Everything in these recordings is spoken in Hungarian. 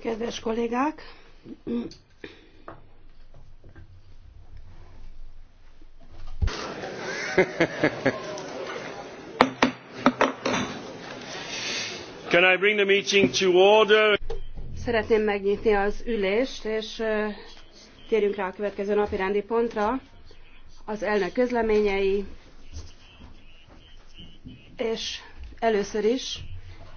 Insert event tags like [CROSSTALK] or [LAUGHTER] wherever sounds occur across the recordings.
Kedves kollégák! [LAUGHS] Can I bring the meeting to order? Szeretném megnyitni az ülést, és térjünk rá a következő napi rendi pontra. Az elnök közleményei, és először is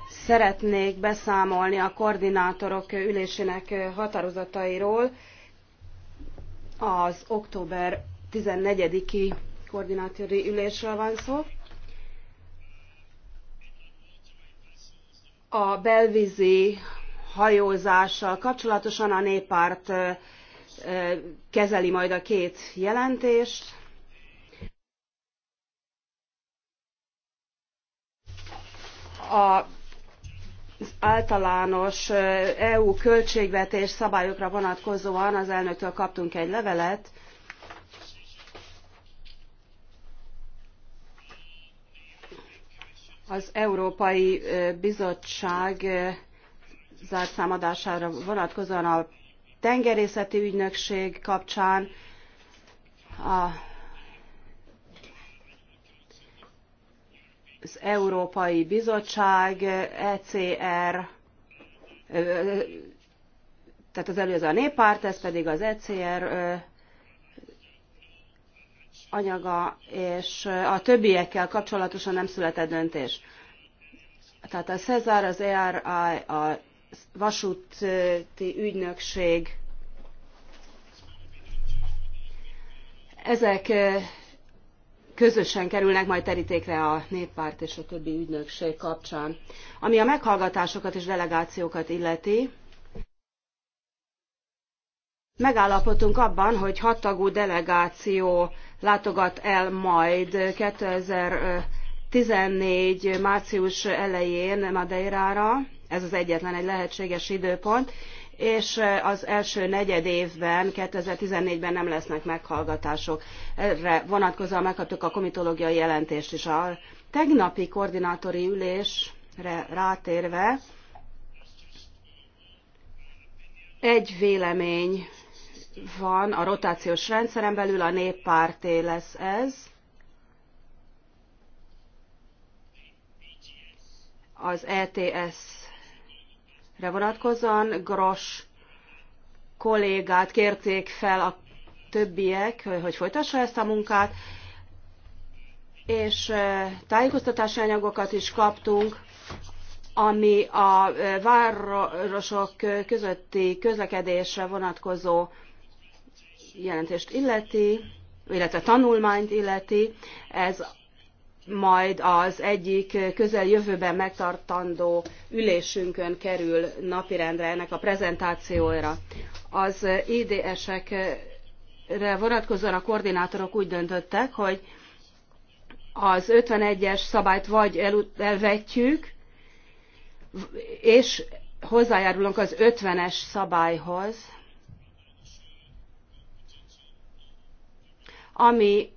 szeretnék beszámolni a koordinátorok ülésének határozatairól az október 14-i koordinátori ülésről van szó. A belvízi hajózással kapcsolatosan a néppárt kezeli majd a két jelentést. a az általános EU költségvetés szabályokra vonatkozóan az elnöktől kaptunk egy levelet, az Európai Bizottság zárszámadására vonatkozóan a tengerészeti ügynökség kapcsán a az Európai Bizottság, ECR, tehát az előző a néppárt, ez pedig az ECR anyaga, és a többiekkel kapcsolatosan nem született döntés. Tehát a Cezár, az ERI, a vasúti ügynökség, ezek közösen kerülnek majd terítékre a néppárt és a többi ügynökség kapcsán. Ami a meghallgatásokat és delegációkat illeti, megállapodtunk abban, hogy hattagú delegáció látogat el majd 2014. március elején Madeirára, ez az egyetlen egy lehetséges időpont, és eh, az első negyed évben, 2014-ben nem lesznek meghallgatások. Erre vonatkozóan megkaptuk a komitológiai jelentést is. A tegnapi koordinátori ülésre rátérve egy vélemény van a rotációs rendszeren belül, a néppárté lesz ez. Az ETS re vonatkozóan Gros kollégát kérték fel a többiek, hogy folytassa ezt a munkát, és tájékoztatási anyagokat is kaptunk, ami a városok közötti közlekedésre vonatkozó jelentést illeti, illetve tanulmányt illeti. Ez majd az egyik közeljövőben megtartandó ülésünkön kerül napirendre ennek a prezentációra. Az IDS-ekre vonatkozóan a koordinátorok úgy döntöttek, hogy az 51-es szabályt vagy elvetjük, és hozzájárulunk az 50-es szabályhoz, ami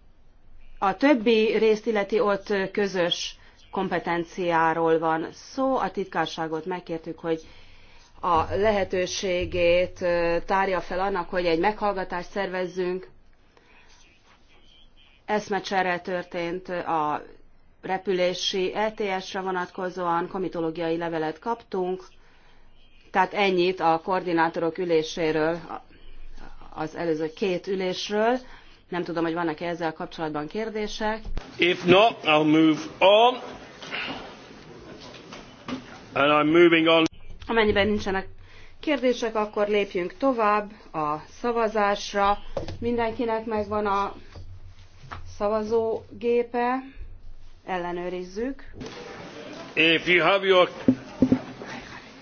a többi részt illeti ott közös kompetenciáról van szó. A titkárságot megkértük, hogy a lehetőségét tárja fel annak, hogy egy meghallgatást szervezzünk. Eszmecsere történt a repülési ETS-re vonatkozóan, komitológiai levelet kaptunk, tehát ennyit a koordinátorok üléséről, az előző két ülésről. Nem tudom, hogy vannak-e ezzel kapcsolatban kérdések. If not, I'll move on. And I'm moving on. Amennyiben nincsenek kérdések, akkor lépjünk tovább a szavazásra. Mindenkinek megvan a szavazógépe. Ellenőrizzük. If you have your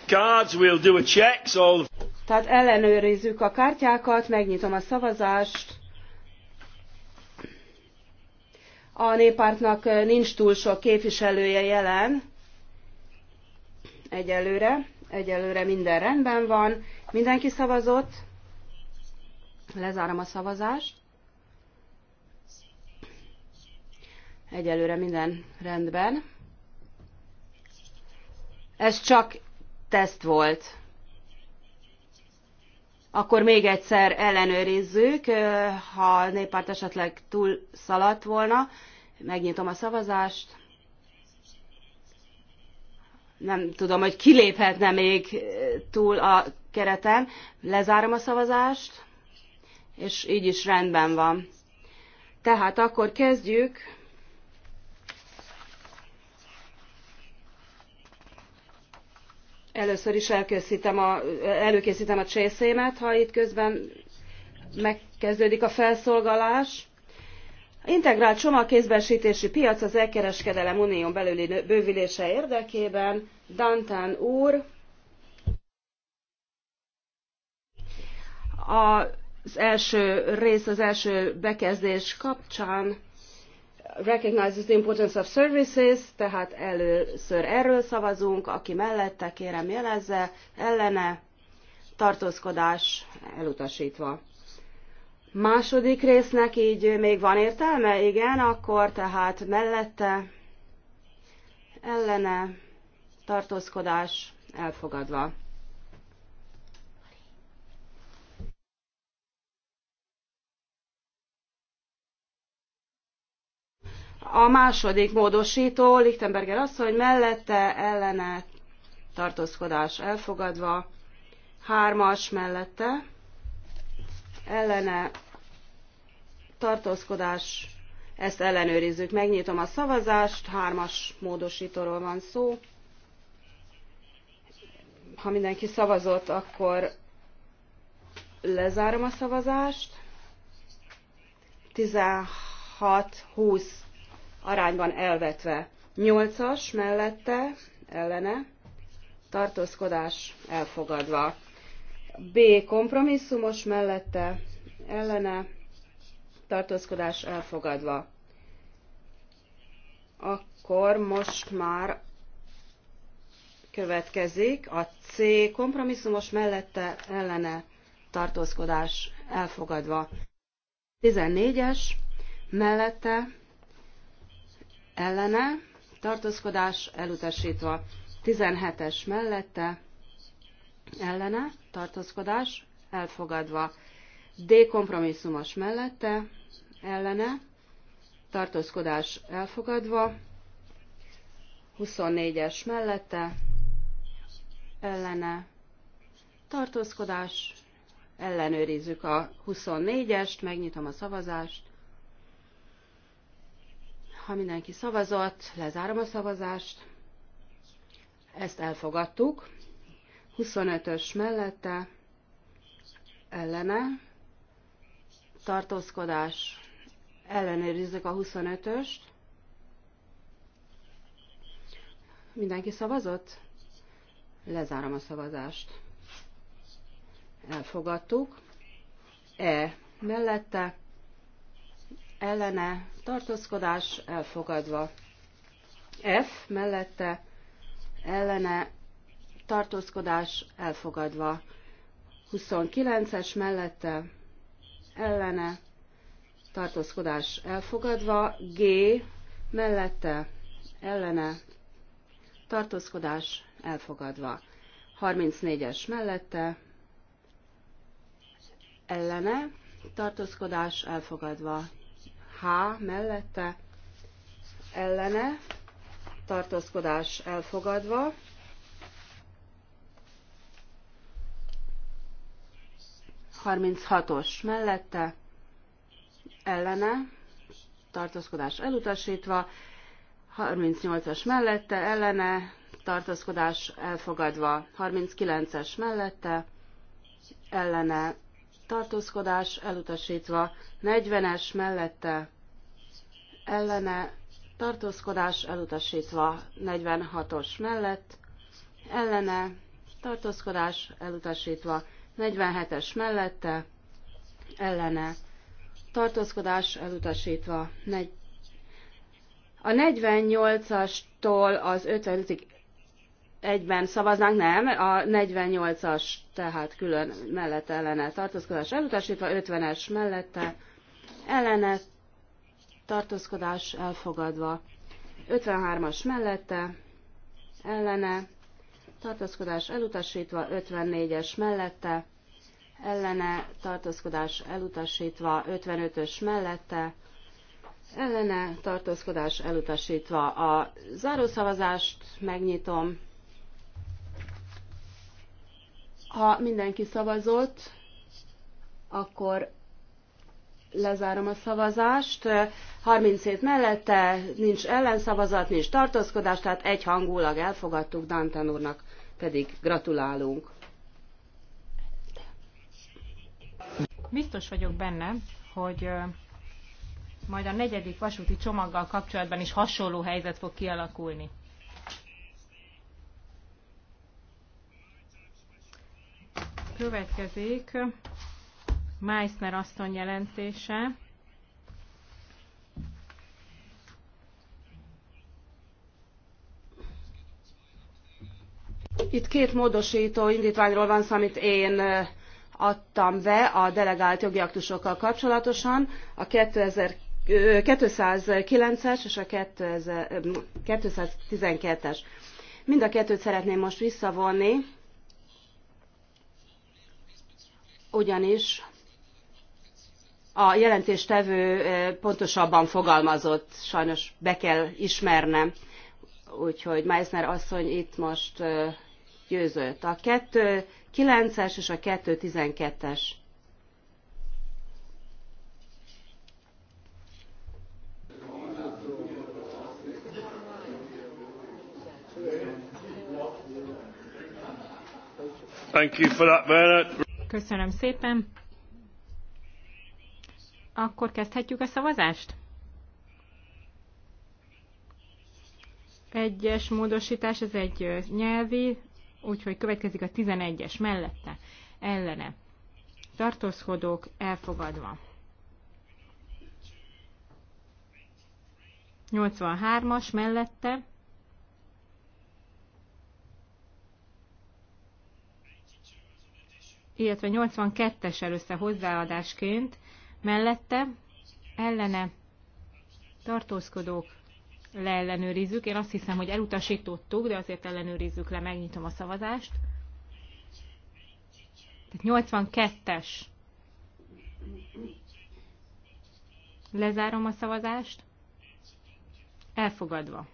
cards, we'll do a check. So... Tehát ellenőrizzük a kártyákat, megnyitom a szavazást. a néppártnak nincs túl sok képviselője jelen egyelőre. Egyelőre minden rendben van. Mindenki szavazott. Lezárom a szavazást. Egyelőre minden rendben. Ez csak teszt volt. Akkor még egyszer ellenőrizzük, ha a néppárt esetleg túl szaladt volna. Megnyitom a szavazást. Nem tudom, hogy kiléphetne még túl a kereten. Lezárom a szavazást, és így is rendben van. Tehát akkor kezdjük Először is elkészítem a, előkészítem a csészémet, ha itt közben megkezdődik a felszolgalás. Integrált csomagkézbesítési piac az e-kereskedelem unión belüli bővülése érdekében. Dantán úr, az első rész, az első bekezdés kapcsán recognizes the importance of services, tehát először erről szavazunk, aki mellette kérem jelezze, ellene tartózkodás elutasítva. Második résznek így még van értelme? Igen, akkor tehát mellette ellene tartózkodás elfogadva. A második módosító, Lichtenberger asszony mellette ellene tartózkodás elfogadva, hármas mellette ellene tartózkodás, ezt ellenőrizzük. Megnyitom a szavazást, hármas módosítóról van szó. Ha mindenki szavazott, akkor lezárom a szavazást. 16-20 arányban elvetve. nyolcas mellette ellene tartózkodás elfogadva. B. Kompromisszumos mellette ellene tartózkodás elfogadva. Akkor most már következik a C. Kompromisszumos mellette ellene tartózkodás elfogadva. 14-es mellette ellene, tartózkodás elutasítva. 17-es mellette, ellene, tartózkodás elfogadva. D kompromisszumos mellette, ellene, tartózkodás elfogadva. 24-es mellette, ellene, tartózkodás ellenőrizzük a 24-est, megnyitom a szavazást. Ha mindenki szavazott, lezárom a szavazást. Ezt elfogadtuk. 25-ös mellette ellene tartózkodás ellenőrizzük a 25-öst. Mindenki szavazott? Lezárom a szavazást. Elfogadtuk. E mellette ellene tartózkodás elfogadva. F mellette ellene tartózkodás elfogadva. 29-es mellette ellene tartózkodás elfogadva. G mellette ellene tartózkodás elfogadva. 34-es mellette ellene tartózkodás elfogadva. H mellette ellene tartózkodás elfogadva. Harminc hatos mellette ellene tartózkodás elutasítva. 38-as mellette ellene tartózkodás elfogadva. 39-es mellette ellene tartózkodás elutasítva, 40-es mellette ellene tartózkodás elutasítva, 46-os mellett ellene tartózkodás elutasítva, 47-es mellette ellene tartózkodás elutasítva. A 48-astól az 55-ig egyben szavaznánk, nem, a 48-as tehát külön mellette ellene tartózkodás elutasítva, 50-es mellette ellene tartózkodás elfogadva, 53-as mellette ellene tartózkodás elutasítva, 54-es mellette ellene tartózkodás elutasítva, 55-ös mellette ellene tartózkodás elutasítva. A zárószavazást megnyitom. Ha mindenki szavazott, akkor lezárom a szavazást. 37 mellette nincs ellenszavazat, nincs tartózkodás, tehát egyhangulag elfogadtuk Dantan úrnak, pedig gratulálunk. Biztos vagyok benne, hogy majd a negyedik vasúti csomaggal kapcsolatban is hasonló helyzet fog kialakulni. következik Meissner asszony jelentése. Itt két módosító indítványról van szó, amit én adtam be a delegált jogi aktusokkal kapcsolatosan. A 209-es és a 212-es. Mind a kettőt szeretném most visszavonni, ugyanis a jelentéstevő eh, pontosabban fogalmazott, sajnos be kell ismernem, úgyhogy Meissner asszony itt most eh, győzött. A 2.9-es és a 2.12-es Thank you for that, Bernard. Köszönöm szépen. Akkor kezdhetjük a szavazást? Egyes módosítás, ez egy nyelvi, úgyhogy következik a 11-es mellette, ellene. Tartózkodók elfogadva. 83-as mellette, illetve 82 es először hozzáadásként mellette ellene tartózkodók leellenőrizzük. Én azt hiszem, hogy elutasítottuk, de azért ellenőrizzük le, megnyitom a szavazást. Tehát 82-es. Lezárom a szavazást. Elfogadva.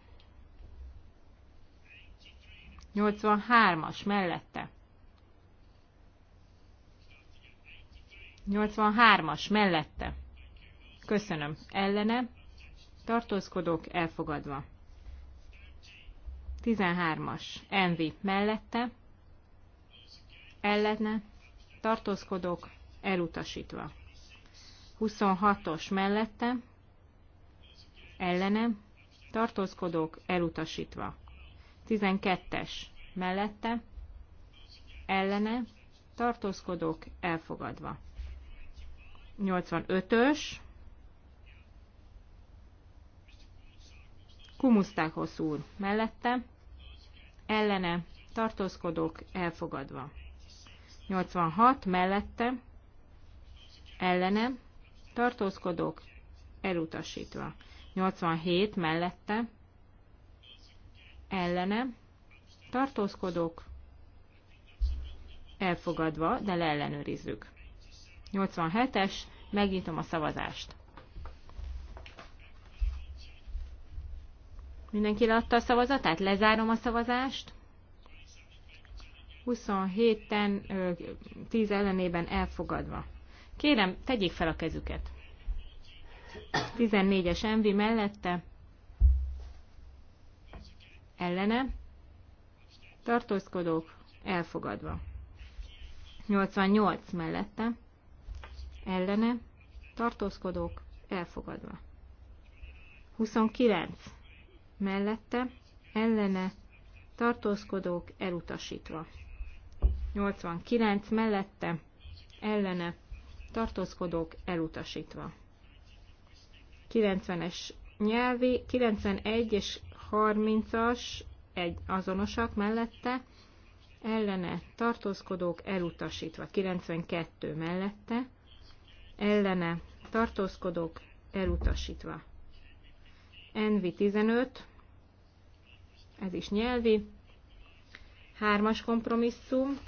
83-as mellette. 83-as mellette. Köszönöm. Ellene. Tartózkodók elfogadva. 13-as. Envi mellette. Ellene. Tartózkodók elutasítva. 26-os mellette. Ellene. Tartózkodók elutasítva. 12-es mellette. Ellene. Tartózkodók elfogadva. 85-ös. hosszú úr mellette, ellene tartózkodók elfogadva. 86 mellette, ellene tartózkodók elutasítva. 87 mellette, ellene tartózkodók elfogadva, de leellenőrizzük. 87-es, megnyitom a szavazást. Mindenki leadta a szavazatát? Lezárom a szavazást. 27-en, 10 ellenében elfogadva. Kérem, tegyék fel a kezüket. 14-es Envi mellette. Ellene. Tartózkodók elfogadva. 88 mellette ellene, tartózkodók elfogadva. 29 mellette, ellene, tartózkodók elutasítva. 89 mellette, ellene, tartózkodók elutasítva. 90-es nyelvi, 91 és 30-as egy azonosak mellette, ellene tartózkodók elutasítva, 92 mellette, ellene tartózkodók elutasítva. Envi 15, ez is nyelvi, hármas kompromisszum,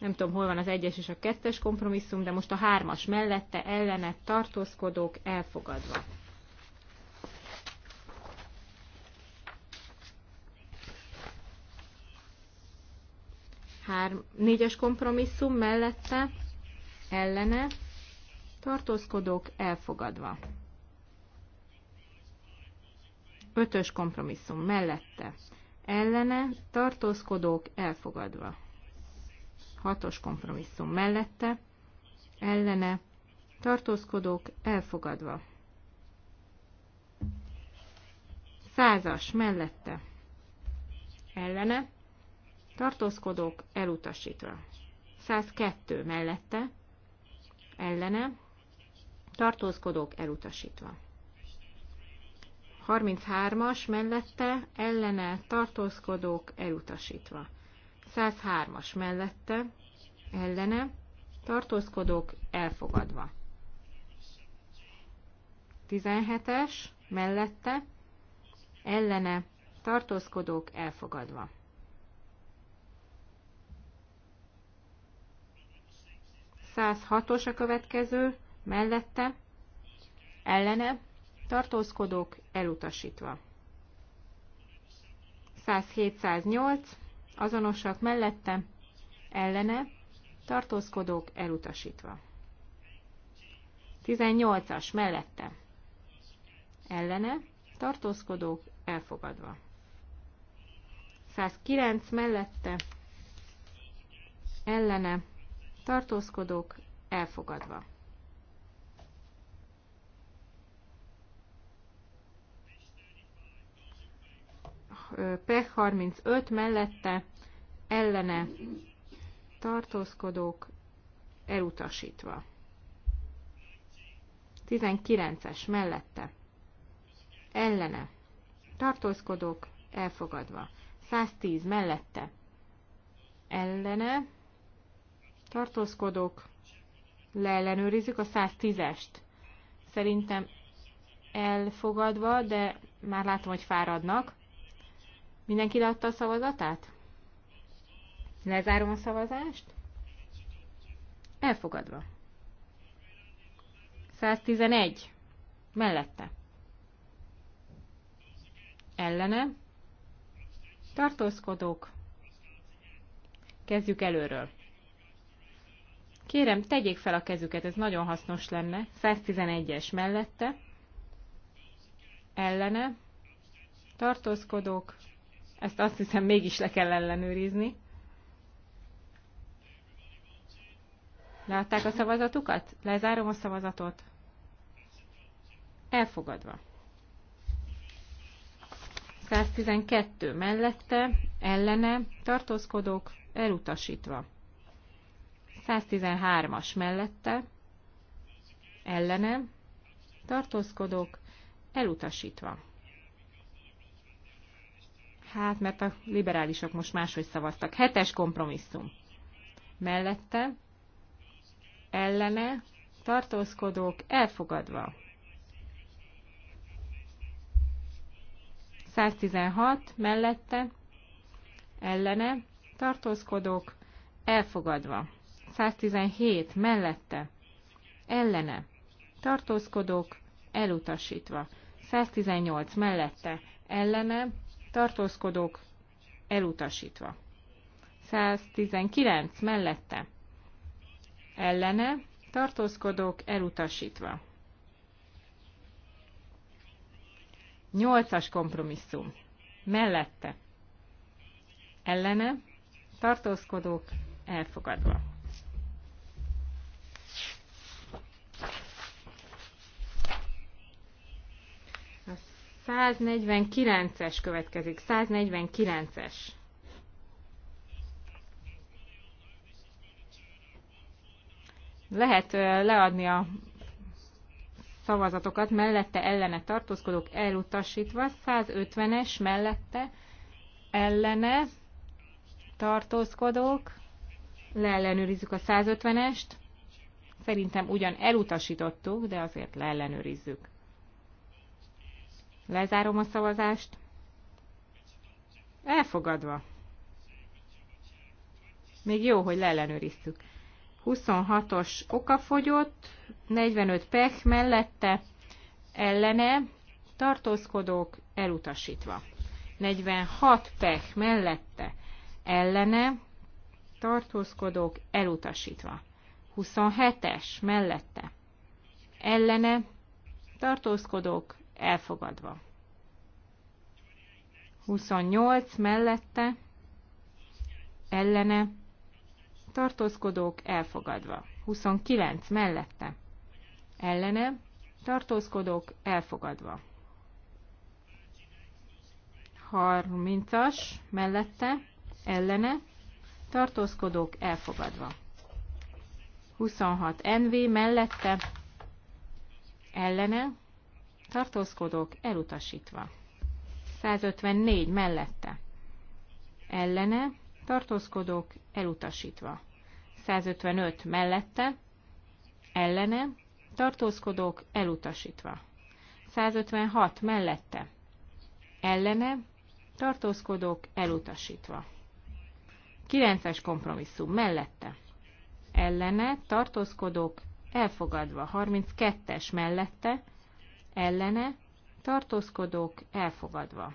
nem tudom, hol van az egyes és a kettes kompromisszum, de most a hármas mellette ellene tartózkodók elfogadva. Hár, négyes kompromisszum mellette ellene, tartózkodók elfogadva. Ötös kompromisszum mellette, ellene, tartózkodók elfogadva. Hatos kompromisszum mellette, ellene, tartózkodók elfogadva. Százas mellette, ellene, tartózkodók elutasítva. 102 mellette, ellene, tartózkodók elutasítva. 33-as mellette, ellene, tartózkodók elutasítva. 103-as mellette, ellene, tartózkodók elfogadva. 17-es mellette, ellene, tartózkodók elfogadva. 106-os a következő, mellette, ellene, tartózkodók elutasítva. 107-108, azonosak mellette, ellene, tartózkodók elutasítva. 18-as mellette, ellene, tartózkodók elfogadva. 109 mellette, ellene, tartózkodók elfogadva. PEC 35 mellette ellene tartózkodók elutasítva. 19-es mellette ellene tartózkodók elfogadva. 110 mellette ellene tartózkodók, leellenőrizzük a 110-est. Szerintem elfogadva, de már látom, hogy fáradnak. Mindenki leadta a szavazatát? Lezárom a szavazást. Elfogadva. 111. Mellette. Ellene. Tartózkodók. Kezdjük előről. Kérem, tegyék fel a kezüket, ez nagyon hasznos lenne. 111-es mellette, ellene, tartózkodók, ezt azt hiszem mégis le kell ellenőrizni. Látták a szavazatukat? Lezárom a szavazatot. Elfogadva. 112 mellette, ellene, tartózkodók, elutasítva. 113-as mellette, ellene, tartózkodok, elutasítva. Hát, mert a liberálisok most máshogy szavaztak. Hetes kompromisszum. Mellette, ellene, tartózkodók, elfogadva. 116 mellette, ellene, tartózkodók, elfogadva. 117 mellette, ellene, tartózkodók, elutasítva. 118 mellette, ellene, tartózkodók, elutasítva. 119 mellette, ellene, tartózkodók, elutasítva. 8-as kompromisszum, mellette, ellene, tartózkodók, elfogadva. 149-es következik. 149-es. Lehet leadni a szavazatokat, mellette ellene tartózkodók elutasítva, 150-es mellette ellene tartózkodók, leellenőrizzük a 150-est, szerintem ugyan elutasítottuk, de azért leellenőrizzük. Lezárom a szavazást. Elfogadva. Még jó, hogy leellenőriztük. 26-os okafogyott, 45 pech mellette, ellene, tartózkodók elutasítva. 46 pech mellette, ellene, tartózkodók elutasítva. 27-es mellette, ellene, tartózkodók elfogadva. 28 mellette, ellene, tartózkodók elfogadva. 29 mellette, ellene, tartózkodók elfogadva. 30-as mellette, ellene, tartózkodók elfogadva. 26 NV mellette, ellene, tartózkodók elutasítva. 154 mellette ellene tartózkodók elutasítva. 155 mellette ellene tartózkodók elutasítva. 156 mellette ellene tartózkodók elutasítva. 9-es kompromisszum mellette ellene tartózkodók elfogadva. 32-es mellette ellene, tartózkodók elfogadva.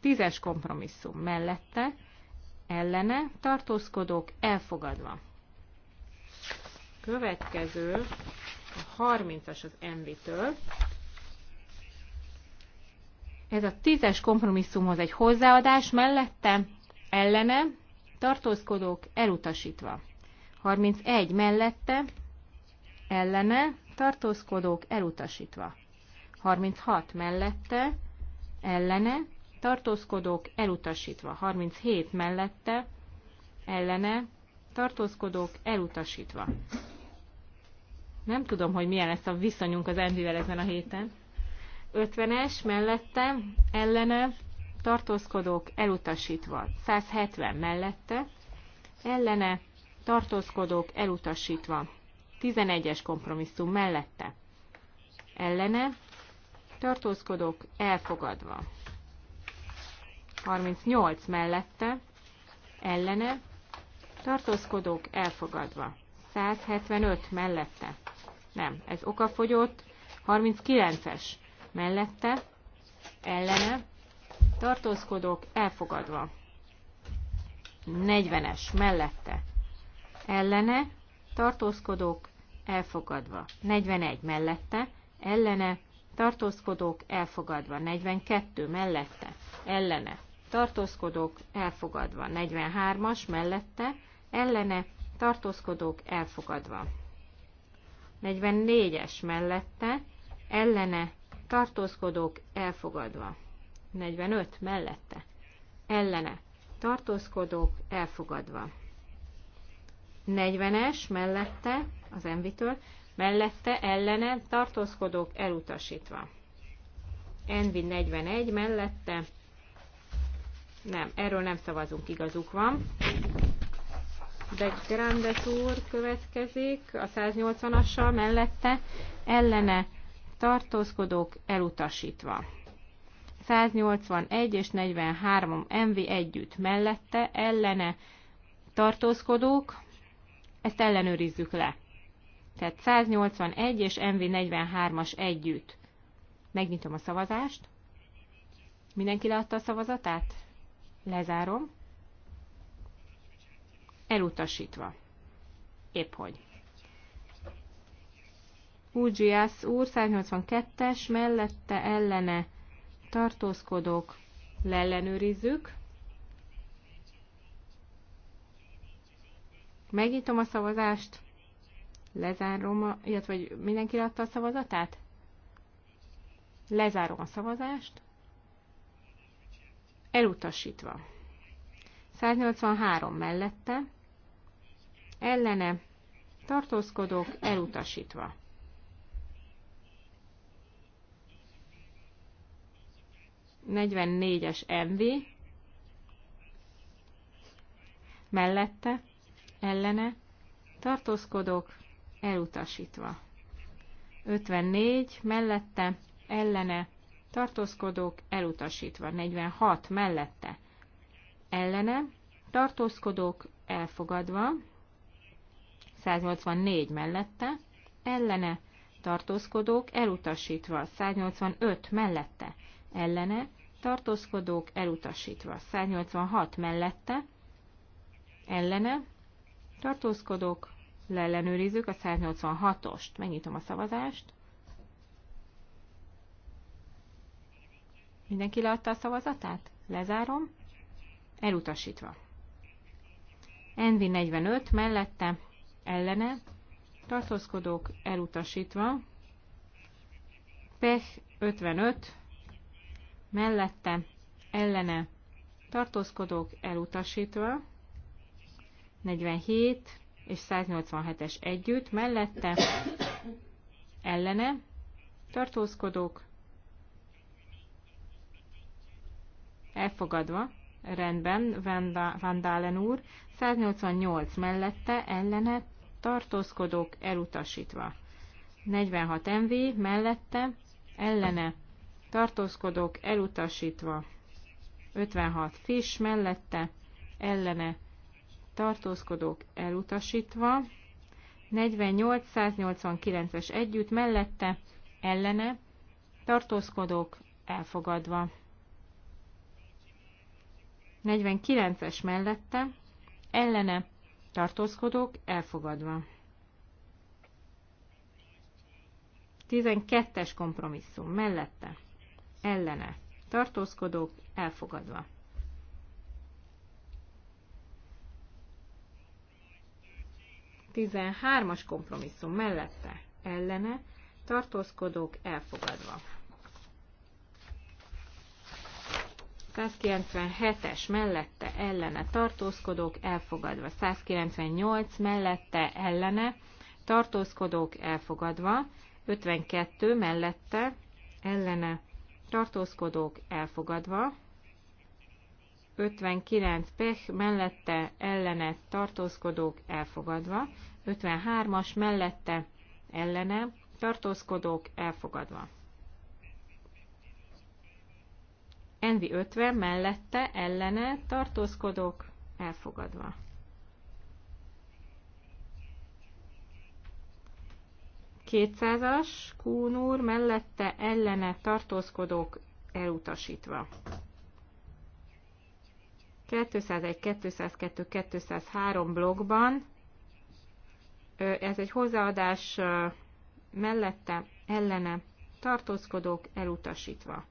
Tízes kompromisszum mellette, ellene, tartózkodók elfogadva. Következő a 30-as az envitől. Ez a tízes kompromisszumhoz egy hozzáadás mellette, ellene, tartózkodók elutasítva. 31 mellette, ellene, tartózkodók elutasítva. 36 mellette, ellene, tartózkodók elutasítva. 37 mellette, ellene, tartózkodók elutasítva. Nem tudom, hogy milyen lesz a viszonyunk az Endivel ezen a héten. 50-es mellette, ellene, tartózkodók elutasítva. 170 mellette, ellene, tartózkodók elutasítva. 11-es kompromisszum mellette ellene tartózkodok elfogadva. 38 mellette ellene tartózkodók elfogadva. 175 mellette. Nem, ez okafogyott. 39-es mellette ellene tartózkodók elfogadva. 40-es mellette ellene tartózkodók elfogadva. 41 mellette, ellene, tartózkodók elfogadva. 42 mellette, ellene, tartózkodók elfogadva. 43-as mellette, ellene, tartózkodók elfogadva. 44-es mellette, ellene, tartózkodók elfogadva. 45 mellette, ellene, tartózkodók elfogadva. 40-es mellette, az Envitől, mellette ellene tartózkodók elutasítva. Envi 41 mellette, nem, erről nem szavazunk, igazuk van. De Grandes úr következik a 180-assal mellette, ellene tartózkodók elutasítva. 181 és 43 MV együtt mellette, ellene tartózkodók ezt ellenőrizzük le. Tehát 181 és MV43-as együtt. Megnyitom a szavazást. Mindenki leadta a szavazatát? Lezárom. Elutasítva. Épp hogy. Ugyász úr 182-es mellette ellene tartózkodók leellenőrizzük. Megnyitom a szavazást, lezárom, illetve hogy mindenki adta a szavazatát? Lezárom a szavazást, elutasítva. 183 mellette, ellene, tartózkodók, elutasítva. Negyvennégyes MV mellette ellene, tartózkodok, elutasítva. 54 mellette, ellene, tartózkodok, elutasítva. 46 mellette, ellene, tartózkodok, elfogadva. 184 mellette, ellene, tartózkodók, elutasítva. 185 mellette, ellene, tartózkodók, elutasítva. 186 mellette, ellene, Tartózkodok, leellenőrizzük a 186-ost. Megnyitom a szavazást. Mindenki leadta a szavazatát? Lezárom. Elutasítva. Envi 45 mellette, ellene, tartózkodók elutasítva. Pech 55 mellette, ellene, tartózkodók elutasítva. 47 és 187-es együtt, mellette ellene tartózkodók elfogadva, rendben, Vandalen úr, 188 mellette ellene tartózkodók elutasítva. 46 MV mellette ellene tartózkodók elutasítva. 56 Fish mellette ellene tartózkodók elutasítva, 48-189-es együtt mellette, ellene, tartózkodók elfogadva. 49-es mellette, ellene, tartózkodók elfogadva. 12-es kompromisszum mellette, ellene, tartózkodók elfogadva. 13-as kompromisszum mellette ellene tartózkodók elfogadva. 197-es mellette ellene tartózkodók elfogadva, 198 mellette ellene tartózkodók elfogadva, 52 mellette ellene tartózkodók elfogadva, 59 pech mellette ellene tartózkodók elfogadva, 53-as mellette ellene tartózkodók elfogadva. Envi 50 mellette ellene tartózkodók elfogadva. Kétszázas, Kúnúr mellette ellene tartózkodók elutasítva. 201, 202, 203 blogban. Ez egy hozzáadás mellette, ellene tartózkodók elutasítva.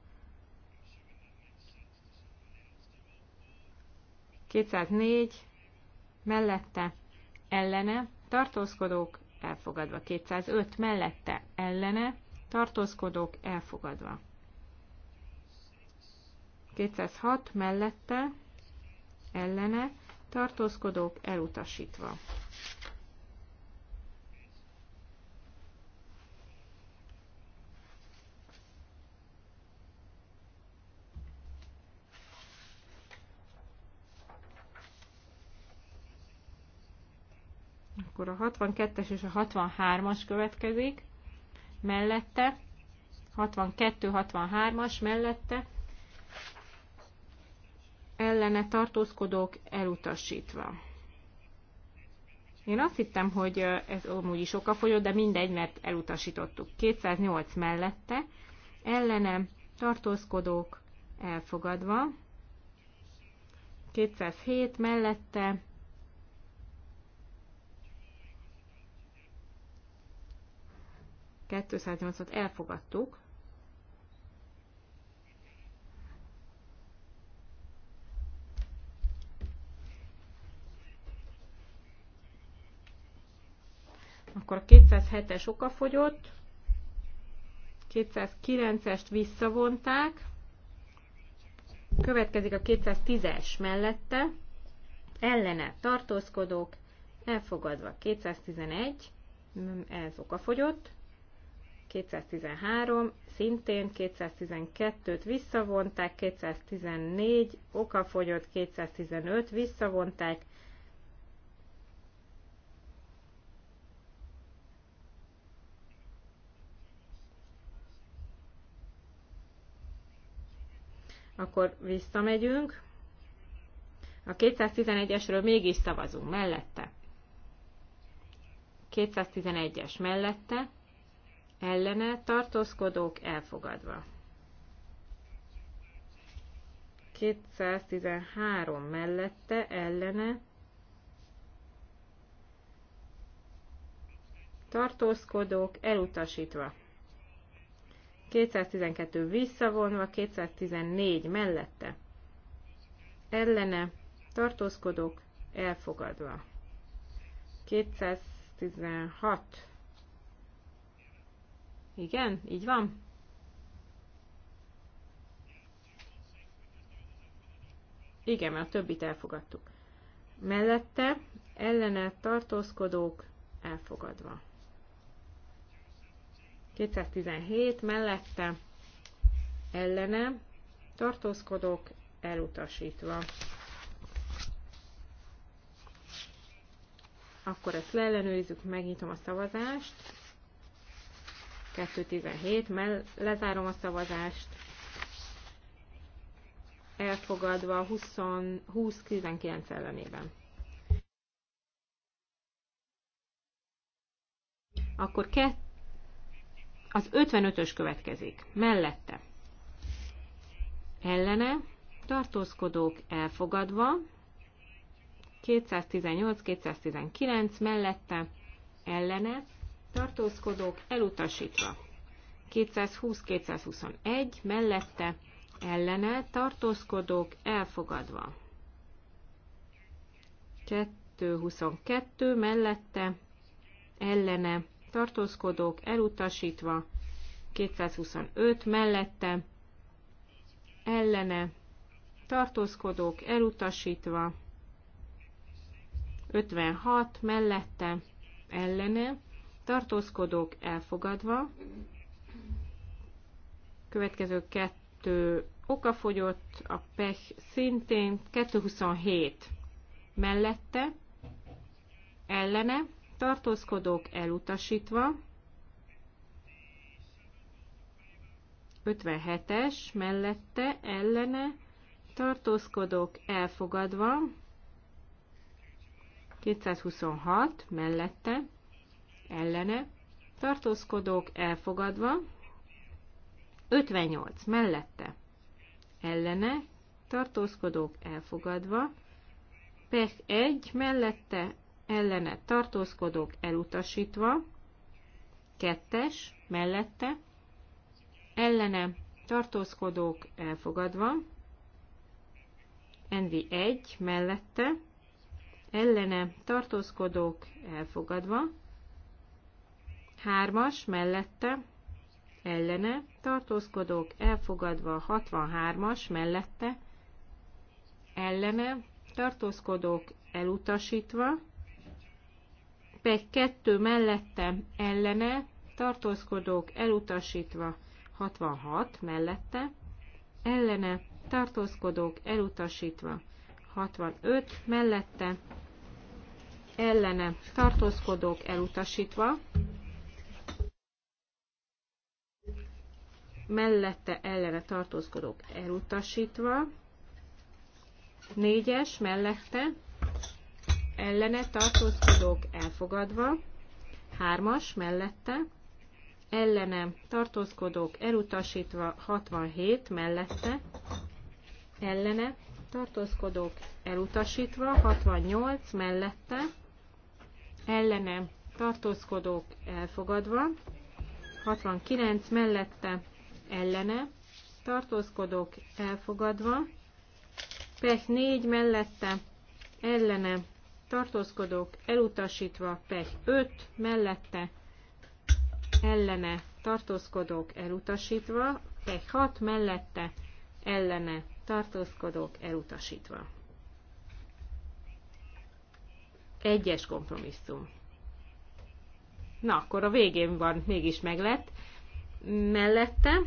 204 mellette, ellene tartózkodók elfogadva. 205 mellette, ellene tartózkodók elfogadva. 206 mellette, ellene, tartózkodók elutasítva. Akkor a 62-es és a 63-as következik, mellette, 62-63-as mellette, ellene tartózkodók elutasítva. Én azt hittem, hogy ez amúgy is folyó, de mindegy, mert elutasítottuk. 208 mellette, ellene tartózkodók elfogadva, 207 mellette, 208 elfogadtuk, akkor a 207-es okafogyott, 209-est visszavonták, következik a 210-es mellette, ellene tartózkodók, elfogadva 211, ez okafogyott, 213, szintén 212-t visszavonták, 214 okafogyott, 215 visszavonták, Akkor visszamegyünk. A 211-esről mégis szavazunk mellette. 211-es mellette, ellene tartózkodók elfogadva. 213 mellette, ellene tartózkodók elutasítva. 212 visszavonva, 214 mellette, ellene, tartózkodok, elfogadva. 216. Igen, így van. Igen, mert a többit elfogadtuk. Mellette ellene tartózkodók elfogadva. 217 mellette ellene tartózkodók elutasítva. Akkor ezt leellenőrizzük, megnyitom a szavazást. 217, mell lezárom a szavazást. Elfogadva 20-19 ellenében. Akkor 2 az 55-ös következik. Mellette. Ellene. Tartózkodók elfogadva. 218-219 mellette. Ellene. Tartózkodók elutasítva. 220-221 mellette. Ellene. Tartózkodók elfogadva. 222 mellette. Ellene tartózkodók elutasítva, 225 mellette, ellene, tartózkodók elutasítva, 56 mellette, ellene, tartózkodók elfogadva, következő kettő okafogyott, a pech szintén, 227 mellette, ellene, tartózkodók elutasítva, 57-es mellette ellene tartózkodók elfogadva, 226 mellette ellene tartózkodók elfogadva, 58 mellette ellene tartózkodók elfogadva, PEC 1 mellette ellene tartózkodók elutasítva, kettes mellette, ellene tartózkodók elfogadva, Envi 1 mellette, ellene tartózkodók elfogadva, hármas mellette, ellene tartózkodók elfogadva, 63-as mellette, ellene tartózkodók elutasítva, PEC 2 mellette ellene, tartózkodók elutasítva 66 mellette, ellene, tartózkodók elutasítva 65 mellette, ellene, tartózkodók elutasítva, mellette ellene tartózkodók elutasítva, négyes mellette ellene tartózkodók elfogadva, hármas mellette, ellene tartózkodók elutasítva 67 mellette, ellene tartózkodók elutasítva 68 mellette, ellene tartózkodók elfogadva, 69 mellette ellene, tartózkodók elfogadva, PEH 4 mellette ellene, tartózkodók elutasítva, pegy 5 mellette ellene tartózkodók elutasítva, pegy 6 mellette ellene tartózkodók elutasítva. Egyes kompromisszum. Na, akkor a végén van, mégis lett. Mellette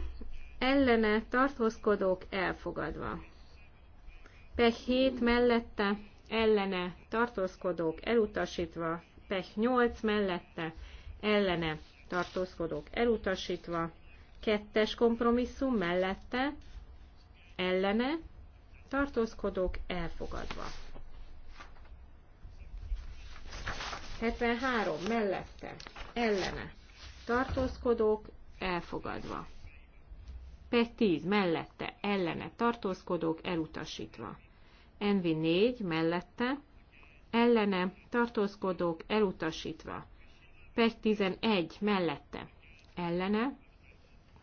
ellene tartózkodók elfogadva. PEC 7 mellette ellene tartózkodók elutasítva, PEH 8 mellette ellene tartózkodók elutasítva, kettes kompromisszum mellette ellene tartózkodók elfogadva. 73 mellette ellene tartózkodók elfogadva. PEH 10 mellette ellene tartózkodók elutasítva. NV4 mellette, ellene tartózkodók elutasítva. PES 11 mellette, ellene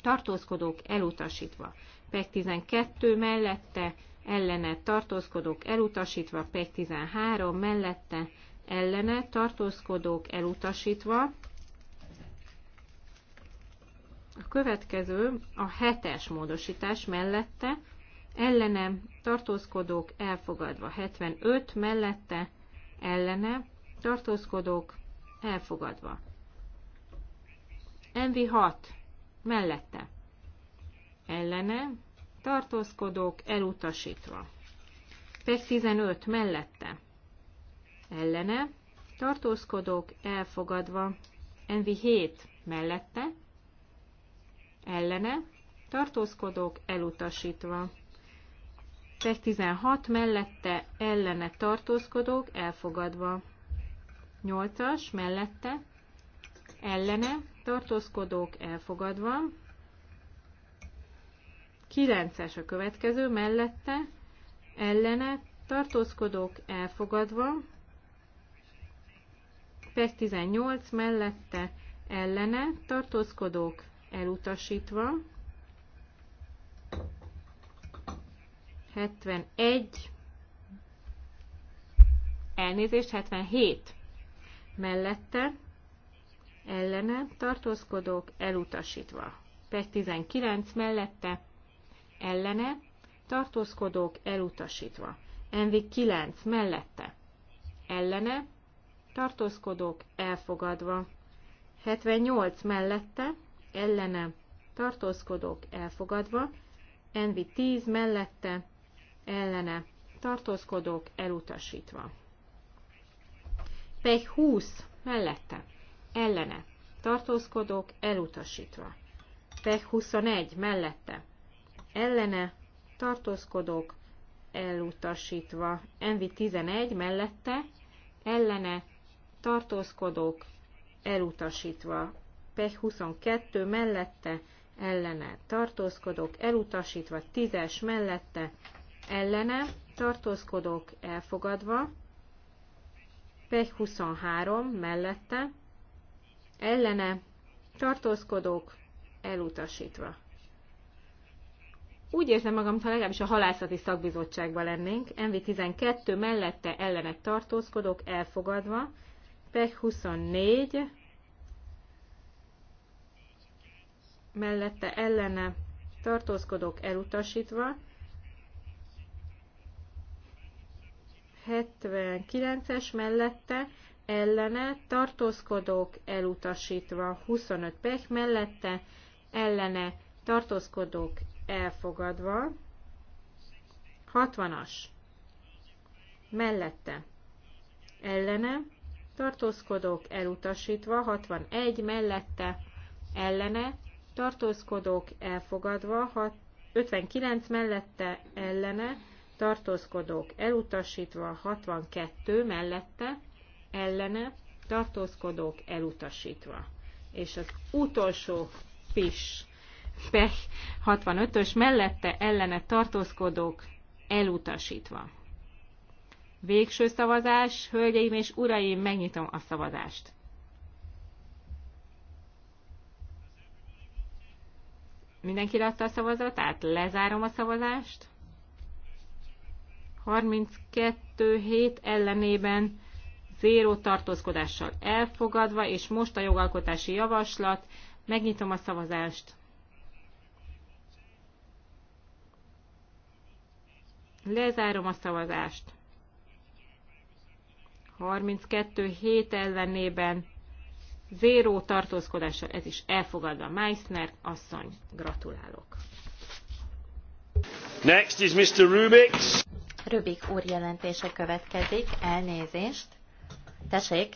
tartózkodók elutasítva. PES 12 mellette, ellene tartózkodók elutasítva, PES 13 mellette, ellene tartózkodók elutasítva. A következő a hetes módosítás mellette, ellene tartózkodók elfogadva. 75 mellette ellene tartózkodók elfogadva. Envi 6 mellette ellene tartózkodók elutasítva. Pek 15 mellette ellene tartózkodók elfogadva. Envi 7 mellette ellene tartózkodók elutasítva. Egyes 16 mellette ellene tartózkodók elfogadva. 8-as mellette ellene tartózkodók elfogadva. 9-es a következő mellette ellene tartózkodók elfogadva. PES 18 mellette ellene tartózkodók elutasítva. 71, elnézést, 77 mellette, ellene tartózkodók elutasítva. PEC 19 mellette, ellene tartózkodók elutasítva. Envi 9 mellette, ellene tartózkodók elfogadva. 78 mellette, ellene tartózkodók elfogadva. Envi 10 mellette, ellene tartózkodók elutasítva. Pej 20 mellette ellene tartózkodók elutasítva. Pej 21 mellette ellene tartózkodók elutasítva. Envi 11 mellette ellene tartózkodók elutasítva. Pej 22 mellette ellene tartózkodók elutasítva. 10-es mellette ellene, tartózkodók elfogadva, PEC 23 mellette, ellene, tartózkodók elutasítva. Úgy érzem magam, ha legalábbis a halászati szakbizottságban lennénk. MV12 mellette ellene tartózkodók elfogadva. PEC 24 mellette ellene tartózkodók elutasítva. 79-es mellette ellene tartózkodók elutasítva, 25 pek mellette ellene tartózkodók elfogadva, 60-as mellette ellene tartózkodók elutasítva, 61 mellette ellene tartózkodók elfogadva, 59 mellette ellene tartózkodók elutasítva, 62 mellette, ellene, tartózkodók elutasítva. És az utolsó pis, pech 65-ös mellette, ellene, tartózkodók elutasítva. Végső szavazás, hölgyeim és uraim, megnyitom a szavazást. Mindenki adta a szavazatát? Lezárom a szavazást. 32 hét ellenében zéró tartózkodással elfogadva, és most a jogalkotási javaslat. Megnyitom a szavazást. Lezárom a szavazást. 32 hét ellenében zéró tartózkodással, ez is elfogadva. Meissner asszony, gratulálok. Next is Mr. Rubix. Rubik úr jelentése következik. Elnézést. Tessék,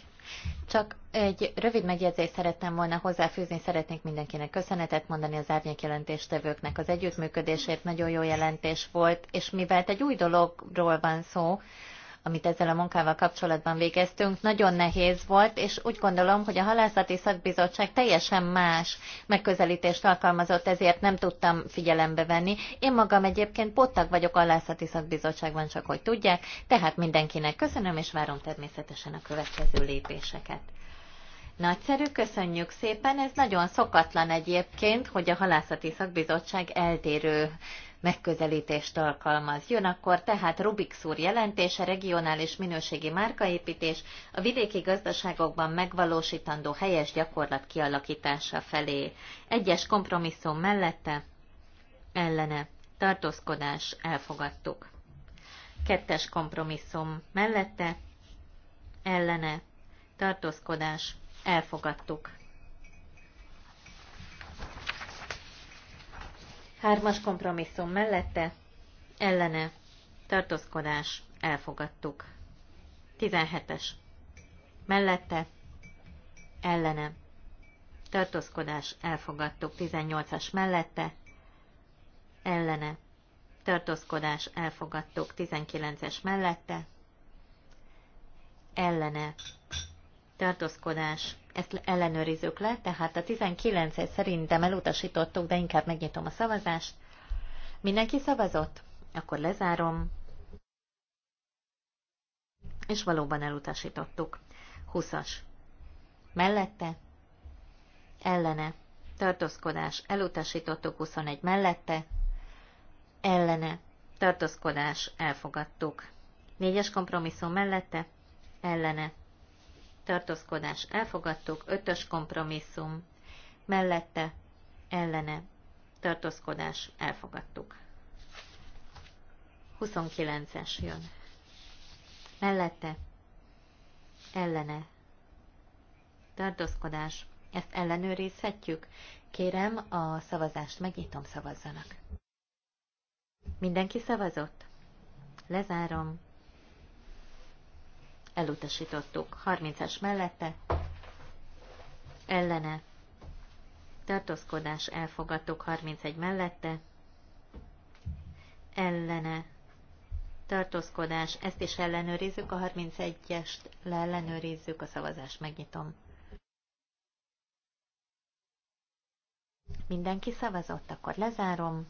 csak egy rövid megjegyzést szerettem volna hozzáfűzni, szeretnék mindenkinek köszönetet mondani az árnyék jelentéstevőknek az együttműködésért, nagyon jó jelentés volt, és mivel egy új dologról van szó, amit ezzel a munkával kapcsolatban végeztünk, nagyon nehéz volt, és úgy gondolom, hogy a halászati szakbizottság teljesen más megközelítést alkalmazott, ezért nem tudtam figyelembe venni. Én magam egyébként pottag vagyok a halászati szakbizottságban, csak hogy tudják, tehát mindenkinek köszönöm, és várom természetesen a következő lépéseket. Nagyszerű, köszönjük szépen. Ez nagyon szokatlan egyébként, hogy a halászati szakbizottság eltérő megközelítést alkalmaz. Jön akkor tehát Rubik szúr jelentése, regionális minőségi márkaépítés, a vidéki gazdaságokban megvalósítandó helyes gyakorlat kialakítása felé. Egyes kompromisszum mellette, ellene, tartózkodás, elfogadtuk. Kettes kompromisszum mellette, ellene, tartózkodás, elfogadtuk. Hármas kompromisszum mellette, ellene, tartózkodás, elfogadtuk. 17-es. Mellette, ellene, tartózkodás, elfogadtuk. 18-as mellette, ellene, tartózkodás, elfogadtuk. 19-es mellette, ellene, tartózkodás. Ezt ellenőrizzük le, tehát a 19-et szerintem elutasítottuk, de inkább megnyitom a szavazást. Mindenki szavazott? Akkor lezárom. És valóban elutasítottuk. 20-as. Mellette? Ellene. Tartózkodás. Elutasítottuk 21 mellette. Ellene. Tartózkodás. Elfogadtuk. 4-es kompromisszum mellette. Ellene tartózkodás elfogadtuk, ötös kompromisszum mellette, ellene, tartózkodás elfogadtuk. 29-es jön. Mellette, ellene, tartózkodás, ezt ellenőrizhetjük. Kérem, a szavazást megnyitom, szavazzanak. Mindenki szavazott? Lezárom elutasítottuk. 30-as mellette ellene tartózkodás elfogadtuk. 31 mellette ellene tartózkodás, ezt is ellenőrizzük, a 31-est leellenőrizzük, a szavazást megnyitom. Mindenki szavazott, akkor lezárom,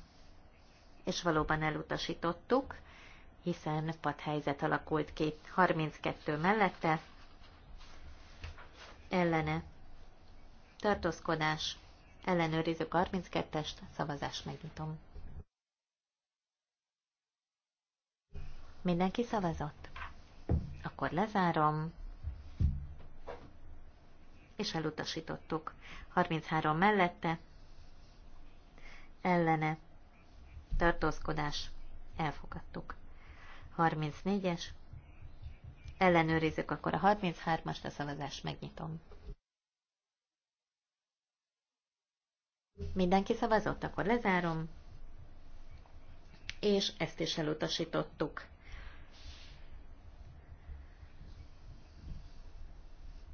és valóban elutasítottuk hiszen padhelyzet alakult ki 32 mellette, ellene, tartózkodás, ellenőrizzük 32-est, szavazást megnyitom. Mindenki szavazott? Akkor lezárom, és elutasítottuk. 33 mellette, ellene, tartózkodás, elfogadtuk. 34-es. Ellenőrizzük akkor a 33-ast, a szavazást megnyitom. Mindenki szavazott, akkor lezárom. És ezt is elutasítottuk.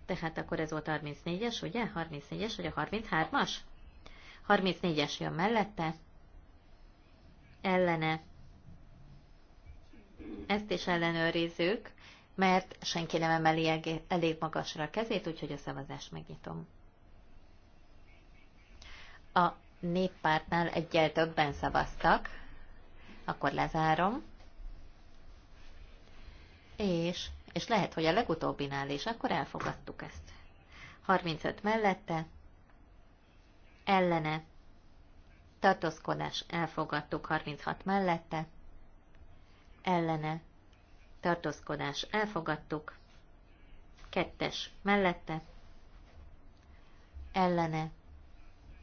Tehát akkor ez volt 34-es, ugye? 34-es, vagy a 33-as? 34-es jön mellette. Ellene ezt is ellenőrizzük, mert senki nem emeli elég magasra a kezét, úgyhogy a szavazást megnyitom. A néppártnál egyel többen szavaztak, akkor lezárom. És, és lehet, hogy a legutóbbinál is, akkor elfogadtuk ezt. 35 mellette, ellene, tartózkodás elfogadtuk 36 mellette, ellene tartózkodás elfogadtuk, kettes mellette ellene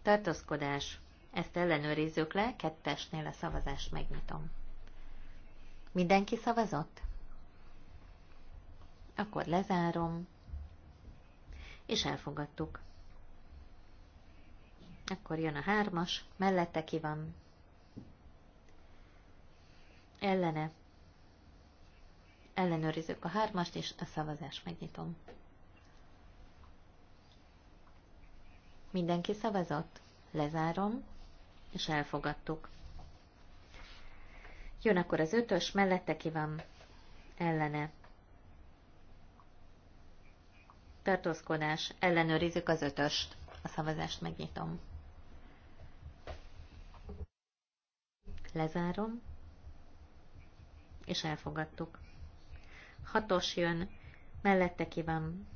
tartózkodás, ezt ellenőrizzük le, kettesnél a szavazást megnyitom. Mindenki szavazott? Akkor lezárom, és elfogadtuk. Akkor jön a hármas, mellette ki van. Ellene ellenőrizzük a hármast, és a szavazást megnyitom. Mindenki szavazott? Lezárom, és elfogadtuk. Jön akkor az ötös, mellette ki van ellene. Tartózkodás, ellenőrizzük az ötöst. A szavazást megnyitom. Lezárom, és elfogadtuk. Hatos jön, mellette ki van,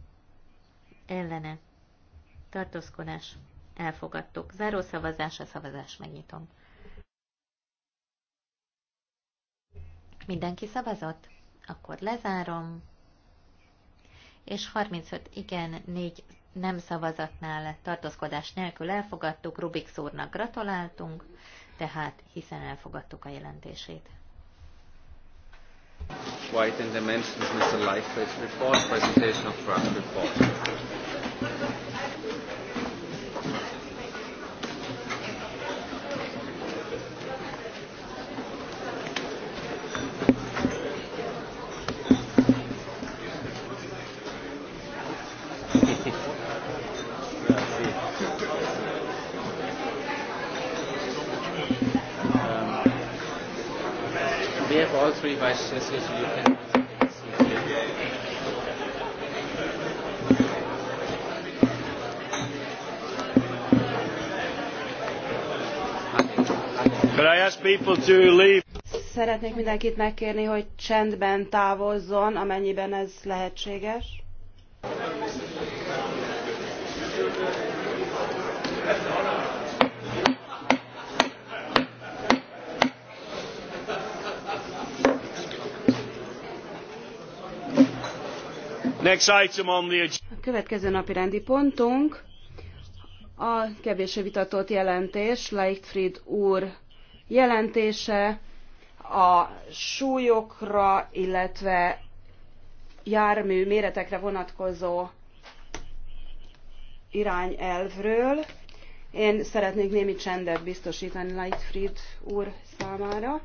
ellene, tartózkodás, elfogadtuk. Záró szavazás, a szavazás megnyitom. Mindenki szavazott? Akkor lezárom. És 35 igen, 4 nem szavazatnál tartózkodás nélkül elfogadtuk, Rubik szúrnak gratuláltunk, tehát hiszen elfogadtuk a jelentését. Quite in dimensions, mentions Mr. Lightfoot's report, presentation of draft report. three vice chancellors of Could I ask people to leave? Szeretnék mindenkit megkérni, hogy csendben távozzon, amennyiben ez lehetséges. következő napi rendi pontunk a kevésbé vitatott jelentés, Leichtfried úr jelentése a súlyokra, illetve jármű méretekre vonatkozó irányelvről. Én szeretnék némi csendet biztosítani Lightfried úr számára.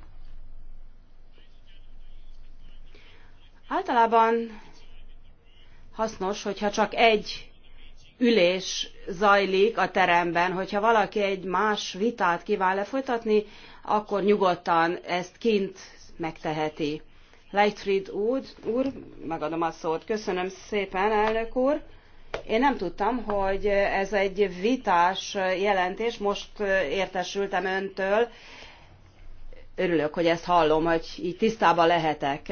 Általában hasznos, hogyha csak egy ülés zajlik a teremben, hogyha valaki egy más vitát kíván lefolytatni, akkor nyugodtan ezt kint megteheti. Lightfried úr, úr, megadom a szót. Köszönöm szépen, elnök úr. Én nem tudtam, hogy ez egy vitás jelentés, most értesültem öntől. Örülök, hogy ezt hallom, hogy így tisztában lehetek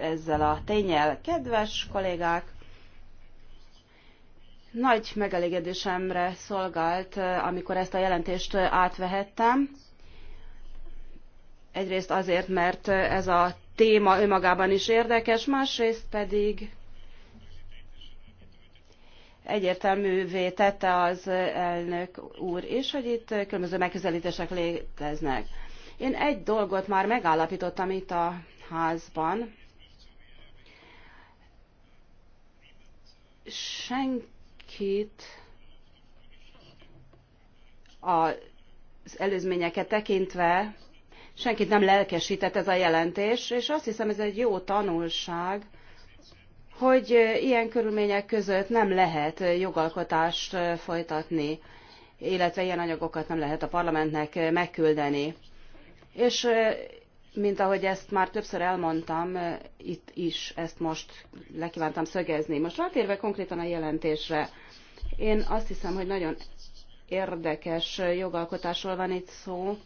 ezzel a tényel. Kedves kollégák, nagy megelégedésemre szolgált, eh, amikor ezt a jelentést eh, átvehettem. Egyrészt azért, mert eh, ez a téma önmagában is érdekes, másrészt pedig egyértelművé tette az elnök úr is, hogy itt különböző megközelítések léteznek. Én egy dolgot már megállapítottam itt a házban. Senki két az előzményeket tekintve senkit nem lelkesített ez a jelentés, és azt hiszem ez egy jó tanulság, hogy ilyen körülmények között nem lehet jogalkotást folytatni, illetve ilyen anyagokat nem lehet a parlamentnek megküldeni. És mint ahogy ezt már többször elmondtam, itt is ezt most lekívántam szögezni. Most rátérve konkrétan a jelentésre, én azt hiszem, hogy nagyon érdekes jogalkotásról van itt szó.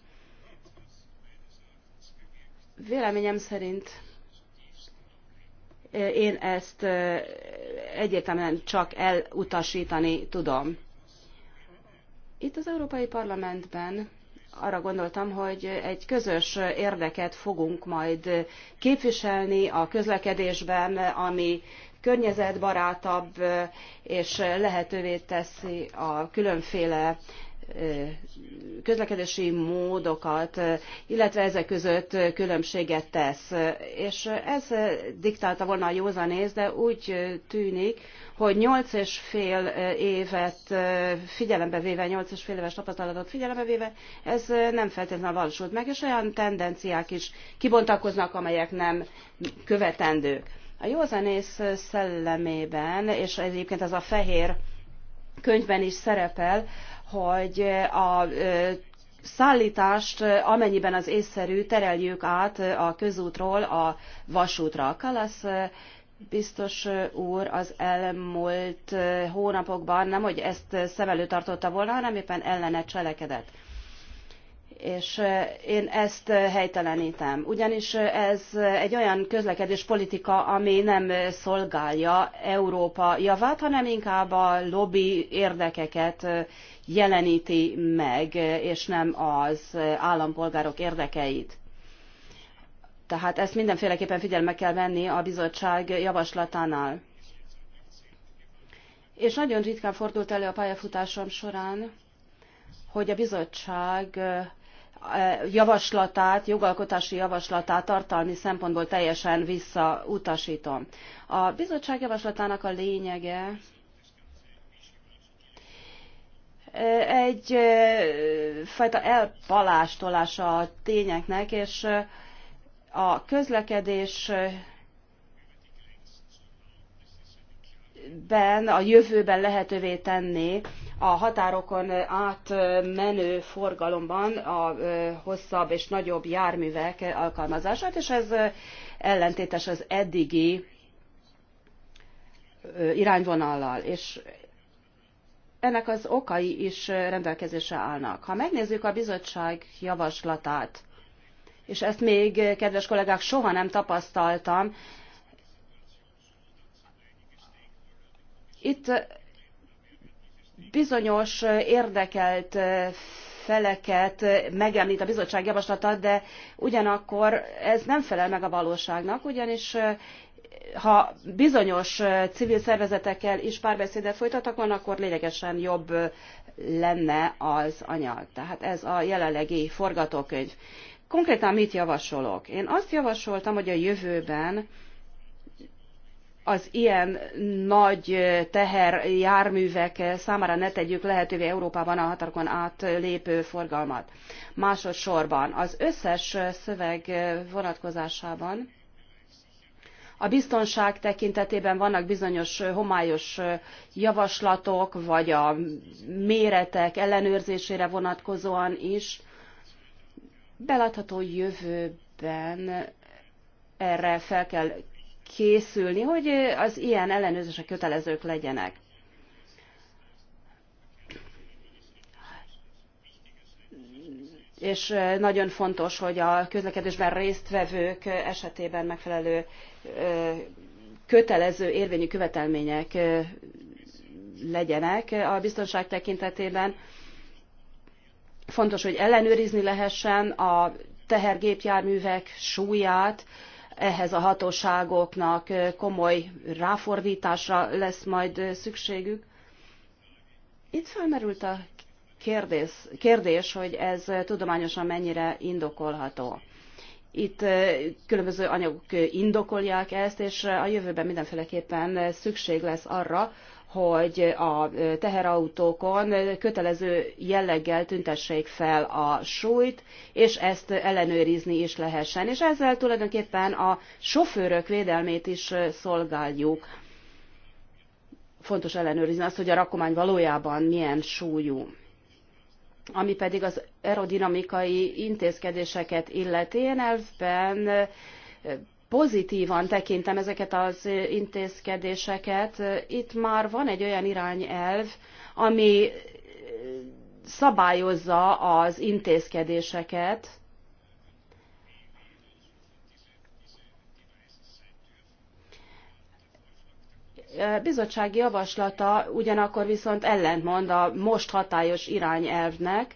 Véleményem szerint én ezt egyértelműen csak elutasítani tudom. Itt az Európai Parlamentben arra gondoltam, hogy egy közös érdeket fogunk majd képviselni a közlekedésben, ami környezetbarátabb és lehetővé teszi a különféle közlekedési módokat, illetve ezek között különbséget tesz. És ez diktálta volna a józanész, de úgy tűnik, hogy 8 és fél évet figyelembe véve, 8 és fél éves tapasztalatot figyelembe véve, ez nem feltétlenül valósult meg, és olyan tendenciák is kibontakoznak, amelyek nem követendők. A józanész szellemében, és egyébként ez a fehér könyvben is szerepel, hogy a szállítást, amennyiben az észszerű, tereljük át a közútról a vasútra. Kalasz biztos úr az elmúlt hónapokban nem, hogy ezt szem előtt tartotta volna, hanem éppen ellene cselekedett és én ezt helytelenítem. Ugyanis ez egy olyan közlekedéspolitika, ami nem szolgálja Európa javát, hanem inkább a lobby érdekeket jeleníti meg, és nem az állampolgárok érdekeit. Tehát ezt mindenféleképpen figyelme kell venni a bizottság javaslatánál. És nagyon ritkán fordult elő a pályafutásom során, hogy a bizottság javaslatát, jogalkotási javaslatát tartalmi szempontból teljesen visszautasítom. A bizottság javaslatának a lényege egy fajta elpalástolása a tényeknek, és a közlekedés ben a jövőben lehetővé tenni a határokon átmenő forgalomban a hosszabb és nagyobb járművek alkalmazását, és ez ellentétes az eddigi irányvonallal, és ennek az okai is rendelkezésre állnak. Ha megnézzük a bizottság javaslatát, és ezt még, kedves kollégák, soha nem tapasztaltam, Itt eh, bizonyos eh, érdekelt eh, feleket megemlít a bizottság javaslata, de ugyanakkor ez nem felel meg a valóságnak, ugyanis ha bizonyos civil szervezetekkel is párbeszédet folytatnak, volna, akkor lényegesen jobb lenne az anyag. Tehát ez a jelenlegi forgatókönyv. Konkrétan mit javasolok? Én azt javasoltam, hogy a jövőben az ilyen nagy teher járművek számára ne tegyük lehetővé Európában a határokon átlépő forgalmat. Másodszorban az összes szöveg vonatkozásában a biztonság tekintetében vannak bizonyos homályos javaslatok, vagy a méretek ellenőrzésére vonatkozóan is. Belátható jövőben erre fel kell készülni, hogy az ilyen ellenőrzések kötelezők legyenek. és eh, nagyon fontos, hogy a közlekedésben résztvevők esetében megfelelő eh, kötelező érvényű követelmények eh, legyenek a biztonság tekintetében. Fontos, hogy ellenőrizni lehessen a tehergépjárművek súlyát, ehhez a hatóságoknak komoly ráfordításra lesz majd szükségük. Itt felmerült a kérdés, kérdés, hogy ez tudományosan mennyire indokolható. Itt különböző anyagok indokolják ezt, és a jövőben mindenféleképpen szükség lesz arra, hogy a teherautókon kötelező jelleggel tüntessék fel a súlyt, és ezt ellenőrizni is lehessen. És ezzel tulajdonképpen a sofőrök védelmét is szolgáljuk. Fontos ellenőrizni azt, hogy a rakomány valójában milyen súlyú. Ami pedig az aerodinamikai intézkedéseket illeti, én elvben pozitívan tekintem ezeket az intézkedéseket. Itt már van egy olyan irányelv, ami szabályozza az intézkedéseket, bizottsági javaslata ugyanakkor viszont ellentmond a most hatályos irányelvnek,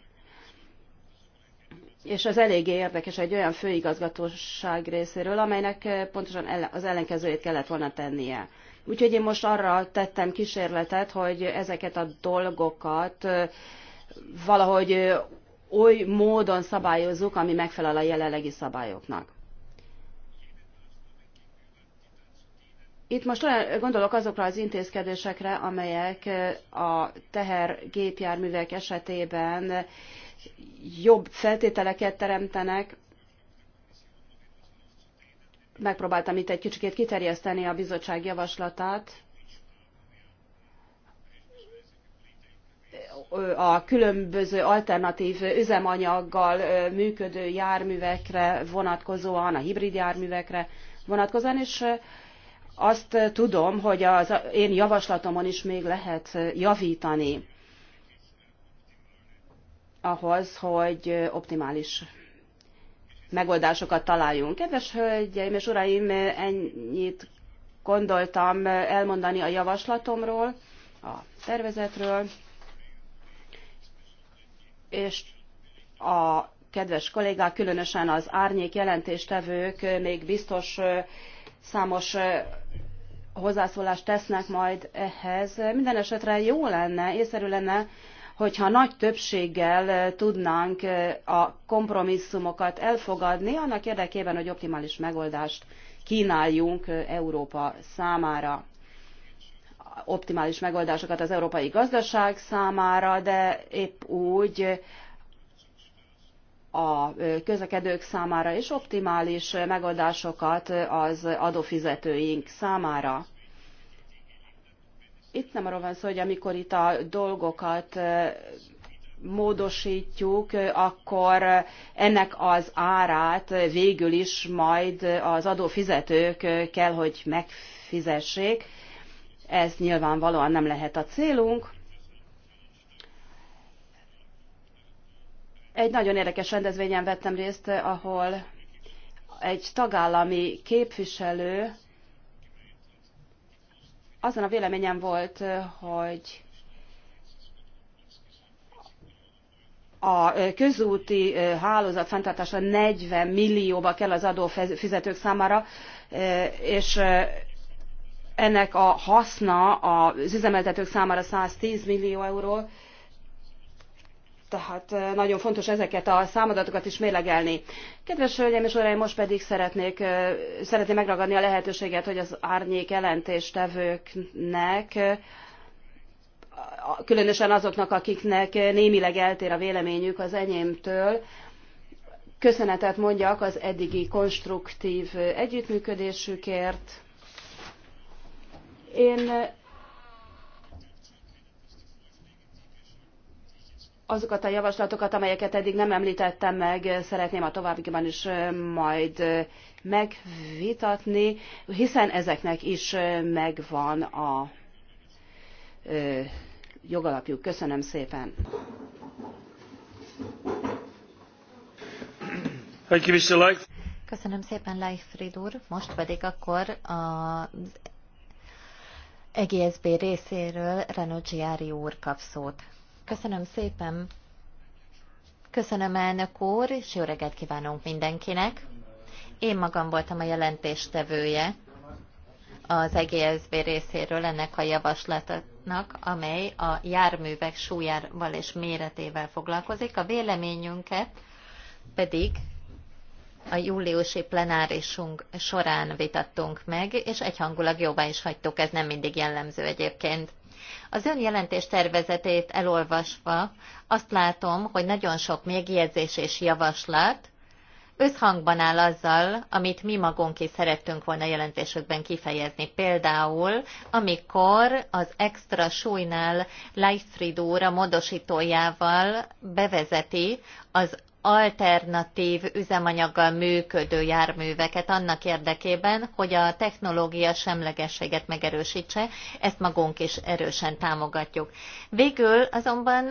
és ez eléggé érdekes egy olyan főigazgatóság részéről, amelynek eh, pontosan az ellenkezőjét kellett volna tennie. Úgyhogy én most arra tettem kísérletet, hogy ezeket a dolgokat eh, valahogy eh, oly módon szabályozzuk, ami megfelel a jelenlegi szabályoknak. Itt most olyan, gondolok azokra az intézkedésekre, amelyek a tehergépjárművek esetében jobb feltételeket teremtenek. Megpróbáltam itt egy kicsikét kiterjeszteni a bizottság javaslatát. a különböző alternatív üzemanyaggal működő járművekre vonatkozóan, a hibrid járművekre vonatkozóan, és azt tudom, hogy az én javaslatomon is még lehet javítani ahhoz, hogy optimális megoldásokat találjunk. Kedves hölgyeim és uraim, ennyit gondoltam elmondani a javaslatomról, a tervezetről, és a kedves kollégák, különösen az árnyék jelentéstevők még biztos számos hozzászólást tesznek majd ehhez. Minden esetre jó lenne, észszerű lenne, hogyha nagy többséggel tudnánk a kompromisszumokat elfogadni, annak érdekében, hogy optimális megoldást kínáljunk Európa számára optimális megoldásokat az európai gazdaság számára, de épp úgy a közlekedők számára és optimális megoldásokat az adófizetőink számára. Itt nem arról van szó, hogy amikor itt a dolgokat módosítjuk, akkor ennek az árát végül is majd az adófizetők kell, hogy megfizessék. Ez nyilvánvalóan nem lehet a célunk. Egy nagyon érdekes rendezvényen vettem részt, ahol egy tagállami képviselő azon a véleményem volt, hogy a közúti hálózat fenntartása 40 millióba kell az adófizetők számára, és ennek a haszna az üzemeltetők számára 110 millió euró, tehát nagyon fontos ezeket a számadatokat is mérlegelni. Kedves hölgyeim és uraim, most pedig szeretnék, szeretném megragadni a lehetőséget, hogy az árnyék jelentéstevőknek, különösen azoknak, akiknek némileg eltér a véleményük az enyémtől, köszönetet mondjak az eddigi konstruktív együttműködésükért. Én azokat a javaslatokat, amelyeket eddig nem említettem meg, szeretném a továbbiakban is majd megvitatni, hiszen ezeknek is megvan a jogalapjuk. Köszönöm szépen! Köszönöm szépen, Leifrid úr. Most pedig akkor az EGSB részéről Renő úr kap szót. Köszönöm szépen. Köszönöm, elnök úr, és jó reggelt kívánunk mindenkinek. Én magam voltam a jelentéstevője az EGSB részéről ennek a javaslatnak, amely a járművek súlyával és méretével foglalkozik. A véleményünket pedig a júliusi plenárisunk során vitattunk meg, és egyhangulag jóvá is hagytuk, ez nem mindig jellemző egyébként. Az ön jelentés tervezetét elolvasva azt látom, hogy nagyon sok megjegyzés és javaslat összhangban áll azzal, amit mi magunk is szerettünk volna jelentésükben kifejezni. Például, amikor az extra súlynál Leichfried úr a módosítójával bevezeti az alternatív üzemanyaggal működő járműveket annak érdekében, hogy a technológia semlegességet megerősítse, ezt magunk is erősen támogatjuk. Végül azonban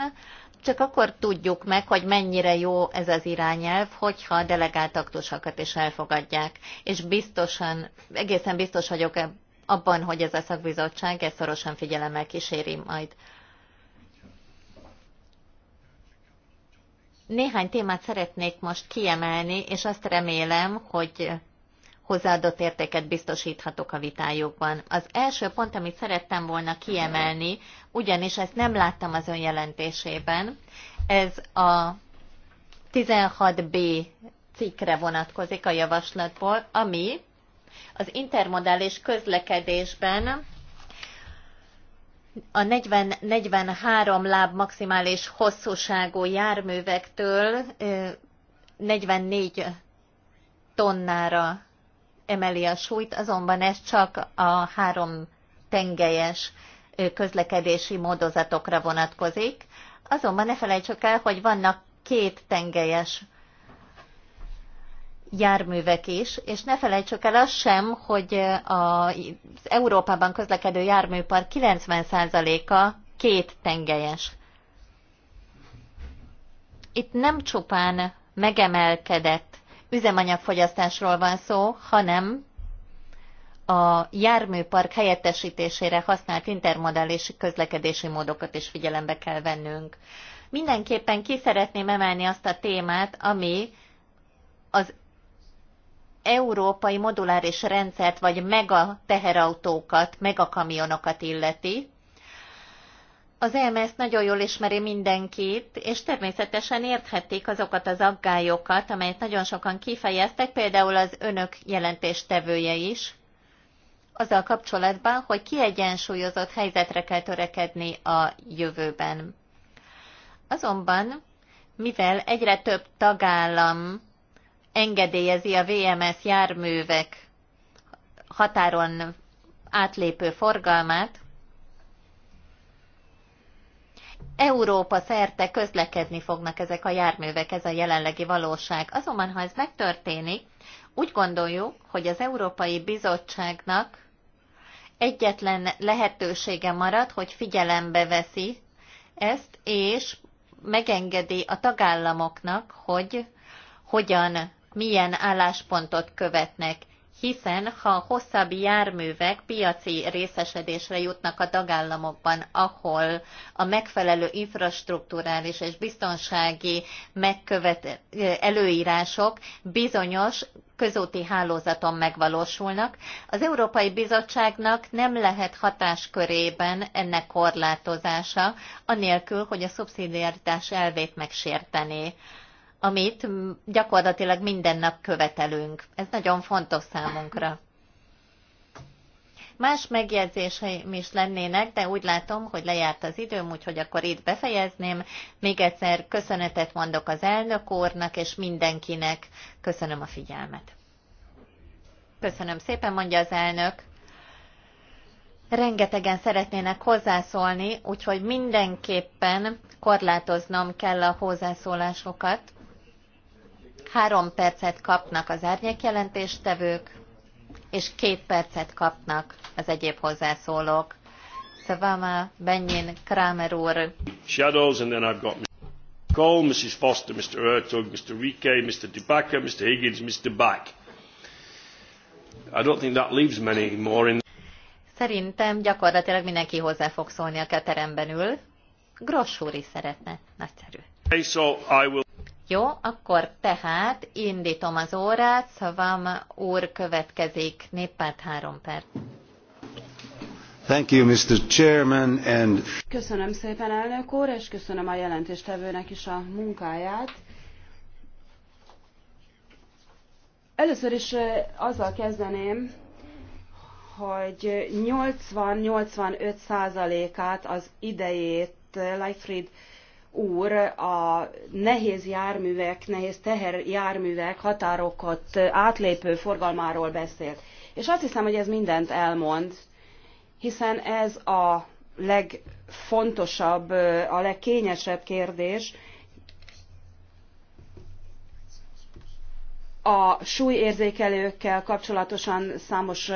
csak akkor tudjuk meg, hogy mennyire jó ez az irányelv, hogyha a delegált aktusokat is elfogadják. És biztosan, egészen biztos vagyok abban, hogy ez a szakbizottság ezt szorosan figyelemmel kíséri majd. Néhány témát szeretnék most kiemelni, és azt remélem, hogy hozzáadott értéket biztosíthatok a vitájukban. Az első pont, amit szerettem volna kiemelni, ugyanis ezt nem láttam az jelentésében. ez a 16b cikkre vonatkozik a javaslatból, ami az intermodális közlekedésben a 40-43 láb maximális hosszúságú járművektől 44 tonnára emeli a súlyt, azonban ez csak a három tengelyes közlekedési módozatokra vonatkozik. Azonban ne felejtsük el, hogy vannak két tengelyes járművek is, és ne felejtsük el azt sem, hogy az Európában közlekedő járműpar 90%-a két tengelyes. Itt nem csupán megemelkedett üzemanyagfogyasztásról van szó, hanem a járműpark helyettesítésére használt intermodális közlekedési módokat is figyelembe kell vennünk. Mindenképpen ki szeretném emelni azt a témát, ami az európai moduláris rendszert, vagy mega teherautókat, mega kamionokat illeti, az EMS nagyon jól ismeri mindenkit, és természetesen érthetik azokat az aggályokat, amelyet nagyon sokan kifejeztek, például az önök jelentéstevője is, azzal kapcsolatban, hogy kiegyensúlyozott helyzetre kell törekedni a jövőben. Azonban, mivel egyre több tagállam engedélyezi a VMS járművek határon átlépő forgalmát, Európa szerte közlekedni fognak ezek a járművek, ez a jelenlegi valóság. Azonban, ha ez megtörténik, úgy gondoljuk, hogy az Európai Bizottságnak egyetlen lehetősége marad, hogy figyelembe veszi ezt, és megengedi a tagállamoknak, hogy hogyan milyen álláspontot követnek, hiszen ha hosszabb járművek piaci részesedésre jutnak a tagállamokban, ahol a megfelelő infrastruktúrális és biztonsági megkövet előírások bizonyos közúti hálózaton megvalósulnak, az Európai Bizottságnak nem lehet hatáskörében ennek korlátozása, anélkül, hogy a szubszidiaritás elvét megsértené amit gyakorlatilag minden nap követelünk. Ez nagyon fontos számunkra. Más megjegyzéseim is lennének, de úgy látom, hogy lejárt az időm, úgyhogy akkor itt befejezném. Még egyszer köszönetet mondok az elnök úrnak és mindenkinek. Köszönöm a figyelmet. Köszönöm szépen, mondja az elnök. Rengetegen szeretnének hozzászólni, úgyhogy mindenképpen korlátoznom kell a hozzászólásokat. Három percet kapnak az árnyékjelentéstevők, és két percet kapnak az egyéb hozzászólók. Szavama, Benyin, Kramer úr. Shadows, and then I've got Mr. Cole, Mrs. Foster, Mr. Ertug, Mr. Rike, Mr. DeBacker, Mr. Higgins, Mr. Back. I don't think that leaves many more in Szerintem gyakorlatilag mindenki hozzá fog szólni, aki a teremben ül. Gross úr is szeretne. Nagyszerű. Okay, so I will... Jó, akkor tehát indítom az órát, szavam úr következik, néppárt három perc. Thank you, Mr. Chairman, and... Köszönöm szépen, elnök úr, és köszönöm a jelentéstevőnek is a munkáját. Először is azzal kezdeném, hogy 80-85 százalékát az idejét Lightfried úr a nehéz járművek, nehéz teherjárművek határokat átlépő forgalmáról beszélt. És azt hiszem, hogy ez mindent elmond, hiszen ez a legfontosabb, a legkényesebb kérdés, a súlyérzékelőkkel kapcsolatosan számos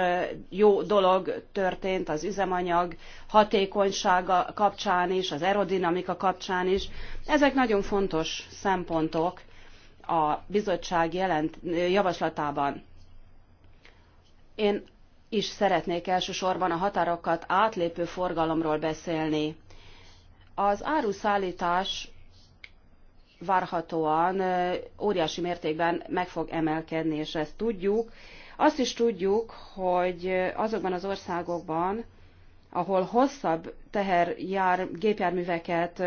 jó dolog történt az üzemanyag hatékonysága kapcsán is, az aerodinamika kapcsán is. Ezek nagyon fontos szempontok a bizottság jelent, javaslatában. Én is szeretnék elsősorban a határokat átlépő forgalomról beszélni. Az áruszállítás várhatóan óriási mértékben meg fog emelkedni, és ezt tudjuk. Azt is tudjuk, hogy azokban az országokban, ahol hosszabb teherjár, gépjárműveket,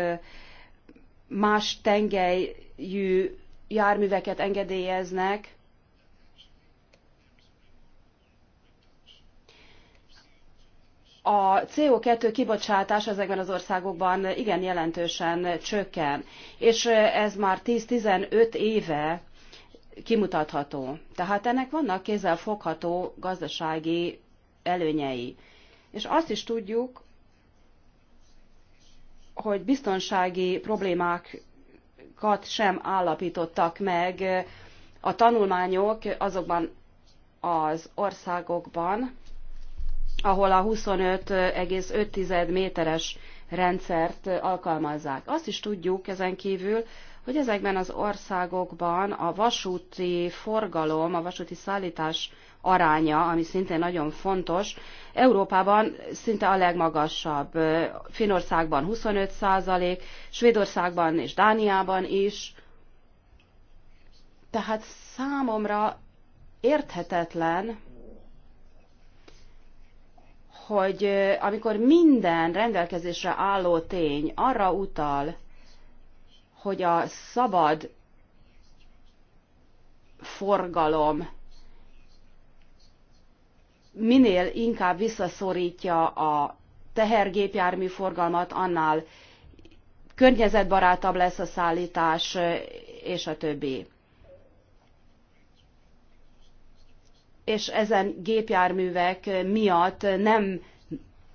más tengelyű járműveket engedélyeznek, a CO2 kibocsátás ezekben az országokban igen jelentősen csökken, és ez már 10-15 éve kimutatható. Tehát ennek vannak kézzel fogható gazdasági előnyei. És azt is tudjuk, hogy biztonsági problémákat sem állapítottak meg a tanulmányok azokban az országokban, ahol a 25,5 méteres rendszert alkalmazzák. Azt is tudjuk ezen kívül, hogy ezekben az országokban a vasúti forgalom, a vasúti szállítás aránya, ami szintén nagyon fontos, Európában szinte a legmagasabb. Finországban 25 százalék, Svédországban és Dániában is. Tehát számomra érthetetlen, hogy amikor minden rendelkezésre álló tény arra utal, hogy a szabad forgalom minél inkább visszaszorítja a tehergépjármű forgalmat, annál környezetbarátabb lesz a szállítás, és a többi. és ezen gépjárművek miatt nem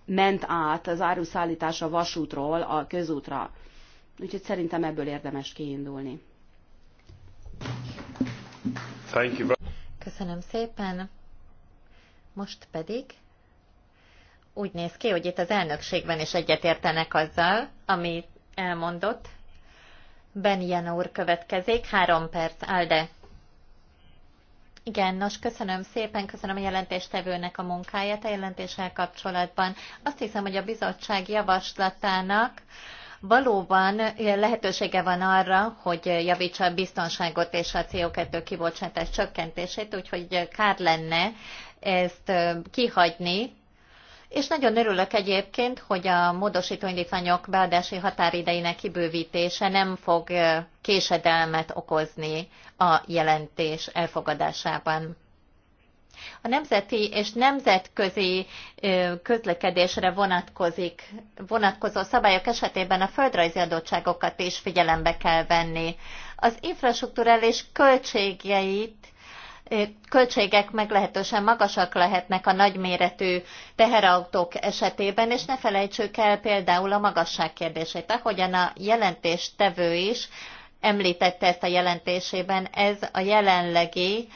ment át az a vasútról a közútra. Úgyhogy szerintem ebből érdemes kiindulni. Köszönöm szépen. Most pedig úgy néz ki, hogy itt az elnökségben is egyetértenek azzal, amit elmondott. Ben Jena úr következik, három perc, Alde. Igen, nos, köszönöm szépen, köszönöm a jelentéstevőnek a munkáját a jelentéssel kapcsolatban. Azt hiszem, hogy a bizottság javaslatának valóban lehetősége van arra, hogy javítsa a biztonságot és a CO2 kibocsátás csökkentését, úgyhogy kár lenne ezt kihagyni, és nagyon örülök egyébként, hogy a módosító indítványok beadási határideinek kibővítése nem fog késedelmet okozni a jelentés elfogadásában. A nemzeti és nemzetközi közlekedésre vonatkozik, vonatkozó szabályok esetében a földrajzi adottságokat is figyelembe kell venni. Az infrastruktúrális költségeit költségek meglehetősen magasak lehetnek a nagyméretű teherautók esetében, és ne felejtsük el például a magasság kérdését. Ahogyan a jelentéstevő is említette ezt a jelentésében, ez a jelenlegi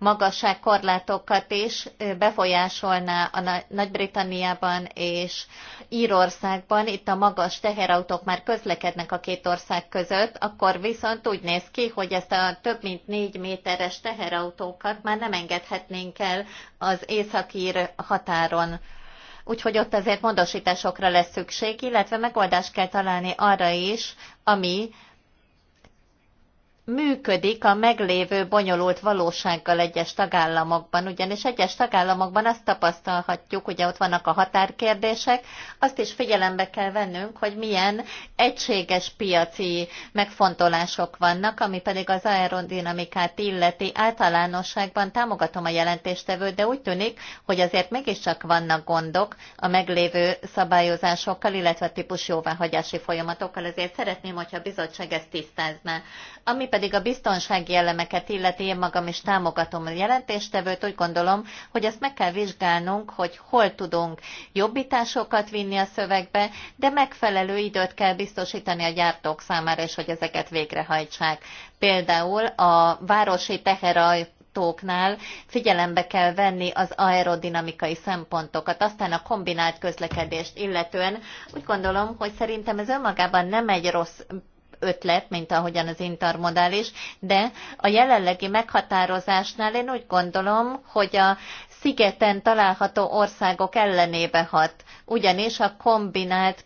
magasságkorlátokat is befolyásolná a Nagy-Britanniában és Írországban. Itt a magas teherautók már közlekednek a két ország között, akkor viszont úgy néz ki, hogy ezt a több mint négy méteres teherautókat már nem engedhetnénk el az északír határon. Úgyhogy ott azért módosításokra lesz szükség, illetve megoldást kell találni arra is, ami működik a meglévő bonyolult valósággal egyes tagállamokban, ugyanis egyes tagállamokban azt tapasztalhatjuk, ugye ott vannak a határkérdések, azt is figyelembe kell vennünk, hogy milyen egységes piaci megfontolások vannak, ami pedig az aerodinamikát illeti általánosságban támogatom a jelentéstevőt, de úgy tűnik, hogy azért mégiscsak vannak gondok a meglévő szabályozásokkal, illetve a típus jóváhagyási folyamatokkal, ezért szeretném, hogyha a bizottság ezt tisztázná. Ami pedig pedig a biztonsági elemeket illeti, én magam is támogatom a jelentéstevőt, úgy gondolom, hogy azt meg kell vizsgálnunk, hogy hol tudunk jobbításokat vinni a szövegbe, de megfelelő időt kell biztosítani a gyártók számára is, hogy ezeket végrehajtsák. Például a városi teheraj figyelembe kell venni az aerodinamikai szempontokat, aztán a kombinált közlekedést illetően. Úgy gondolom, hogy szerintem ez önmagában nem egy rossz ötlet, mint ahogyan az intermodális, de a jelenlegi meghatározásnál én úgy gondolom, hogy a szigeten található országok ellenébe hat, ugyanis a kombinált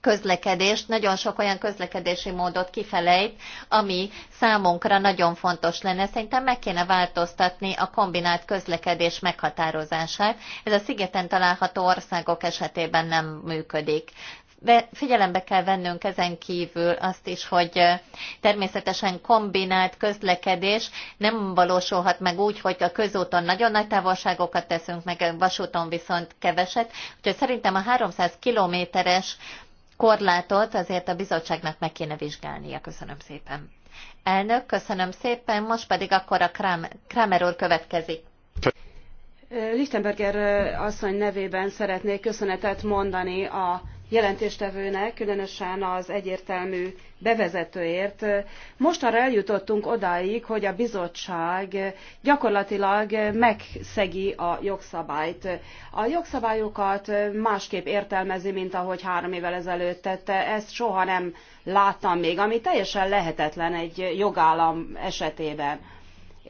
közlekedést, nagyon sok olyan közlekedési módot kifelejt, ami számunkra nagyon fontos lenne. Szerintem meg kéne változtatni a kombinált közlekedés meghatározását. Ez a szigeten található országok esetében nem működik. Figyelembe kell vennünk ezen kívül azt is, hogy természetesen kombinált közlekedés nem valósulhat meg úgy, hogy a közúton nagyon nagy távolságokat teszünk, meg a vasúton viszont keveset. Úgyhogy szerintem a 300 kilométeres korlátot azért a bizottságnak meg kéne vizsgálnia. Köszönöm szépen. Elnök, köszönöm szépen, most pedig akkor a Kramer úr következik. Lichtenberger asszony nevében szeretnék köszönetet mondani a jelentéstevőnek, különösen az egyértelmű bevezetőért. Mostanra eljutottunk odáig, hogy a bizottság gyakorlatilag megszegi a jogszabályt. A jogszabályokat másképp értelmezi, mint ahogy három évvel ezelőtt tette. Ezt soha nem láttam még, ami teljesen lehetetlen egy jogállam esetében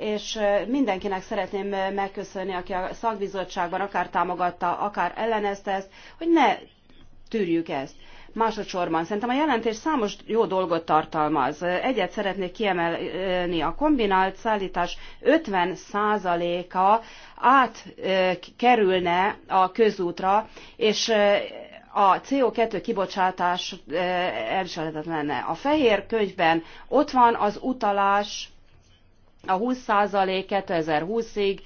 és mindenkinek szeretném megköszönni, aki a szakbizottságban akár támogatta, akár ellenezte ezt, hogy ne tűrjük ezt. Másodszorban szerintem a jelentés számos jó dolgot tartalmaz. Egyet szeretnék kiemelni, a kombinált szállítás 50%-a átkerülne a közútra, és a CO2 kibocsátás elviselhetetlen A fehér könyvben ott van az utalás a 20% 2020-ig,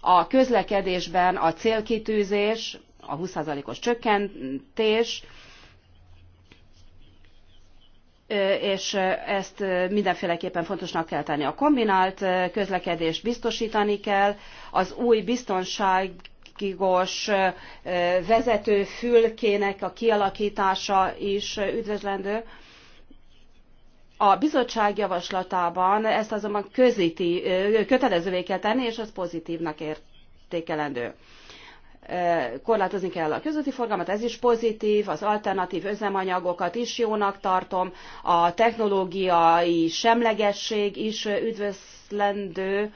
a közlekedésben a célkitűzés, a 20%-os csökkentés, és ezt mindenféleképpen fontosnak kell tenni. A kombinált közlekedést biztosítani kell, az új biztonságos vezető fülkének a kialakítása is üdvözlendő. A bizottság javaslatában ezt azonban közíti, kötelezővé kell tenni, és az pozitívnak értékelendő korlátozni kell a közúti forgalmat, ez is pozitív, az alternatív üzemanyagokat is jónak tartom, a technológiai semlegesség is üdvözlendő,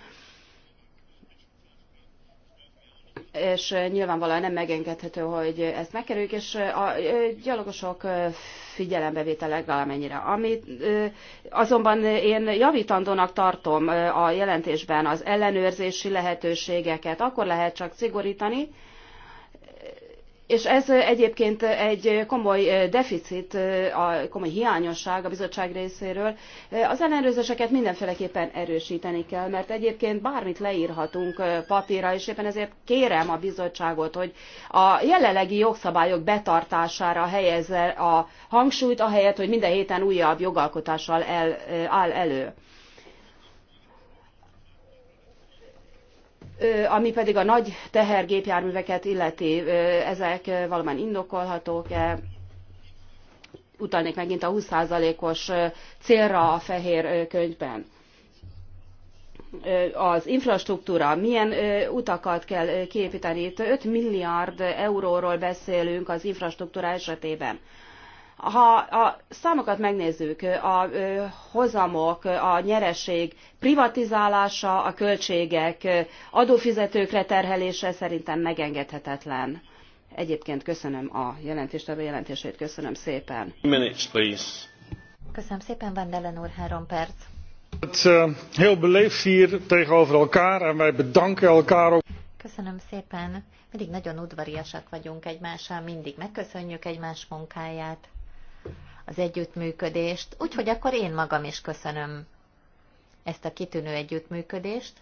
és nyilvánvalóan nem megengedhető, hogy ezt megkerüljük, és a gyalogosok figyelembevétel legalamennyire. Amit azonban én javítandónak tartom a jelentésben az ellenőrzési lehetőségeket, akkor lehet csak szigorítani, és ez egyébként egy komoly deficit, a komoly hiányosság a bizottság részéről. Az ellenőrzéseket mindenféleképpen erősíteni kell, mert egyébként bármit leírhatunk papírra, és éppen ezért kérem a bizottságot, hogy a jelenlegi jogszabályok betartására helyezze a hangsúlyt, ahelyett, hogy minden héten újabb jogalkotással el, áll elő. Ami pedig a nagy tehergépjárműveket illeti, ezek valóban indokolhatók-e? Utalnék megint a 20%-os célra a fehér könyvben. Az infrastruktúra, milyen utakat kell képíteni? Itt 5 milliárd euróról beszélünk az infrastruktúra esetében. Ha a számokat megnézzük, a hozamok, a nyereség privatizálása, a költségek adófizetőkre terhelése szerintem megengedhetetlen. Egyébként köszönöm a jelentést, a jelentését köszönöm szépen. Minutes, please. Köszönöm szépen, Van Dellen úr, három perc. Eh, heel Köszönöm szépen. Mindig nagyon udvariasak vagyunk egymással, mindig megköszönjük egymás munkáját az együttműködést, úgyhogy akkor én magam is köszönöm ezt a kitűnő együttműködést.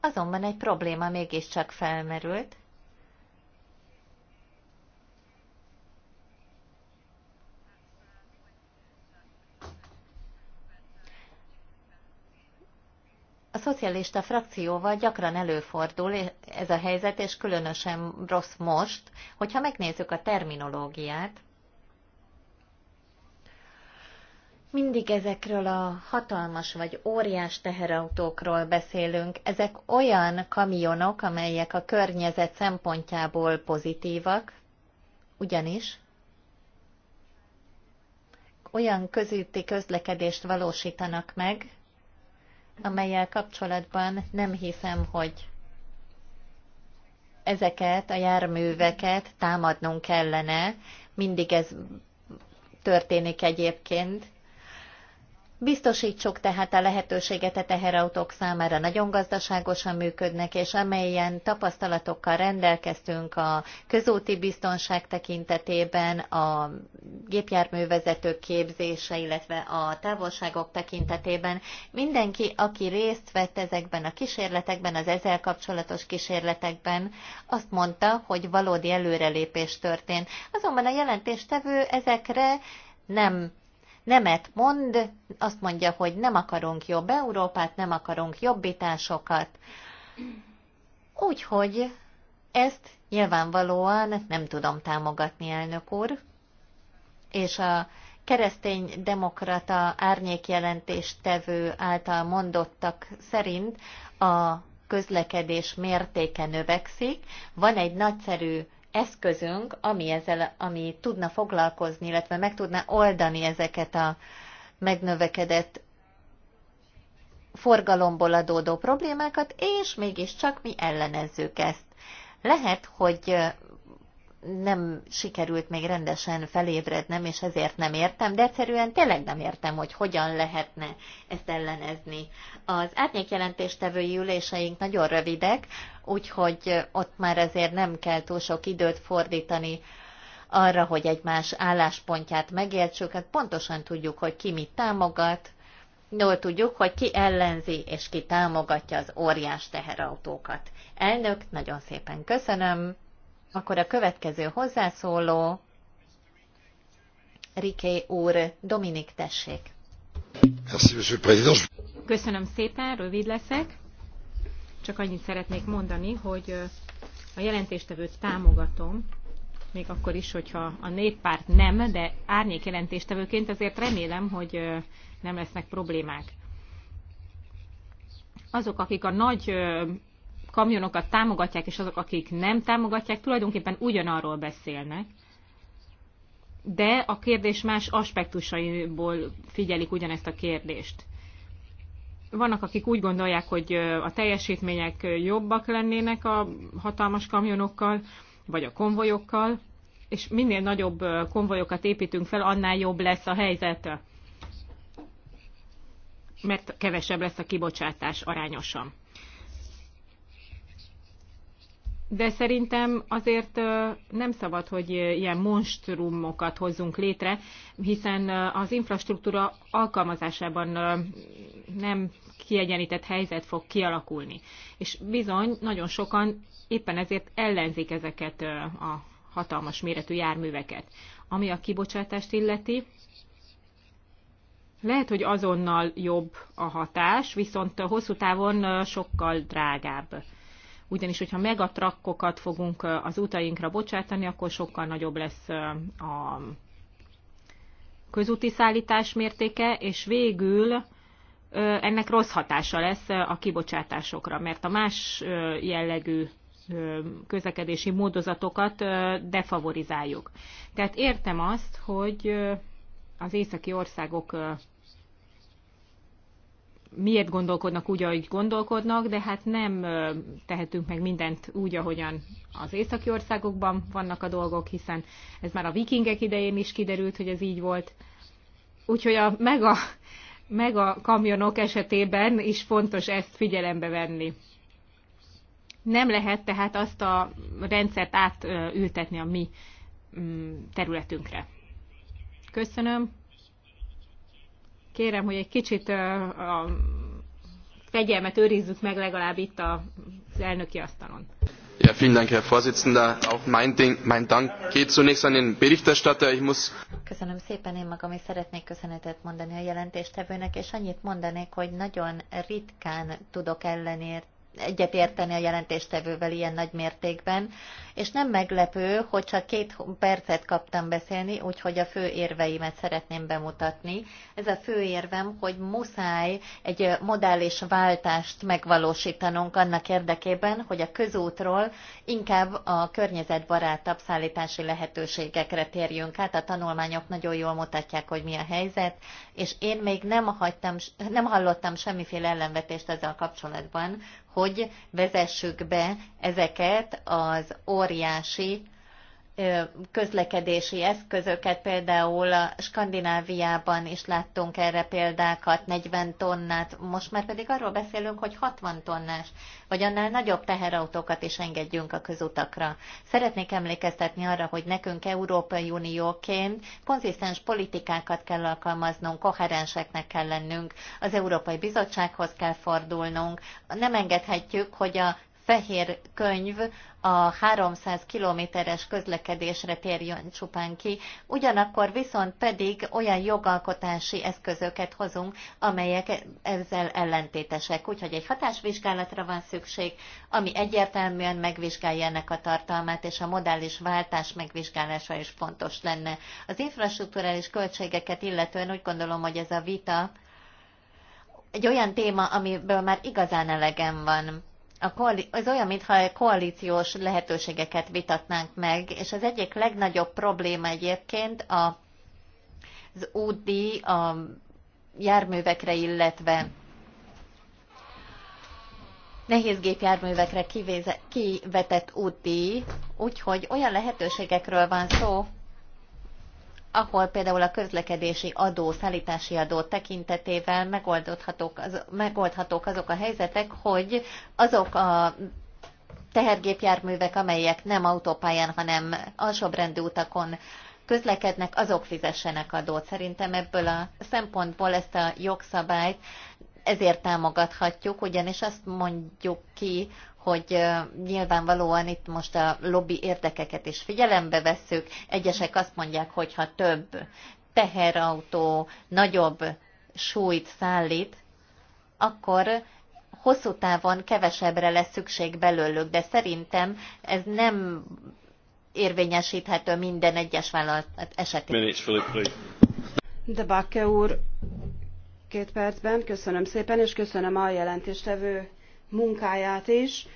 Azonban egy probléma mégiscsak felmerült. A szocialista frakcióval gyakran előfordul ez a helyzet, és különösen rossz most, hogyha megnézzük a terminológiát, Mindig ezekről a hatalmas vagy óriás teherautókról beszélünk. Ezek olyan kamionok, amelyek a környezet szempontjából pozitívak, ugyanis olyan közüti közlekedést valósítanak meg, amelyel kapcsolatban nem hiszem, hogy ezeket a járműveket támadnunk kellene. Mindig ez történik egyébként. Biztosítsuk tehát a lehetőséget a teherautók számára nagyon gazdaságosan működnek, és amelyen tapasztalatokkal rendelkeztünk a közúti biztonság tekintetében, a gépjárművezetők képzése, illetve a távolságok tekintetében. Mindenki, aki részt vett ezekben a kísérletekben, az ezzel kapcsolatos kísérletekben, azt mondta, hogy valódi előrelépés történt. Azonban a jelentéstevő ezekre nem nemet mond, azt mondja, hogy nem akarunk jobb Európát, nem akarunk jobbításokat. Úgyhogy ezt nyilvánvalóan nem tudom támogatni, elnök úr. És a keresztény demokrata árnyékjelentést tevő által mondottak szerint a közlekedés mértéke növekszik, van egy nagyszerű eszközünk, ami, ezzel, ami tudna foglalkozni, illetve meg tudná oldani ezeket a megnövekedett forgalomból adódó problémákat, és mégiscsak mi ellenezzük ezt. Lehet, hogy nem sikerült még rendesen felébrednem, és ezért nem értem, de egyszerűen tényleg nem értem, hogy hogyan lehetne ezt ellenezni. Az árnyékjelentéstevői üléseink nagyon rövidek, úgyhogy ott már ezért nem kell túl sok időt fordítani arra, hogy egymás álláspontját megértsük, hát pontosan tudjuk, hogy ki mit támogat, jól tudjuk, hogy ki ellenzi és ki támogatja az óriás teherautókat. Elnök, nagyon szépen köszönöm. Akkor a következő hozzászóló, Riké úr, Dominik, tessék. Köszönöm szépen, rövid leszek. Csak annyit szeretnék mondani, hogy a jelentéstevőt támogatom, még akkor is, hogyha a néppárt nem, de árnyék jelentéstevőként azért remélem, hogy nem lesznek problémák. Azok, akik a nagy kamionokat támogatják, és azok, akik nem támogatják, tulajdonképpen ugyanarról beszélnek, de a kérdés más aspektusaiból figyelik ugyanezt a kérdést vannak, akik úgy gondolják, hogy a teljesítmények jobbak lennének a hatalmas kamionokkal, vagy a konvojokkal, és minél nagyobb konvojokat építünk fel, annál jobb lesz a helyzet, mert kevesebb lesz a kibocsátás arányosan. de szerintem azért nem szabad, hogy ilyen monstrumokat hozzunk létre, hiszen az infrastruktúra alkalmazásában nem kiegyenített helyzet fog kialakulni. És bizony, nagyon sokan éppen ezért ellenzik ezeket a hatalmas méretű járműveket. Ami a kibocsátást illeti, lehet, hogy azonnal jobb a hatás, viszont hosszú távon sokkal drágább ugyanis hogyha megatrakkokat fogunk az utainkra bocsátani, akkor sokkal nagyobb lesz a közúti szállítás mértéke, és végül ennek rossz hatása lesz a kibocsátásokra, mert a más jellegű közlekedési módozatokat defavorizáljuk. Tehát értem azt, hogy az északi országok miért gondolkodnak úgy, ahogy gondolkodnak, de hát nem tehetünk meg mindent úgy, ahogyan az északi országokban vannak a dolgok, hiszen ez már a vikingek idején is kiderült, hogy ez így volt. Úgyhogy a mega, mega kamionok esetében is fontos ezt figyelembe venni. Nem lehet tehát azt a rendszert átültetni a mi mm, területünkre. Köszönöm. Kérem, hogy egy kicsit a fegyelmet őrizzük meg legalább itt az elnöki asztalon. Ja, vielen Dank, Herr Vorsitzender. Auch mein, Ding, mein Dank geht zunächst an den Berichterstatter. Ich muss Köszönöm szépen, én magam is szeretnék köszönetet mondani a jelentéstevőnek, és annyit mondanék, hogy nagyon ritkán tudok ellenért egyetérteni a jelentéstevővel ilyen nagy mértékben, és nem meglepő, hogy csak két percet kaptam beszélni, úgyhogy a fő érveimet szeretném bemutatni. Ez a fő érvem, hogy muszáj egy modális váltást megvalósítanunk annak érdekében, hogy a közútról inkább a környezetbarátabb szállítási lehetőségekre térjünk át. A tanulmányok nagyon jól mutatják, hogy mi a helyzet, és én még nem, hagytam, nem hallottam semmiféle ellenvetést ezzel kapcsolatban, hogy vezessük be ezeket az óriási közlekedési eszközöket, például a Skandináviában is láttunk erre példákat, 40 tonnát, most már pedig arról beszélünk, hogy 60 tonnás, vagy annál nagyobb teherautókat is engedjünk a közutakra. Szeretnék emlékeztetni arra, hogy nekünk Európai Unióként konzisztens politikákat kell alkalmaznunk, koherenseknek kell lennünk, az Európai Bizottsághoz kell fordulnunk, nem engedhetjük, hogy a fehér könyv a 300 kilométeres közlekedésre térjön csupán ki, ugyanakkor viszont pedig olyan jogalkotási eszközöket hozunk, amelyek ezzel ellentétesek. Úgyhogy egy hatásvizsgálatra van szükség, ami egyértelműen megvizsgálja ennek a tartalmát, és a modális váltás megvizsgálása is fontos lenne. Az infrastruktúrális költségeket illetően úgy gondolom, hogy ez a vita egy olyan téma, amiből már igazán elegem van a az olyan, mintha koalíciós lehetőségeket vitatnánk meg, és az egyik legnagyobb probléma egyébként a, az údi a járművekre, illetve nehéz gépjárművekre kivéze- kivetett úti, úgyhogy olyan lehetőségekről van szó, ahol például a közlekedési adó, szállítási adó tekintetében megoldhatók, az, megoldhatók azok a helyzetek, hogy azok a tehergépjárművek, amelyek nem autópályán, hanem alsóbrendű utakon közlekednek, azok fizessenek adót. Szerintem ebből a szempontból ezt a jogszabályt ezért támogathatjuk, ugyanis azt mondjuk ki, hogy nyilvánvalóan itt most a lobby érdekeket is figyelembe vesszük. Egyesek azt mondják, hogy ha több teherautó nagyobb súlyt szállít, akkor hosszú távon kevesebbre lesz szükség belőlük, de szerintem ez nem érvényesíthető minden egyes vállalat esetében. De Bakke úr, két percben köszönöm szépen, és köszönöm a jelentéstevő munkáját is.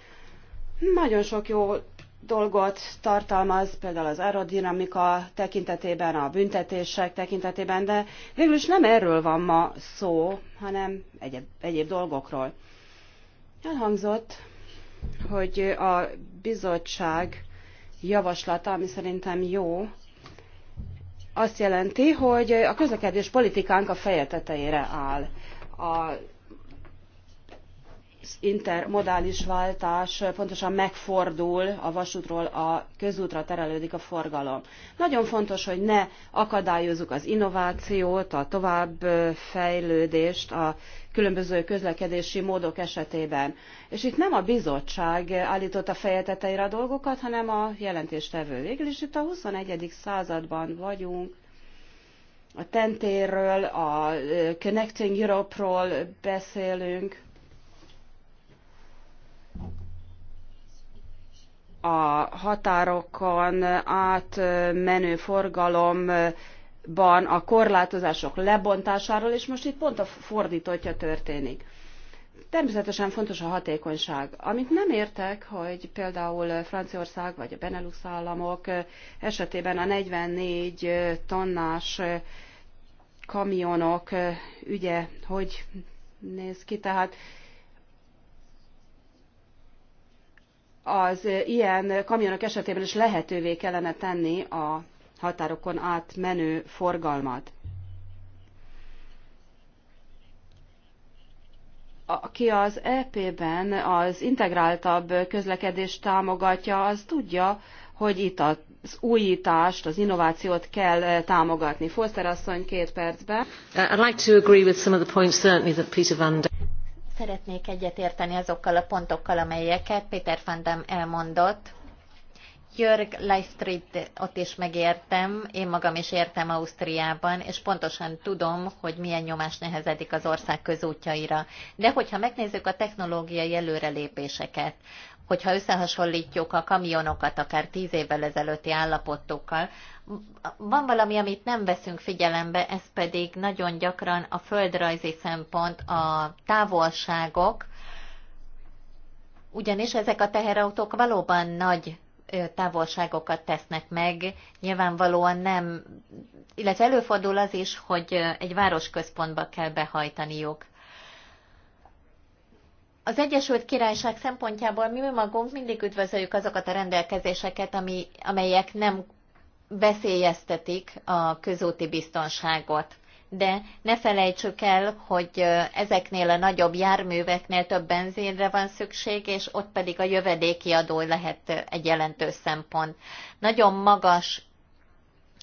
Nagyon sok jó dolgot tartalmaz, például az aerodinamika tekintetében, a büntetések tekintetében, de végül is nem erről van ma szó, hanem egyéb, egyéb dolgokról. Elhangzott, hogy a bizottság javaslata, ami szerintem jó, azt jelenti, hogy a közlekedés politikánk a feje tetejére áll. A intermodális váltás pontosan megfordul a vasútról a közútra terelődik a forgalom. Nagyon fontos, hogy ne akadályozzuk az innovációt, a továbbfejlődést a különböző közlekedési módok esetében. És itt nem a bizottság állította feje tetejére a dolgokat, hanem a jelentéstevő. Végül is itt a 21. században vagyunk, a tentérről, a Connecting Europe-ról beszélünk, a határokon átmenő forgalomban a korlátozások lebontásáról, és most itt pont a fordítottja történik. Természetesen fontos a hatékonyság. Amit nem értek, hogy például Franciaország vagy a Benelux államok esetében a 44 tonnás kamionok ügye hogy néz ki. Tehát az ilyen kamionok esetében is lehetővé kellene tenni a határokon átmenő forgalmat. Aki az EP-ben az integráltabb közlekedést támogatja, az tudja, hogy itt az újítást, az innovációt kell eh, támogatni. Foster asszony két percben. Uh, I'd like to agree with some of the points certainly that Peter van Dijk Szeretnék egyetérteni azokkal a pontokkal, amelyeket van dam elmondott. Jörg Leistrit ott is megértem, én magam is értem Ausztriában, és pontosan tudom, hogy milyen nyomás nehezedik az ország közútjaira. De hogyha megnézzük a technológiai előrelépéseket, hogyha összehasonlítjuk a kamionokat akár tíz évvel ezelőtti állapotokkal, van valami, amit nem veszünk figyelembe, ez pedig nagyon gyakran a földrajzi szempont, a távolságok, ugyanis ezek a teherautók valóban nagy távolságokat tesznek meg. Nyilvánvalóan nem, illetve előfordul az is, hogy egy városközpontba kell behajtaniuk. Az Egyesült Királyság szempontjából mi magunk mindig üdvözöljük azokat a rendelkezéseket, ami, amelyek nem veszélyeztetik a közúti biztonságot de ne felejtsük el, hogy ezeknél a nagyobb járműveknél több benzinre van szükség, és ott pedig a jövedéki adó lehet egy jelentős szempont. Nagyon magas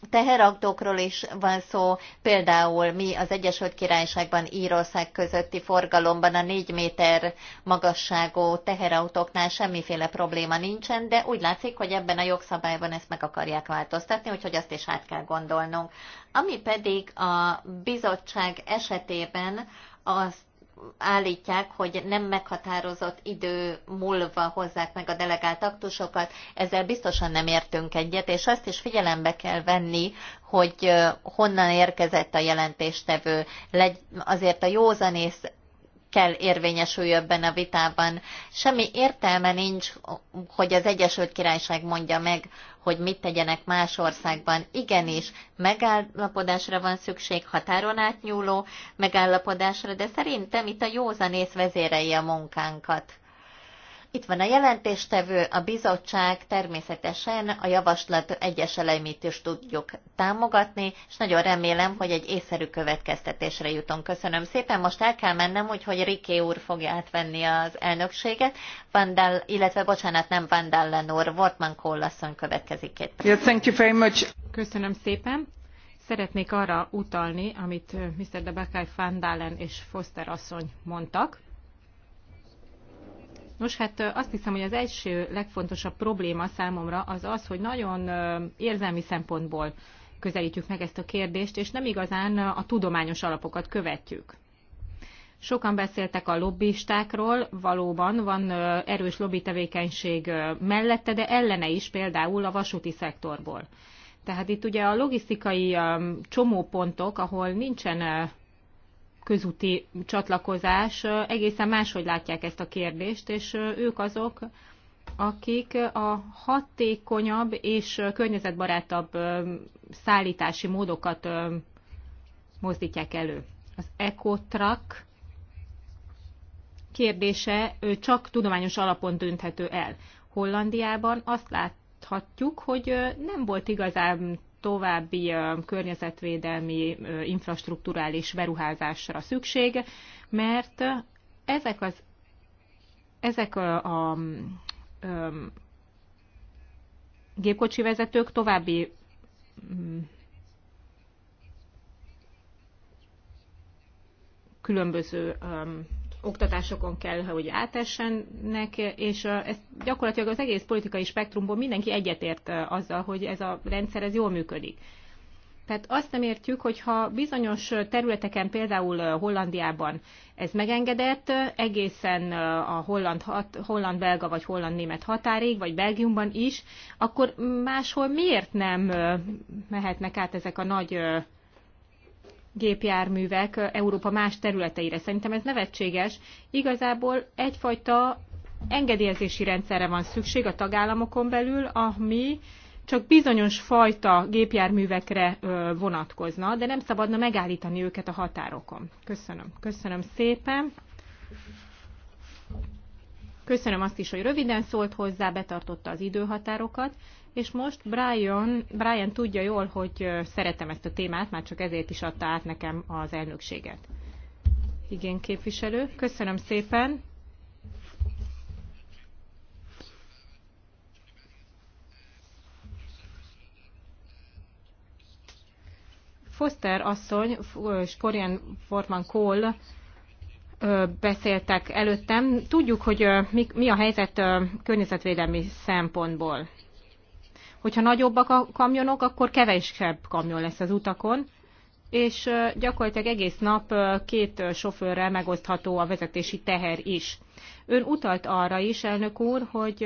teherautókról is van szó, például mi az Egyesült Királyságban Írország közötti forgalomban a négy méter magasságú teherautóknál semmiféle probléma nincsen, de úgy látszik, hogy ebben a jogszabályban ezt meg akarják változtatni, úgyhogy azt is át kell gondolnunk. Ami pedig a bizottság esetében azt állítják, hogy nem meghatározott idő múlva hozzák meg a delegált aktusokat, ezzel biztosan nem értünk egyet, és azt is figyelembe kell venni, hogy honnan érkezett a jelentéstevő. Azért a józanész kell érvényesül ebben a vitában. Semmi értelme nincs, hogy az Egyesült Királyság mondja meg, hogy mit tegyenek más országban. Igenis, megállapodásra van szükség, határon átnyúló megállapodásra, de szerintem itt a józan ész vezérei a munkánkat. Itt van a jelentéstevő, a bizottság természetesen a javaslat egyes elemét is tudjuk támogatni, és nagyon remélem, hogy egy észszerű következtetésre jutunk. Köszönöm szépen. Most el kell mennem, úgyhogy Riké úr fogja átvenni az elnökséget, Vandal, illetve bocsánat, nem Vandallen úr, Wortman Kollasszony következik két yeah, thank you very much. Köszönöm szépen. Szeretnék arra utalni, amit uh, Mr. de Bekay, Van Dalen és Foster asszony mondtak Nos, hát azt hiszem, hogy az első legfontosabb probléma számomra az az, hogy nagyon érzelmi szempontból közelítjük meg ezt a kérdést, és nem igazán a tudományos alapokat követjük. Sokan beszéltek a lobbistákról, valóban van erős lobby tevékenység mellette, de ellene is például a vasúti szektorból. Tehát itt ugye a logisztikai csomópontok, ahol nincsen közúti csatlakozás egészen máshogy látják ezt a kérdést, és ők azok, akik a hatékonyabb és környezetbarátabb szállítási módokat mozdítják elő. Az ecotrack kérdése csak tudományos alapon dönthető el. Hollandiában azt láthatjuk, hogy nem volt igazán további környezetvédelmi infrastruktúrális beruházásra szükség, mert ezek, az, ezek a, a, a gépkocsi vezetők további mm, különböző oktatásokon kell, hogy átessenek, és ez gyakorlatilag az egész politikai spektrumból mindenki egyetért azzal, hogy ez a rendszer ez jól működik. Tehát azt nem értjük, hogyha bizonyos területeken, például Hollandiában ez megengedett, egészen a holland, holland-belga vagy holland-német határig, vagy Belgiumban is, akkor máshol miért nem mehetnek át ezek a nagy gépjárművek Európa más területeire. Szerintem ez nevetséges. Igazából egyfajta engedélyezési rendszerre van szükség a tagállamokon belül, ami csak bizonyos fajta gépjárművekre vonatkozna, de nem szabadna megállítani őket a határokon. Köszönöm. Köszönöm szépen. Köszönöm azt is, hogy röviden szólt hozzá, betartotta az időhatárokat. És most Brian, Brian tudja jól, hogy szeretem ezt a témát, már csak ezért is adta át nekem az elnökséget. Igen, képviselő. Köszönöm szépen. Foster asszony és Korean Forman Cole beszéltek előttem. Tudjuk, hogy mi a helyzet környezetvédelmi szempontból. Hogyha nagyobbak a kamionok, akkor kevesebb kamion lesz az utakon, és gyakorlatilag egész nap két sofőrrel megosztható a vezetési teher is. Ön utalt arra is, elnök úr, hogy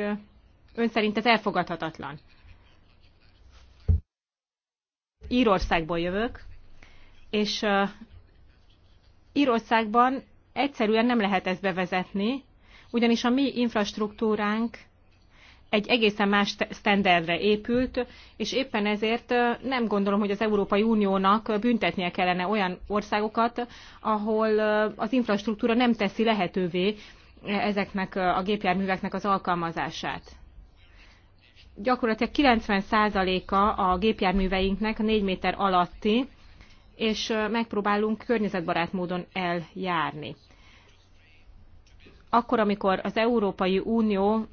ön szerint ez elfogadhatatlan. Írországból jövök, és Írországban egyszerűen nem lehet ezt bevezetni, ugyanis a mi infrastruktúránk egy egészen más sztenderdre épült, és éppen ezért nem gondolom, hogy az Európai Uniónak büntetnie kellene olyan országokat, ahol az infrastruktúra nem teszi lehetővé ezeknek a gépjárműveknek az alkalmazását. Gyakorlatilag 90%-a a gépjárműveinknek 4 méter alatti, és megpróbálunk környezetbarát módon eljárni. Akkor, amikor az Európai Unió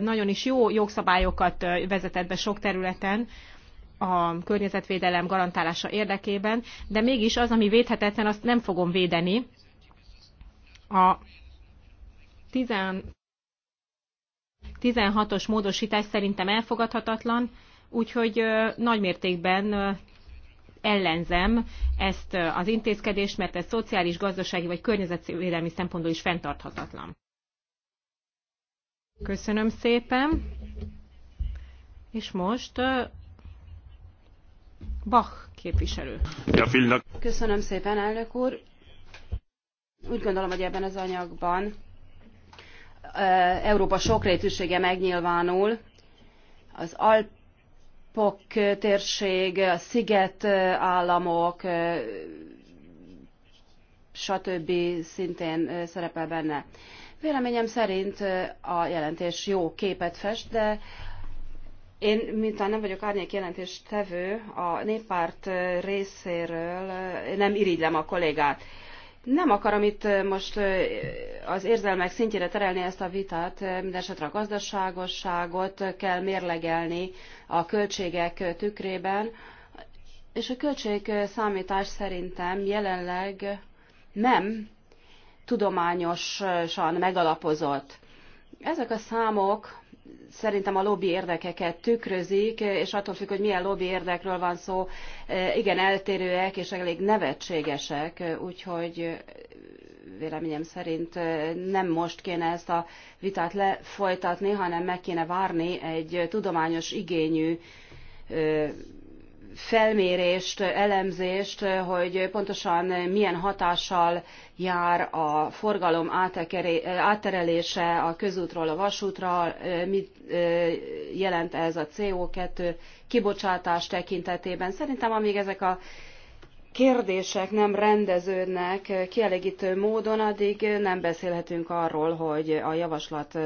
nagyon is jó jogszabályokat vezetett be sok területen a környezetvédelem garantálása érdekében, de mégis az, ami védhetetlen, azt nem fogom védeni. A 16-os módosítás szerintem elfogadhatatlan, úgyhogy nagymértékben ellenzem ezt az intézkedést, mert ez szociális, gazdasági vagy környezetvédelmi szempontból is fenntarthatatlan. Köszönöm szépen. És most Bach képviselő. Köszönöm szépen, elnök úr. Úgy gondolom, hogy ebben az anyagban Európa sokrétűsége megnyilvánul. Az Alpok térség, a sziget államok, stb. szintén szerepel benne. Véleményem szerint a jelentés jó képet fest, de én, miután nem vagyok árnyék tevő a néppárt részéről nem irigylem a kollégát. Nem akarom itt most az érzelmek szintjére terelni ezt a vitát, mindesetre a gazdaságosságot kell mérlegelni a költségek tükrében, és a költségszámítás szerintem jelenleg nem tudományosan megalapozott. Ezek a számok szerintem a lobby érdekeket tükrözik, és attól függ, hogy milyen lobby érdekről van szó, igen eltérőek és elég nevetségesek, úgyhogy véleményem szerint nem most kéne ezt a vitát lefolytatni, hanem meg kéne várni egy tudományos igényű felmérést, elemzést, hogy pontosan milyen hatással jár a forgalom átterelése a közútról a vasútra, mit jelent ez a CO2 kibocsátás tekintetében. Szerintem amíg ezek a kérdések nem rendeződnek kielégítő módon, addig nem beszélhetünk arról, hogy a javaslat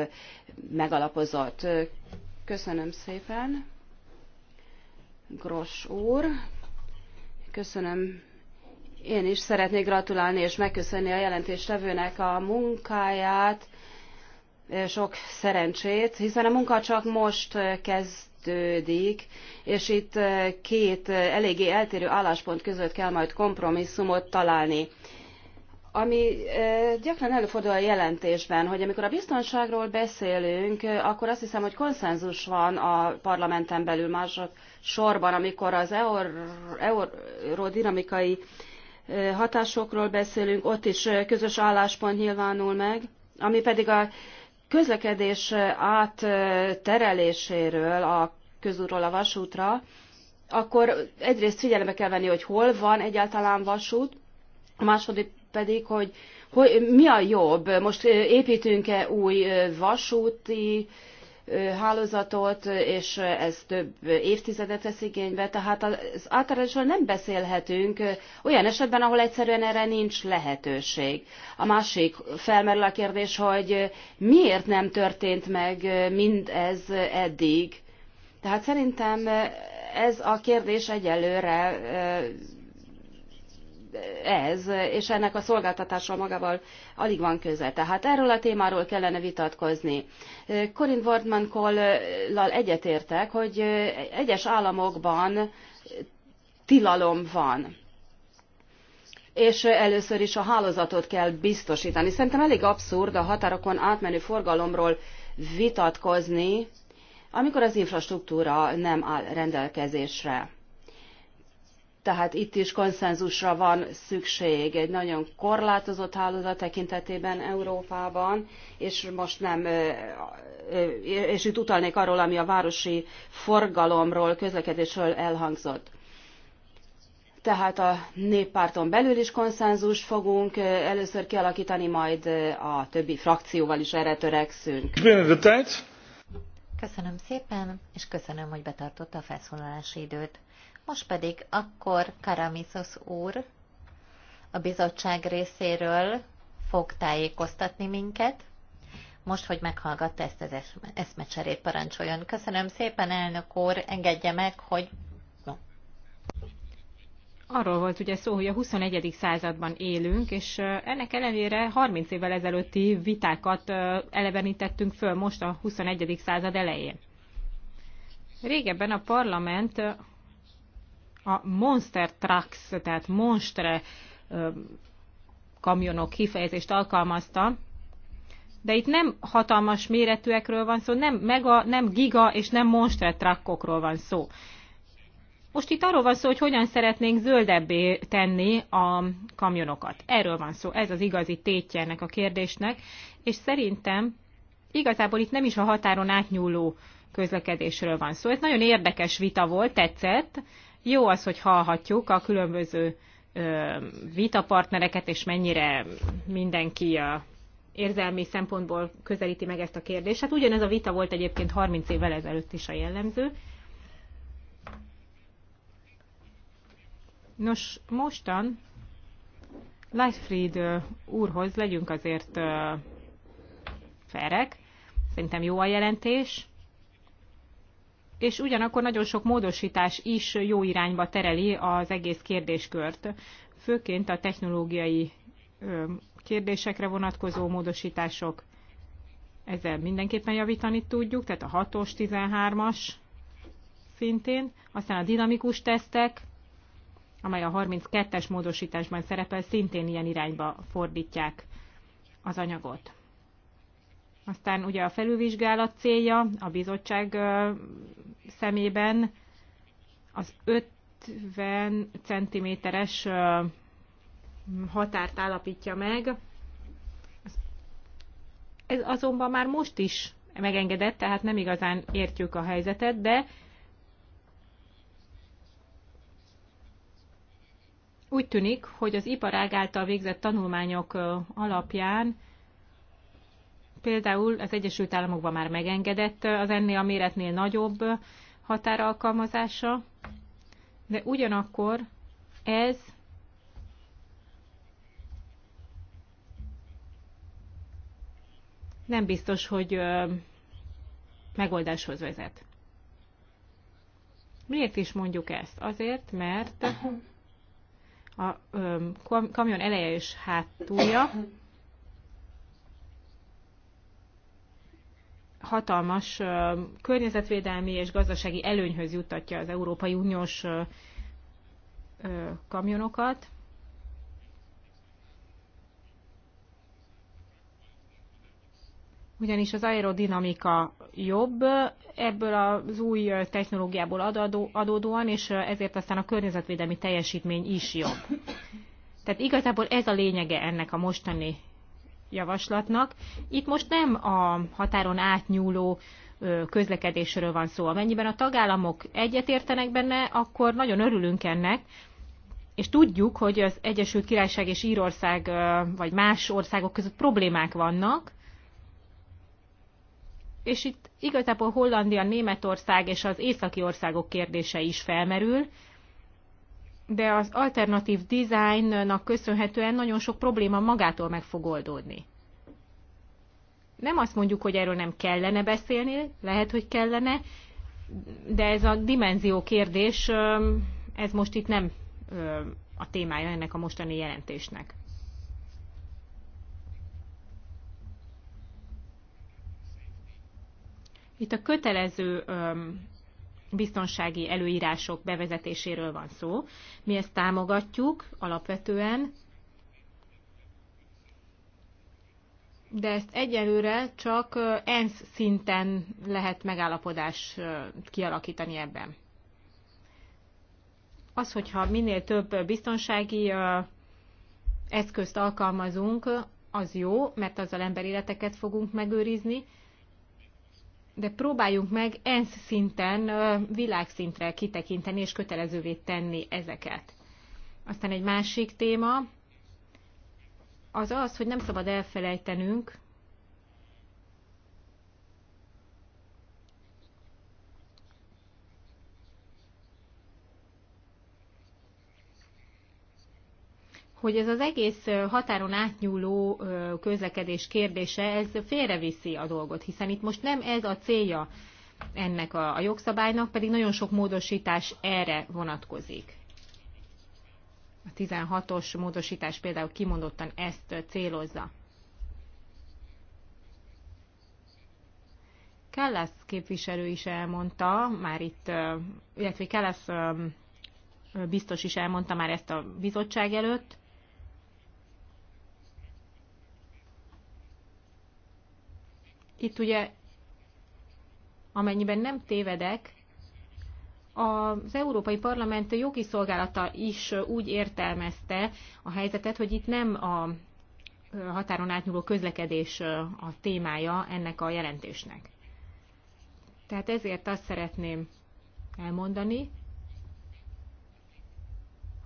megalapozott. Köszönöm szépen. Gross úr. Köszönöm. Én is szeretnék gratulálni és megköszönni a jelentéstevőnek a munkáját, sok szerencsét, hiszen a munka csak most kezdődik, és itt két eléggé eltérő álláspont között kell majd kompromisszumot találni ami gyakran előfordul a jelentésben, hogy amikor a biztonságról beszélünk, akkor azt hiszem, hogy konszenzus van a parlamenten belül, mások sorban, amikor az eurodinamikai hatásokról beszélünk, ott is közös álláspont nyilvánul meg, ami pedig a közlekedés áttereléséről a közúról a vasútra, akkor egyrészt figyelembe kell venni, hogy hol van egyáltalán vasút, a második pedig, hogy, hogy mi a jobb, most építünk-e új vasúti hálózatot, és ez több évtizedet vesz igénybe, tehát az átállásról nem beszélhetünk olyan esetben, ahol egyszerűen erre nincs lehetőség. A másik felmerül a kérdés, hogy miért nem történt meg mindez eddig. Tehát szerintem ez a kérdés egyelőre ez, és ennek a szolgáltatással magával alig van köze. Tehát erről a témáról kellene vitatkozni. Corin wardman lal egyetértek, hogy egyes államokban tilalom van és először is a hálózatot kell biztosítani. Szerintem elég abszurd a határokon átmenő forgalomról vitatkozni, amikor az infrastruktúra nem áll rendelkezésre tehát itt is konszenzusra van szükség egy nagyon korlátozott hálózat tekintetében Európában, és most nem, és itt utalnék arról, ami a városi forgalomról, közlekedésről elhangzott. Tehát a néppárton belül is konszenzus fogunk először kialakítani, majd a többi frakcióval is erre törekszünk. Köszönöm szépen, és köszönöm, hogy betartotta a felszólalási időt. Most pedig akkor Karamisos úr a bizottság részéről fog tájékoztatni minket. Most, hogy meghallgatta ezt az eszmecserét, parancsoljon. Köszönöm szépen, elnök úr, engedje meg, hogy no, arról volt ugye szó, hogy a 21. században élünk, és ennek ellenére 30 évvel ezelőtti vitákat elevenítettünk föl most a 21. század elején. Régebben a parlament a monster trucks, tehát monstre kamionok kifejezést alkalmazta, de itt nem hatalmas méretűekről van szó, nem mega, nem giga és nem monster truckokról van szó. Most itt arról van szó, hogy hogyan szeretnénk zöldebbé tenni a kamionokat. Erről van szó, ez az igazi tétje ennek a kérdésnek, és szerintem igazából itt nem is a határon átnyúló közlekedésről van szó. Ez nagyon érdekes vita volt, tetszett, jó az, hogy hallhatjuk a különböző vitapartnereket, és mennyire mindenki a érzelmi szempontból közelíti meg ezt a kérdést. Hát ugyanez a vita volt egyébként 30 évvel ezelőtt is a jellemző. Nos, mostan Lightfried úrhoz legyünk azért ferek. Szerintem jó a jelentés és ugyanakkor nagyon sok módosítás is jó irányba tereli az egész kérdéskört, főként a technológiai kérdésekre vonatkozó módosítások. Ezzel mindenképpen javítani tudjuk, tehát a 6-os, 13-as szintén, aztán a dinamikus tesztek, amely a 32-es módosításban szerepel, szintén ilyen irányba fordítják az anyagot. Aztán ugye a felülvizsgálat célja a bizottság szemében az 50 cm-es határt állapítja meg. Ez azonban már most is megengedett, tehát nem igazán értjük a helyzetet, de úgy tűnik, hogy az iparág által végzett tanulmányok alapján Például az Egyesült Államokban már megengedett eh, az ennél a méretnél nagyobb eh, határa alkalmazása, de ugyanakkor ez nem biztos, hogy eh, megoldáshoz vezet. Miért is mondjuk ezt? Azért, mert a kamion eleje és hátulja hatalmas környezetvédelmi és gazdasági előnyhöz juttatja az Európai Uniós kamionokat. ugyanis az aerodinamika jobb ebből az új technológiából adódóan, és ezért aztán a környezetvédelmi teljesítmény is jobb. Tehát igazából ez a lényege ennek a mostani javaslatnak. Itt most nem a határon átnyúló közlekedésről van szó. Amennyiben a tagállamok egyetértenek benne, akkor nagyon örülünk ennek, és tudjuk, hogy az Egyesült Királyság és Írország vagy más országok között problémák vannak, és itt igazából Hollandia, Németország és az északi országok kérdése is felmerül, de az alternatív dizájnnak köszönhetően nagyon sok probléma magától meg fog oldódni. Nem azt mondjuk, hogy erről nem kellene beszélni, lehet, hogy kellene, de ez a dimenzió kérdés, ez most itt nem a témája ennek a mostani jelentésnek. Itt a kötelező biztonsági előírások bevezetéséről van szó. Mi ezt támogatjuk alapvetően, de ezt egyelőre csak ENSZ szinten lehet megállapodás kialakítani ebben. Az, hogyha minél több biztonsági eszközt alkalmazunk, az jó, mert azzal emberéleteket fogunk megőrizni, de próbáljunk meg ENSZ szinten, világszintre kitekinteni és kötelezővé tenni ezeket. Aztán egy másik téma az az, hogy nem szabad elfelejtenünk hogy ez az egész határon átnyúló közlekedés kérdése, ez félreviszi a dolgot, hiszen itt most nem ez a célja ennek a, a jogszabálynak, pedig nagyon sok módosítás erre vonatkozik. A 16-os módosítás például kimondottan ezt célozza. Kellesz képviselő is elmondta, már itt, illetve Kellesz biztos is elmondta már ezt a bizottság előtt, Itt ugye, amennyiben nem tévedek, az Európai Parlament jogi szolgálata is úgy értelmezte a helyzetet, hogy itt nem a határon átnyúló közlekedés a témája ennek a jelentésnek. Tehát ezért azt szeretném elmondani,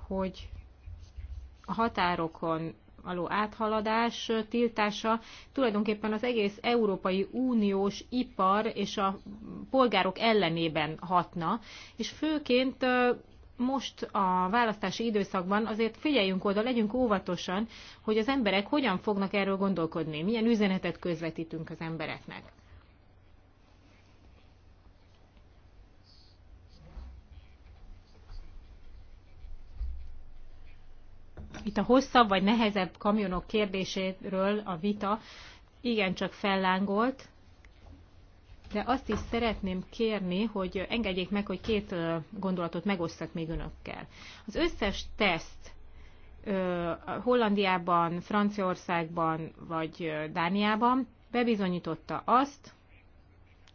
hogy a határokon való áthaladás tiltása tulajdonképpen az egész Európai Uniós ipar és a polgárok ellenében hatna, és főként most a választási időszakban azért figyeljünk oda, legyünk óvatosan, hogy az emberek hogyan fognak erről gondolkodni, milyen üzenetet közvetítünk az embereknek. itt a hosszabb vagy nehezebb kamionok kérdéséről a vita igencsak fellángolt, de azt is szeretném kérni, hogy engedjék meg, hogy két gondolatot megosztak még önökkel. Az összes teszt Hollandiában, Franciaországban vagy Dániában bebizonyította azt,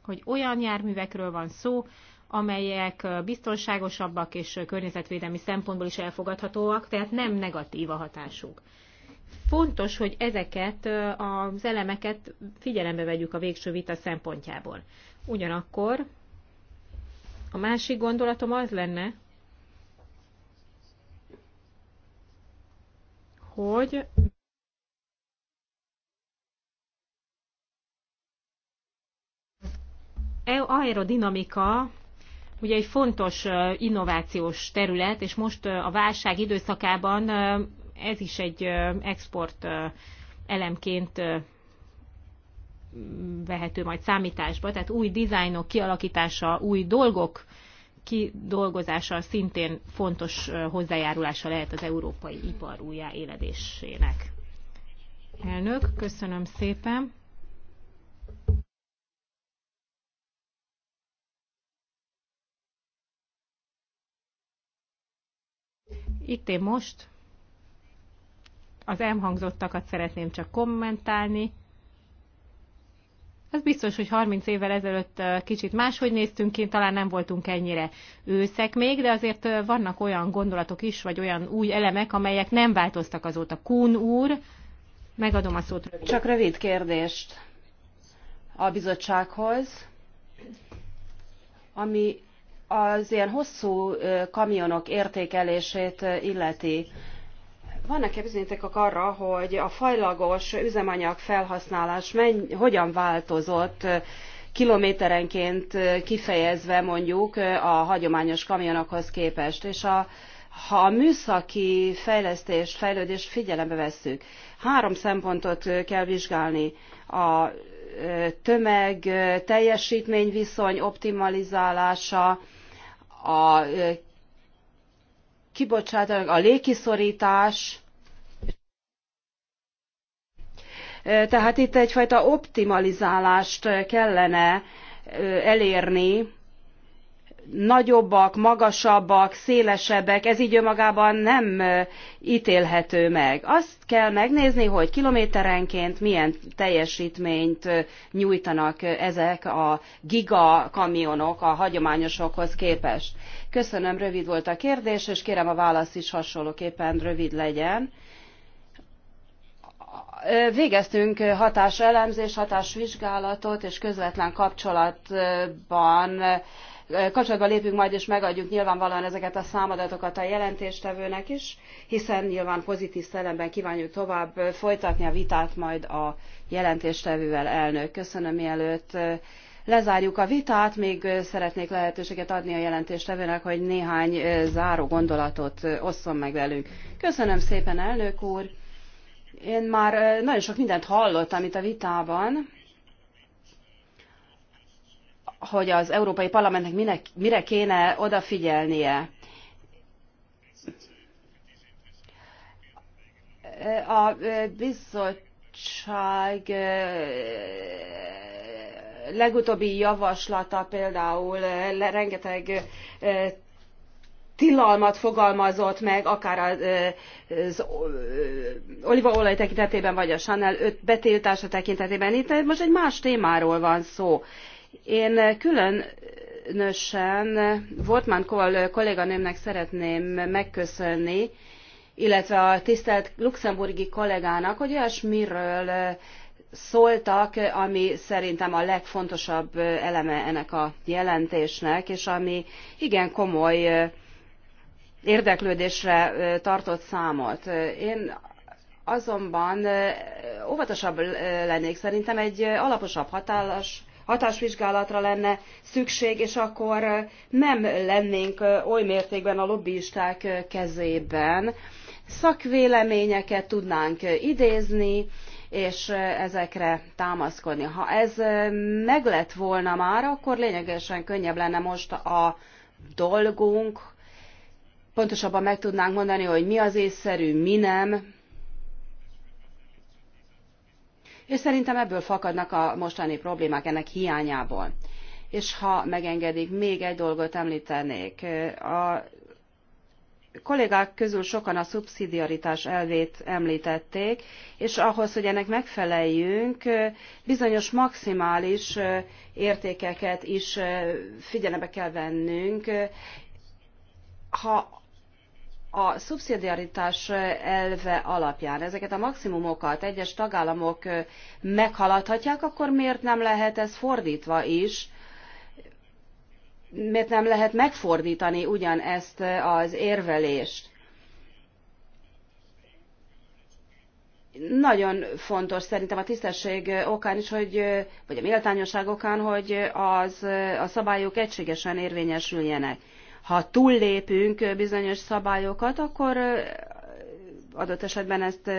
hogy olyan járművekről van szó, amelyek biztonságosabbak és környezetvédelmi szempontból is elfogadhatóak, tehát nem negatív a hatásuk. Fontos, hogy ezeket az elemeket figyelembe vegyük a végső vita szempontjából. Ugyanakkor a másik gondolatom az lenne, hogy aerodinamika ugye egy fontos innovációs terület, és most a válság időszakában ez is egy export elemként vehető majd számításba, tehát új dizájnok kialakítása, új dolgok kidolgozása szintén fontos hozzájárulása lehet az európai ipar újjáéledésének. Elnök, köszönöm szépen. Itt én most az elhangzottakat szeretném csak kommentálni. Az biztos, hogy 30 évvel ezelőtt kicsit máshogy néztünk ki, talán nem voltunk ennyire őszek még, de azért vannak olyan gondolatok is, vagy olyan új elemek, amelyek nem változtak azóta. Kún úr, megadom a szót. Rövid. Csak rövid kérdést a bizottsághoz, ami az ilyen hosszú kamionok értékelését illeti, vannak-e bizonyítékok arra, hogy a fajlagos üzemanyag felhasználás menny, hogyan változott kilométerenként kifejezve mondjuk a hagyományos kamionokhoz képest? És a, ha a műszaki fejlesztés fejlődést figyelembe vesszük, három szempontot kell vizsgálni. A tömeg teljesítmény viszony optimalizálása, a kibocsátás, a légkiszorítás, tehát itt egyfajta optimalizálást kellene elérni nagyobbak, magasabbak, szélesebbek, ez így önmagában nem ítélhető meg. Azt kell megnézni, hogy kilométerenként milyen teljesítményt nyújtanak ezek a giga kamionok a hagyományosokhoz képest. Köszönöm, rövid volt a kérdés, és kérem a válasz is hasonlóképpen rövid legyen. Végeztünk hatáselemzés, hatásvizsgálatot, és közvetlen kapcsolatban kapcsolatba lépünk majd, és megadjuk nyilvánvalóan ezeket a számadatokat a jelentéstevőnek is, hiszen nyilván pozitív szellemben kívánjuk tovább folytatni a vitát majd a jelentéstevővel elnök. Köszönöm mielőtt lezárjuk a vitát, még szeretnék lehetőséget adni a jelentéstevőnek, hogy néhány záró gondolatot osszon meg velünk. Köszönöm szépen, elnök úr! Én már nagyon sok mindent hallottam itt a vitában, hogy az Európai Parlamentnek minek, mire kéne odafigyelnie. A bizottság legutóbbi javaslata például rengeteg tilalmat fogalmazott meg, akár az olívaolaj tekintetében, vagy a Chanel 5 betiltása tekintetében. Itt most egy más témáról van szó. Én különösen Wortmann Kohl kolléganőmnek szeretném megköszönni, illetve a tisztelt luxemburgi kollégának, hogy olyasmiről szóltak, ami szerintem a legfontosabb eleme ennek a jelentésnek, és ami igen komoly érdeklődésre tartott számot. Én azonban óvatosabb lennék szerintem egy alaposabb hatálas hatásvizsgálatra lenne szükség, és akkor nem lennénk oly mértékben a lobbyisták kezében. Szakvéleményeket tudnánk idézni, és ezekre támaszkodni. Ha ez meg lett volna már, akkor lényegesen könnyebb lenne most a dolgunk, pontosabban meg tudnánk mondani, hogy mi az észszerű, mi nem, és szerintem ebből fakadnak a mostani problémák ennek hiányából. És ha megengedik, még egy dolgot említenék. A kollégák közül sokan a szubszidiaritás elvét említették, és ahhoz, hogy ennek megfeleljünk, bizonyos maximális értékeket is figyelembe kell vennünk. Ha a szubszidiaritás elve alapján ezeket a maximumokat egyes tagállamok meghaladhatják, akkor miért nem lehet ez fordítva is? Miért nem lehet megfordítani ugyanezt az érvelést? Nagyon fontos szerintem a tisztesség okán is, hogy, vagy a méltányosság okán, hogy az, a szabályok egységesen érvényesüljenek ha túllépünk bizonyos szabályokat, akkor adott esetben ezt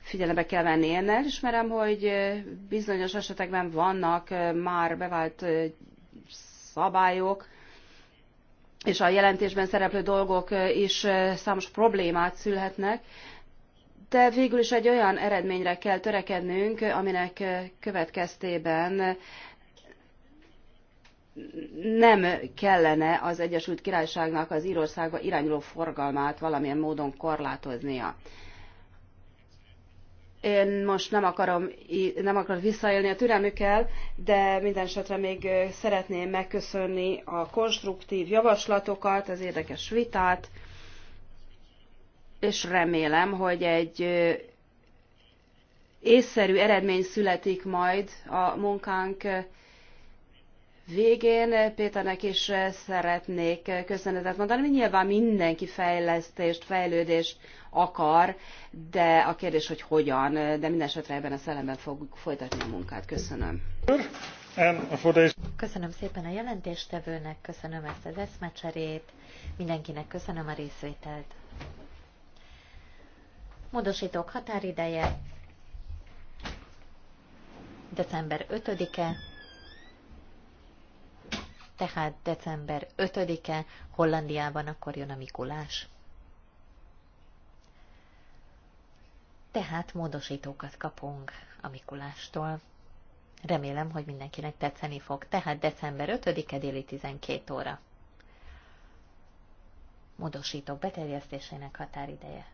figyelembe kell venni. Én elismerem, hogy bizonyos esetekben vannak már bevált szabályok, és a jelentésben szereplő dolgok is számos problémát szülhetnek, de végül is egy olyan eredményre kell törekednünk, aminek következtében nem kellene az Egyesült Királyságnak az Írországba irányuló forgalmát valamilyen módon korlátoznia. Én most nem akarom, nem akarok visszaélni a türelmükkel, de minden esetre még szeretném megköszönni a konstruktív javaslatokat, az érdekes vitát, és remélem, hogy egy észszerű eredmény születik majd a munkánk végén Péternek is eh, szeretnék eh, köszönetet mondani, mert nyilván mindenki fejlesztést, fejlődést akar, de a kérdés, hogy hogyan, eh, de minden esetre ebben a szellemben fogjuk folytatni a munkát. Köszönöm. Köszönöm szépen a jelentéstevőnek, köszönöm ezt az eszmecserét, mindenkinek köszönöm a részvételt. Módosítók határideje december 5-e, tehát december 5-e, Hollandiában akkor jön a Mikulás. Tehát módosítókat kapunk a Mikulástól. Remélem, hogy mindenkinek tetszeni fog. Tehát december 5-e déli 12 óra. Módosítók beterjesztésének határideje.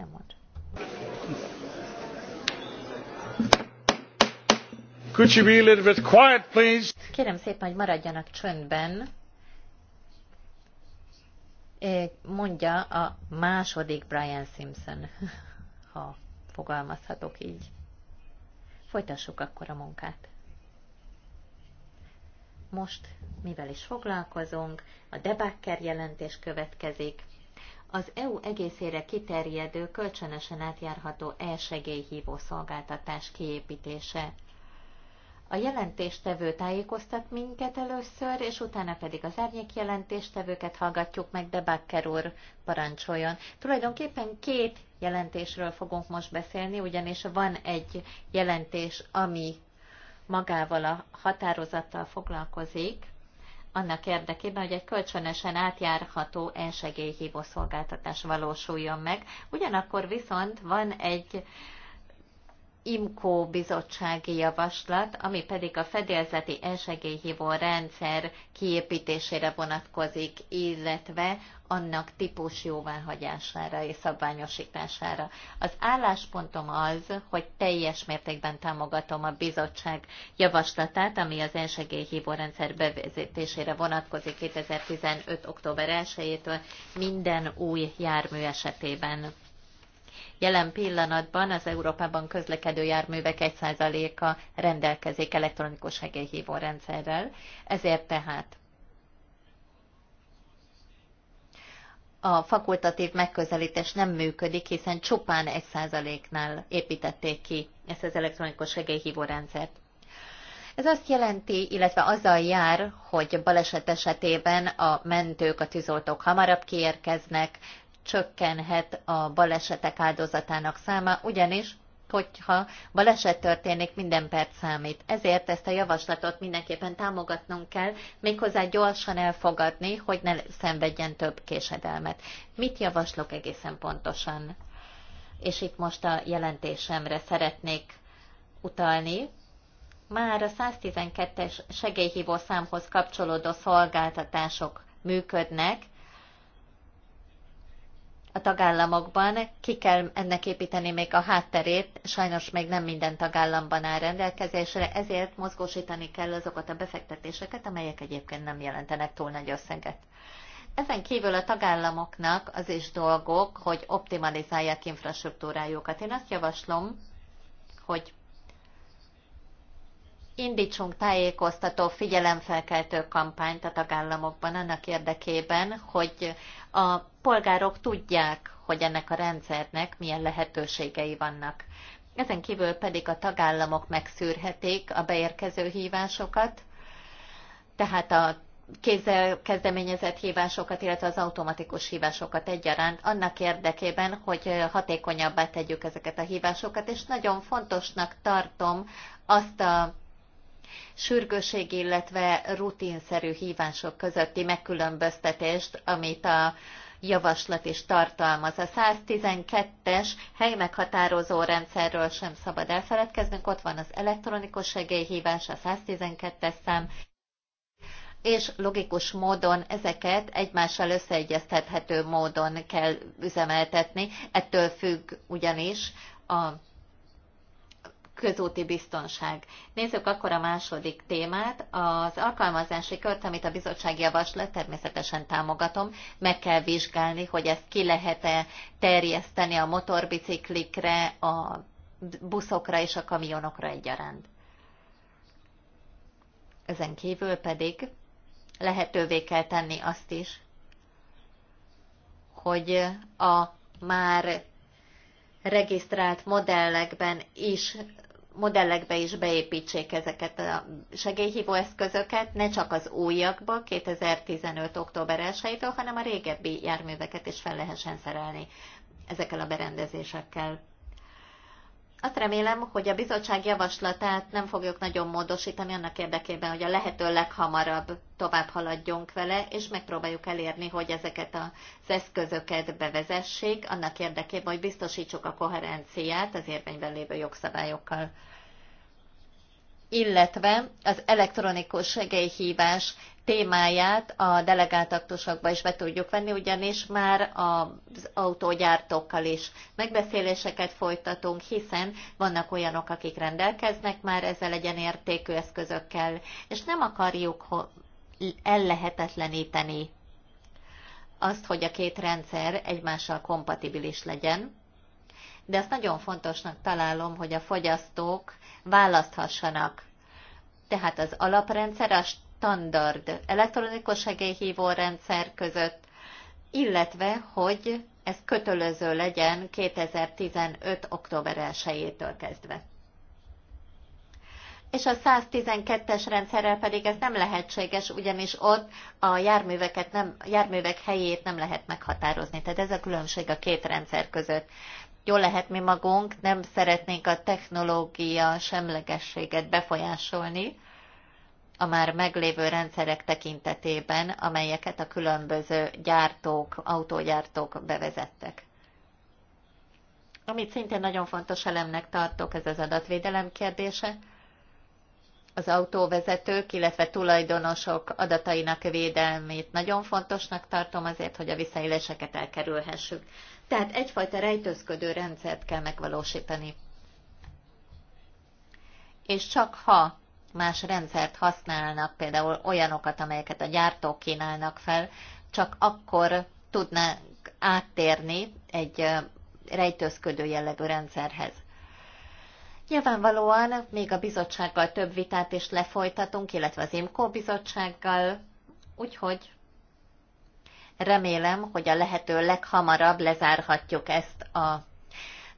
nem mond. Could you be a little bit quiet, please? Kérem szépen, hogy maradjanak csöndben. Mondja a második Brian Simpson, [LAUGHS] ha fogalmazhatok így. Folytassuk akkor a munkát. Most, mivel is foglalkozunk, a Debakker jelentés következik az EU egészére kiterjedő, kölcsönösen átjárható e szolgáltatás kiépítése. A jelentéstevő tájékoztat minket először, és utána pedig az árnyék jelentéstevőket hallgatjuk meg, de Bakker úr parancsoljon. Tulajdonképpen két jelentésről fogunk most beszélni, ugyanis van egy jelentés, ami magával a határozattal foglalkozik, annak érdekében, hogy egy kölcsönösen átjárható elsegélyhívó szolgáltatás valósuljon meg. Ugyanakkor viszont van egy IMCO bizottsági javaslat, ami pedig a fedélzeti elsegélyhívó rendszer kiépítésére vonatkozik, illetve annak típus jóváhagyására és szabványosítására. Az álláspontom az, hogy teljes mértékben támogatom a bizottság javaslatát, ami az elsegélyhívó rendszer bevezetésére vonatkozik 2015. október 1-től minden új jármű esetében. Jelen pillanatban az Európában közlekedő járművek 1%-a rendelkezik elektronikus segélyhívó rendszerrel, ezért tehát a fakultatív megközelítés nem működik, hiszen csupán 1%-nál építették ki ezt az elektronikus segélyhívó rendszert. Ez azt jelenti, illetve azzal jár, hogy baleset esetében a mentők, a tűzoltók hamarabb kiérkeznek, csökkenhet a balesetek áldozatának száma, ugyanis hogyha baleset történik, minden perc számít. Ezért ezt a javaslatot mindenképpen támogatnunk kell, méghozzá gyorsan elfogadni, hogy ne szenvedjen több késedelmet. Mit javaslok egészen pontosan? És itt most a jelentésemre szeretnék utalni. Már a 112-es segélyhívó számhoz kapcsolódó szolgáltatások működnek, a tagállamokban ki kell ennek építeni még a hátterét, sajnos még nem minden tagállamban áll rendelkezésre, ezért mozgósítani kell azokat a befektetéseket, amelyek egyébként nem jelentenek túl nagy összeget. Ezen kívül a tagállamoknak az is dolgok, hogy optimalizálják infrastruktúrájukat. Én azt javaslom, hogy indítsunk tájékoztató figyelemfelkeltő kampányt a tagállamokban annak érdekében, hogy a polgárok tudják, hogy ennek a rendszernek milyen lehetőségei vannak. Ezen kívül pedig a tagállamok megszűrhetik a beérkező hívásokat, tehát a kézzel kezdeményezett hívásokat, illetve az automatikus hívásokat egyaránt, annak érdekében, hogy hatékonyabbá tegyük ezeket a hívásokat, és nagyon fontosnak tartom azt a sürgőség, illetve rutinszerű hívások közötti megkülönböztetést, amit a javaslat is tartalmaz. A 112-es helymeghatározó rendszerről sem szabad elfeledkeznünk, ott van az elektronikus segélyhívás, a 112-es szám, és logikus módon ezeket egymással összeegyeztethető módon kell üzemeltetni. Ettől függ ugyanis a közúti biztonság. Nézzük akkor a második témát. Az alkalmazási kört, amit a bizottság javaslat, természetesen támogatom, meg kell vizsgálni, hogy ezt ki lehet-e terjeszteni a motorbiciklikre, a buszokra és a kamionokra egyaránt. Ezen kívül pedig lehetővé kell tenni azt is, hogy a már regisztrált modellekben is modellekbe is beépítsék ezeket a segélyhívó eszközöket, ne csak az újakba 2015. október 1-től, hanem a régebbi járműveket is fel lehessen szerelni ezekkel a berendezésekkel. Azt remélem, hogy a bizottság javaslatát nem fogjuk nagyon módosítani annak érdekében, hogy a lehető leghamarabb tovább haladjunk vele, és megpróbáljuk elérni, hogy ezeket az eszközöket bevezessék, annak érdekében, hogy biztosítsuk a koherenciát az érvényben lévő jogszabályokkal illetve az elektronikus segélyhívás témáját a delegált aktusokba is be tudjuk venni, ugyanis már az autógyártókkal is megbeszéléseket folytatunk, hiszen vannak olyanok, akik rendelkeznek már ezzel értékű eszközökkel, és nem akarjuk ellehetetleníteni azt, hogy a két rendszer egymással kompatibilis legyen, de azt nagyon fontosnak találom, hogy a fogyasztók választhassanak. Tehát az alaprendszer, a standard elektronikus segélyhívó rendszer között, illetve hogy ez kötelező legyen 2015. október 1-től kezdve. És a 112-es rendszerrel pedig ez nem lehetséges, ugyanis ott a járműveket nem, járművek helyét nem lehet meghatározni. Tehát ez a különbség a két rendszer között. Jó lehet mi magunk, nem szeretnénk a technológia semlegességet befolyásolni, a már meglévő rendszerek tekintetében, amelyeket a különböző gyártók, autógyártók bevezettek. Amit szintén nagyon fontos elemnek tartok, ez az adatvédelem kérdése. Az autóvezetők, illetve tulajdonosok adatainak védelmét nagyon fontosnak tartom azért, hogy a visszaéléseket elkerülhessük. Tehát egyfajta rejtőzködő rendszert kell megvalósítani. És csak ha más rendszert használnak, például olyanokat, amelyeket a gyártók kínálnak fel, csak akkor tudnánk áttérni egy rejtőzködő jellegű rendszerhez. Nyilvánvalóan még a bizottsággal több vitát is lefolytatunk, illetve az IMCO bizottsággal, úgyhogy remélem, hogy a lehető leghamarabb lezárhatjuk ezt a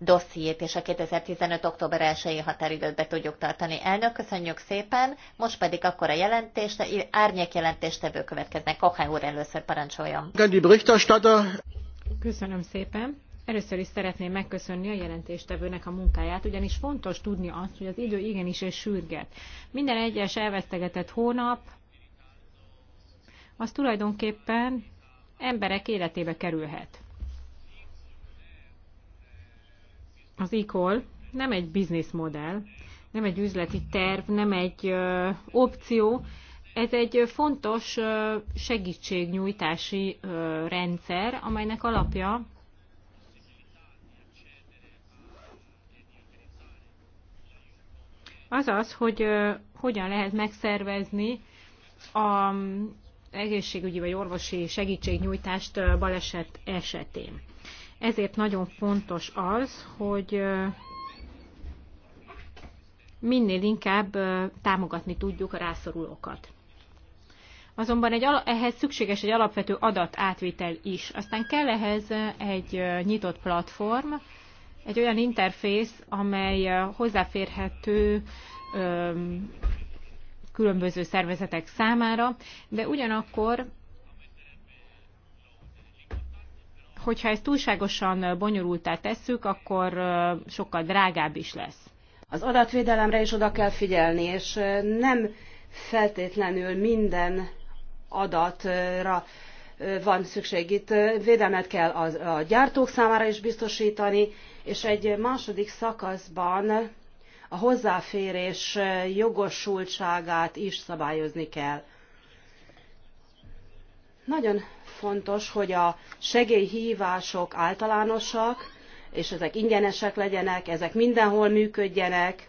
dossziét, és a 2015. október 1 határidőt be tudjuk tartani. Elnök, köszönjük szépen, most pedig akkor a jelentést, árnyék jelentéstevő következnek. Kohá úr először parancsoljon. Köszönöm szépen. Először is szeretném megköszönni a jelentéstevőnek a munkáját, ugyanis fontos tudni azt, hogy az idő igenis és sürget. Minden egyes elvesztegetett hónap, az tulajdonképpen emberek életébe kerülhet. az e nem egy bizniszmodell, nem egy üzleti terv, nem egy ö, opció, ez egy fontos ö, segítségnyújtási ö, rendszer, amelynek alapja az az, hogy ö, hogyan lehet megszervezni a egészségügyi vagy orvosi segítségnyújtást baleset esetén. Ezért nagyon fontos az, hogy minél inkább támogatni tudjuk a rászorulókat. Azonban egy, ehhez szükséges egy alapvető adatátvitel is. Aztán kell ehhez egy nyitott platform, egy olyan interfész, amely hozzáférhető különböző szervezetek számára, de ugyanakkor hogyha ezt túlságosan bonyolultá tesszük, akkor sokkal drágább is lesz. Az adatvédelemre is oda kell figyelni, és nem feltétlenül minden adatra van szükség. Itt védelmet kell a gyártók számára is biztosítani, és egy második szakaszban a hozzáférés jogosultságát is szabályozni kell. Nagyon fontos, hogy a segélyhívások általánosak, és ezek ingyenesek legyenek, ezek mindenhol működjenek.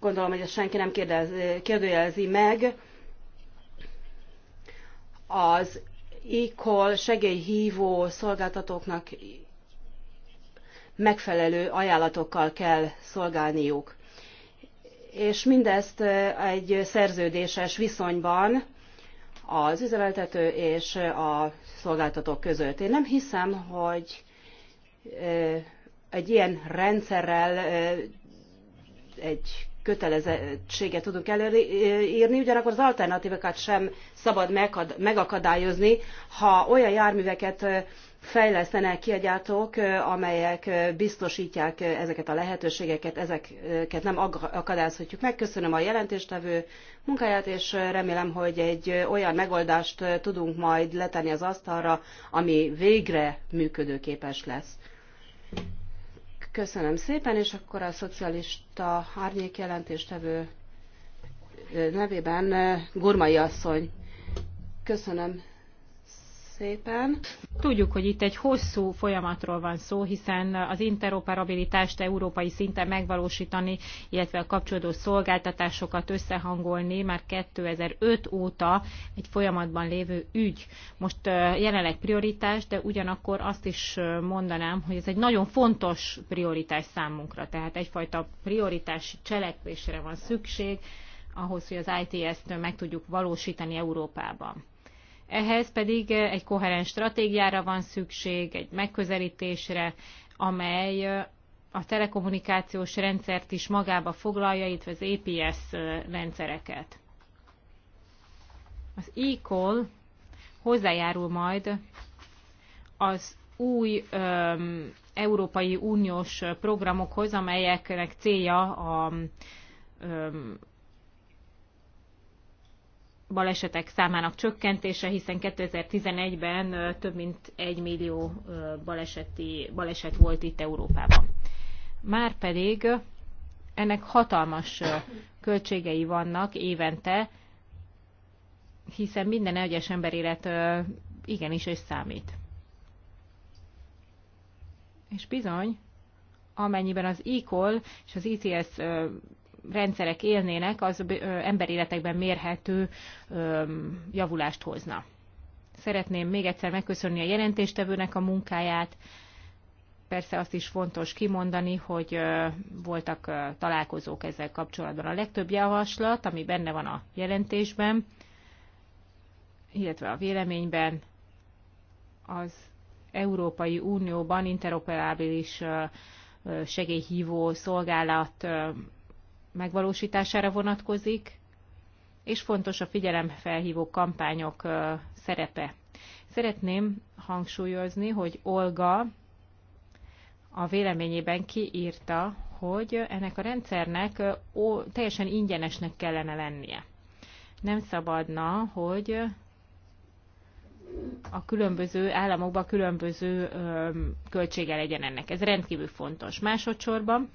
Gondolom, hogy ezt senki nem kérdez, kérdőjelezi meg. Az e segélyhívó szolgáltatóknak megfelelő ajánlatokkal kell szolgálniuk. És mindezt egy szerződéses viszonyban, az üzemeltető és a szolgáltatók között. Én nem hiszem, hogy egy ilyen rendszerrel egy kötelezettséget tudunk előírni, ugyanakkor az alternatívokat sem szabad megakadályozni, ha olyan járműveket fejlesztenek ki a gyártók, amelyek biztosítják ezeket a lehetőségeket, ezeket nem akadályozhatjuk meg. Köszönöm a jelentéstevő munkáját, és remélem, hogy egy olyan megoldást tudunk majd letenni az asztalra, ami végre működőképes lesz. Köszönöm szépen, és akkor a szocialista árnyék jelentéstevő nevében Gurmai asszony. Köszönöm szépen. Tudjuk, hogy itt egy hosszú folyamatról van szó, hiszen az interoperabilitást európai szinten megvalósítani, illetve a kapcsolódó szolgáltatásokat összehangolni már 2005 óta egy folyamatban lévő ügy. Most jelenleg prioritás, de ugyanakkor azt is mondanám, hogy ez egy nagyon fontos prioritás számunkra, tehát egyfajta prioritási cselekvésre van szükség, ahhoz, hogy az ITS-t meg tudjuk valósítani Európában. Ehhez pedig eh, egy koherens stratégiára van szükség, egy megközelítésre, amely eh, a telekommunikációs rendszert is magába foglalja, itt az APS e eh, rendszereket. Az e hozzájárul majd az új öm, Európai Uniós programokhoz, amelyeknek célja a balesetek számának csökkentése, hiszen 2011-ben több mint egy millió baleseti, baleset volt itt Európában. Márpedig ennek hatalmas költségei vannak évente, hiszen minden egyes élet igenis és számít. És bizony, amennyiben az e és az ICS e rendszerek élnének, az emberéletekben mérhető javulást hozna. Szeretném még egyszer megköszönni a jelentéstevőnek a munkáját. Persze azt is fontos kimondani, hogy voltak találkozók ezzel kapcsolatban. A legtöbb javaslat, ami benne van a jelentésben, illetve a véleményben, az Európai Unióban interoperábilis segélyhívó szolgálat megvalósítására vonatkozik, és fontos a figyelemfelhívó kampányok szerepe. Szeretném hangsúlyozni, hogy Olga a véleményében kiírta, hogy ennek a rendszernek teljesen ingyenesnek kellene lennie. Nem szabadna, hogy a különböző államokban különböző költsége legyen ennek. Ez rendkívül fontos. Másodszorban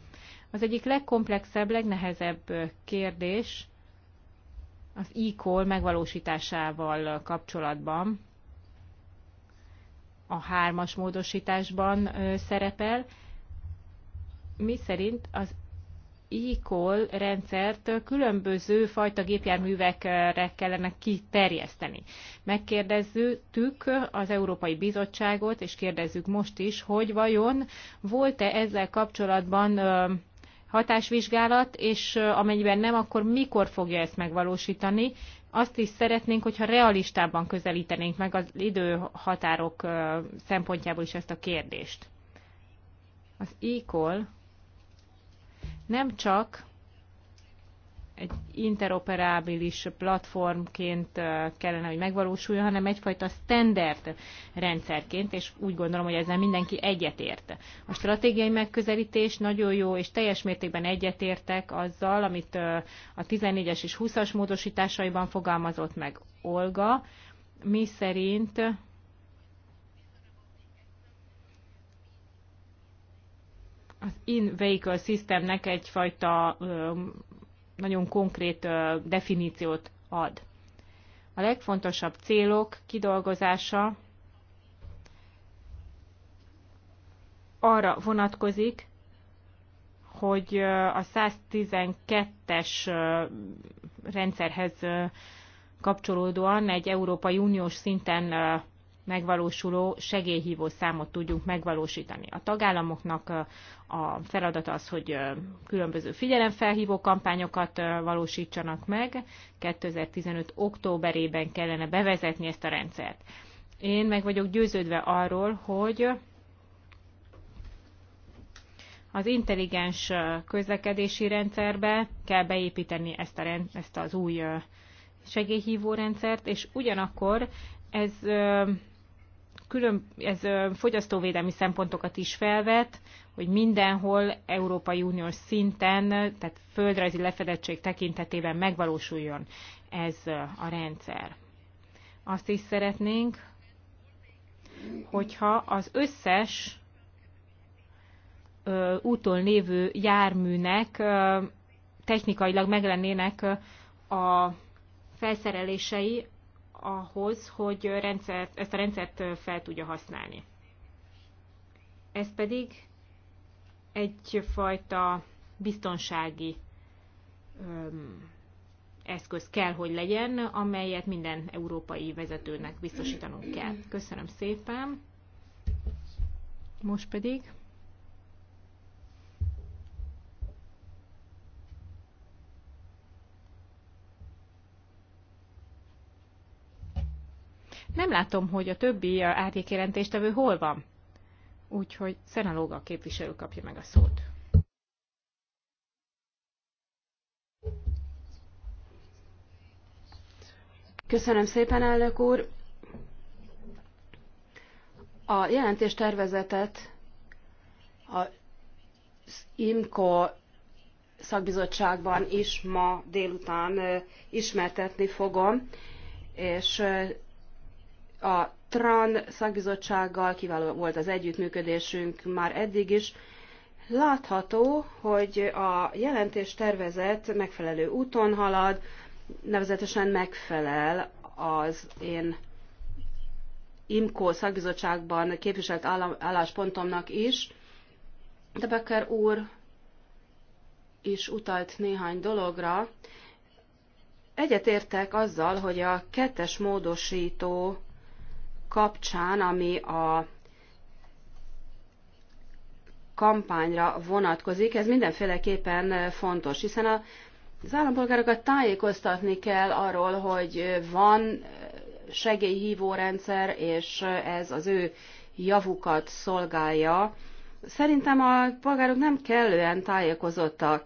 az egyik legkomplexebb, legnehezebb kérdés az e-call megvalósításával kapcsolatban a hármas módosításban szerepel, mi szerint az e-call rendszert különböző fajta gépjárművekre kellene kiterjeszteni. Megkérdezzük az Európai Bizottságot, és kérdezzük most is, hogy vajon volt-e ezzel kapcsolatban hatásvizsgálat, és amennyiben nem, akkor mikor fogja ezt megvalósítani. Azt is szeretnénk, hogyha realistában közelítenénk meg az időhatárok szempontjából is ezt a kérdést. Az e nem csak egy interoperábilis platformként kellene, hogy megvalósuljon, hanem egyfajta standard rendszerként, és úgy gondolom, hogy ezzel mindenki egyetért. A stratégiai megközelítés nagyon jó, és teljes mértékben egyetértek azzal, amit a 14-es és 20-as módosításaiban fogalmazott meg Olga, mi szerint az in-vehicle systemnek egyfajta nagyon konkrét definíciót ad. A legfontosabb célok kidolgozása arra vonatkozik, hogy a 112-es rendszerhez kapcsolódóan egy Európai Uniós szinten megvalósuló segélyhívó számot tudjuk megvalósítani. A tagállamoknak a feladata az, hogy különböző figyelemfelhívó kampányokat valósítsanak meg. 2015. októberében kellene bevezetni ezt a rendszert. Én meg vagyok győződve arról, hogy az intelligens közlekedési rendszerbe kell beépíteni ezt, a rend, ezt az új segélyhívó rendszert, és ugyanakkor ez külön, ez fogyasztóvédelmi szempontokat is felvet, hogy mindenhol Európai Uniós szinten, tehát földrajzi lefedettség tekintetében megvalósuljon ez a rendszer. Azt is szeretnénk, hogyha az összes ö, úton lévő járműnek ö, technikailag meglennének a felszerelései ahhoz, hogy rendszert, ezt a rendszert fel tudja használni. Ez pedig egyfajta biztonsági öm, eszköz kell, hogy legyen, amelyet minden európai vezetőnek biztosítanunk kell. Köszönöm szépen. Most pedig Nem látom, hogy a többi árnyékjelentéstevő hol van. Úgyhogy Szenalóga képviselő kapja meg a szót. Köszönöm szépen, elnök úr! A jelentés tervezetet az IMCO szakbizottságban is ma délután ismertetni fogom, és a TRAN szakbizottsággal kiváló volt az együttműködésünk már eddig is. Látható, hogy a jelentés tervezet megfelelő úton halad, nevezetesen megfelel az én IMCO szakbizottságban képviselt álláspontomnak is. De Becker úr is utalt néhány dologra. Egyetértek azzal, hogy a kettes módosító kapcsán, ami a kampányra vonatkozik, ez mindenféleképpen fontos, hiszen a, az állampolgárokat tájékoztatni kell arról, hogy van segélyhívó rendszer, és ez az ő javukat szolgálja. Szerintem a polgárok nem kellően tájékozottak,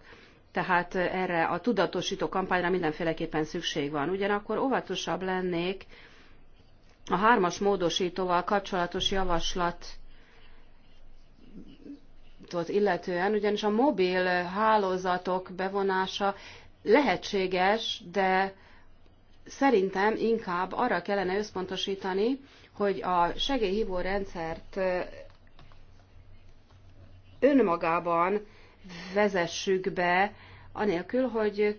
tehát erre a tudatosító kampányra mindenféleképpen szükség van. Ugyanakkor óvatosabb lennék, a hármas módosítóval kapcsolatos javaslat illetően, ugyanis a mobil hálózatok bevonása lehetséges, de szerintem inkább arra kellene összpontosítani, hogy a segélyhívó rendszert önmagában vezessük be, anélkül, hogy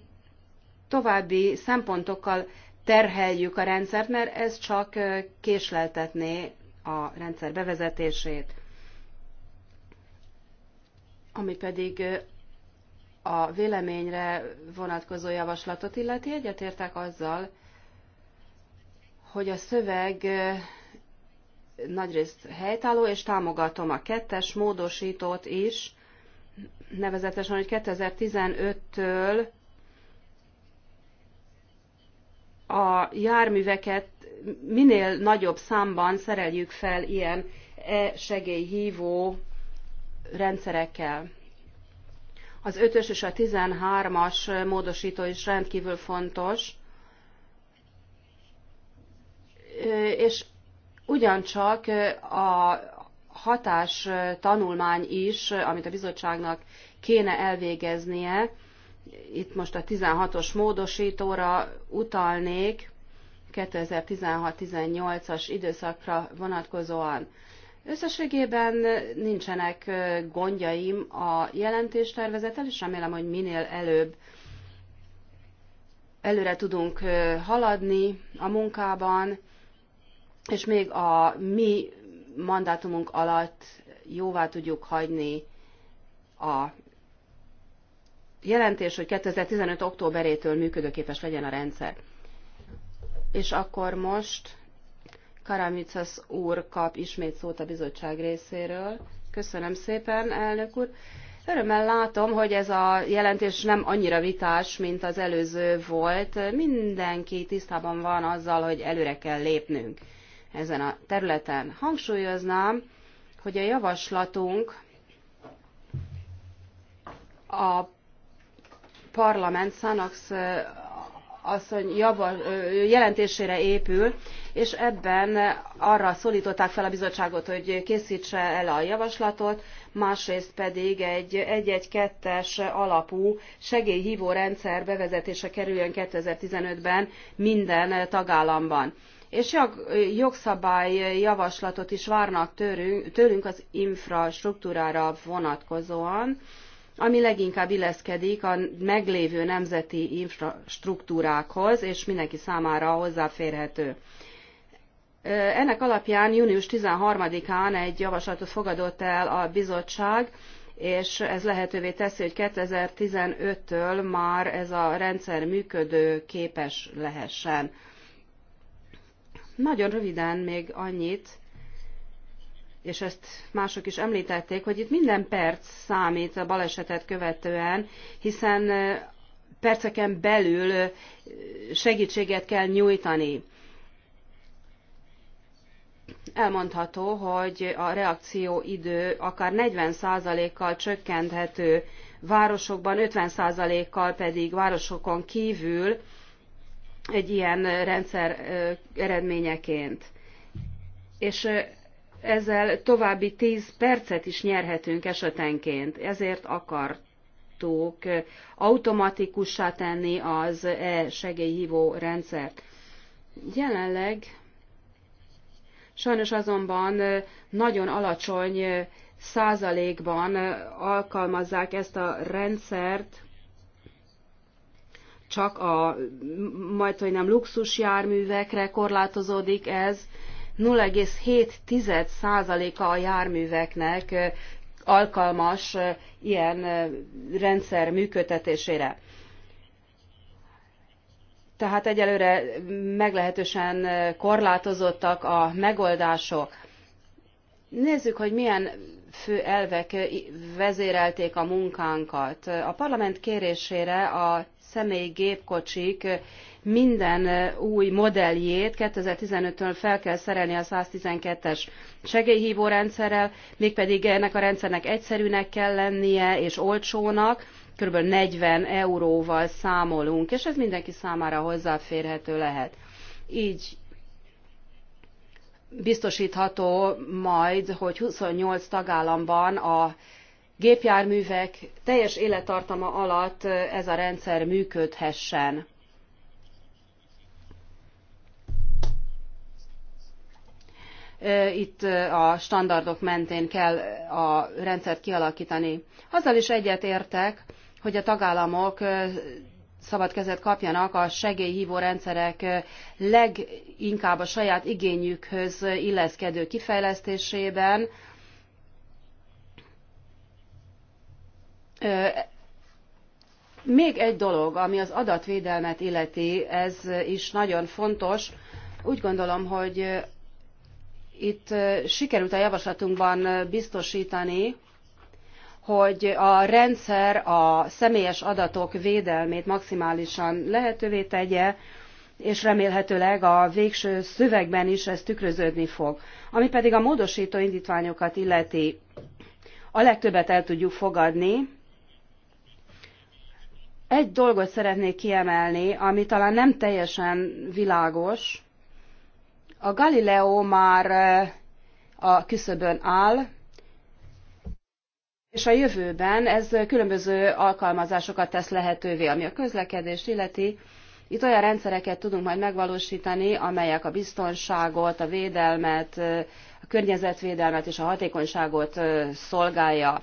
további szempontokkal terheljük a rendszert, mert ez csak késleltetné a rendszer bevezetését, ami pedig a véleményre vonatkozó javaslatot illeti, egyetértek azzal, hogy a szöveg nagyrészt helytálló, és támogatom a kettes módosítót is, nevezetesen, hogy 2015-től a járműveket minél nagyobb számban szereljük fel ilyen e-segélyhívó rendszerekkel. Az 5-ös és a 13-as módosító is rendkívül fontos, és ugyancsak a hatás tanulmány is, amit a bizottságnak kéne elvégeznie, itt most a 16-os módosítóra utalnék 2016-18-as időszakra vonatkozóan. Összességében nincsenek gondjaim a jelentéstervezettel, és remélem, hogy minél előbb előre tudunk haladni a munkában, és még a mi mandátumunk alatt jóvá tudjuk hagyni a jelentés, hogy 2015. októberétől működőképes legyen a rendszer. És akkor most Karamicas úr kap ismét szót a bizottság részéről. Köszönöm szépen, elnök úr. Örömmel látom, hogy ez a jelentés nem annyira vitás, mint az előző volt. Mindenki tisztában van azzal, hogy előre kell lépnünk ezen a területen. Hangsúlyoznám, hogy a javaslatunk a Parlament Sanox asszony jelentésére épül, és ebben arra szólították fel a bizottságot, hogy készítse el a javaslatot, másrészt pedig egy 1-1-2-es alapú segélyhívó rendszer bevezetése kerüljön 2015-ben minden tagállamban. És jogszabály javaslatot is várnak tőlünk az infrastruktúrára vonatkozóan, ami leginkább illeszkedik a meglévő nemzeti infrastruktúrákhoz, és mindenki számára hozzáférhető. Ennek alapján június 13-án egy javaslatot fogadott el a bizottság, és ez lehetővé teszi, hogy 2015-től már ez a rendszer működő képes lehessen. Nagyon röviden még annyit, és ezt mások is említették, hogy itt minden perc számít a balesetet követően, hiszen perceken belül segítséget kell nyújtani. Elmondható, hogy a reakció idő akár 40%-kal csökkenthető városokban, 50%-kal pedig városokon kívül egy ilyen rendszer eredményeként. És ezzel további 10 percet is nyerhetünk esetenként. Ezért akartuk automatikussá tenni az e-segélyhívó rendszert. Jelenleg sajnos azonban nagyon alacsony százalékban alkalmazzák ezt a rendszert, csak a majd, hogy nem luxusjárművekre korlátozódik ez, 0,7%-a a járműveknek alkalmas ilyen rendszer működtetésére. Tehát egyelőre meglehetősen korlátozottak a megoldások. Nézzük, hogy milyen fő elvek vezérelték a munkánkat. A parlament kérésére a személyi gépkocsik minden új modelljét 2015-től fel kell szerelni a twelve es segélyhvó rendszerrel, mégpedig ennek a rendszernek egyszerűnek kell lennie és olcsónak, körülbelül 40 euróval számolunk, és ez mindenki számára hozzáférhető lehet. Így biztosítható majd, hogy 28 tagállamban a gépjárművek teljes élettartama alatt ez a rendszer működhessen. itt a standardok mentén kell a rendszert kialakítani. Azzal is egyet értek, hogy a tagállamok szabad kezet kapjanak a segélyhívó rendszerek leginkább a saját igényükhöz illeszkedő kifejlesztésében. Még egy dolog, ami az adatvédelmet illeti, ez is nagyon fontos. Úgy gondolom, hogy itt sikerült a javaslatunkban biztosítani, hogy a rendszer a személyes adatok védelmét maximálisan lehetővé tegye, és remélhetőleg a végső szövegben is ez tükröződni fog. Ami pedig a módosító indítványokat illeti, a legtöbbet el tudjuk fogadni. Egy dolgot szeretnék kiemelni, ami talán nem teljesen világos, a Galileo már eh, a küszöbön áll, és a jövőben ez különböző alkalmazásokat tesz lehetővé, ami a közlekedés illeti. Itt olyan rendszereket tudunk majd megvalósítani, amelyek a biztonságot, a védelmet, eh, a környezetvédelmet és a hatékonyságot eh, szolgálja.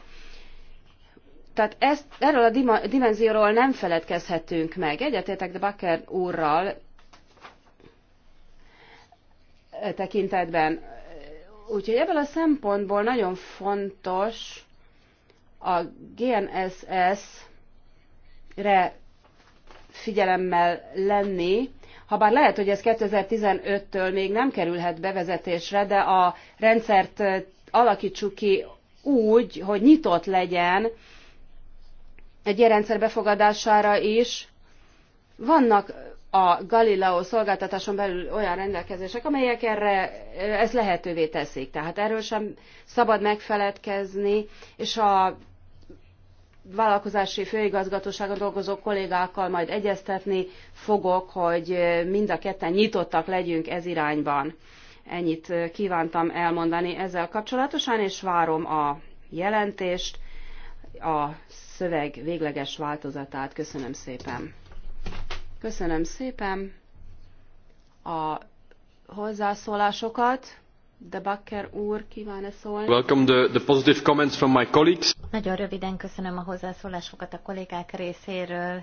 Tehát ezt, erről a dimenzióról nem feledkezhetünk meg. Egyetértek de Bakker úrral, tekintetben. Úgyhogy ebből a szempontból nagyon fontos a GNSS-re figyelemmel lenni, habár lehet, hogy ez 2015-től még nem kerülhet bevezetésre, de a rendszert alakítsuk ki úgy, hogy nyitott legyen egy ilyen rendszer befogadására is. Vannak a Galileo szolgáltatáson belül olyan rendelkezések, amelyek erre eh, ezt lehetővé teszik. Tehát erről sem szabad megfeledkezni, és a vállalkozási főigazgatóságon dolgozó kollégákkal majd egyeztetni fogok, hogy eh, mind a ketten nyitottak legyünk ez irányban. Ennyit eh, kívántam elmondani ezzel kapcsolatosan, és várom a jelentést, a szöveg végleges változatát. Köszönöm szépen! Köszönöm szépen a hozzászólásokat. De Bakker úr kíván -e szólni. Welcome the, the positive comments from my colleagues. Nagyon röviden köszönöm a hozzászólásokat a kollégák részéről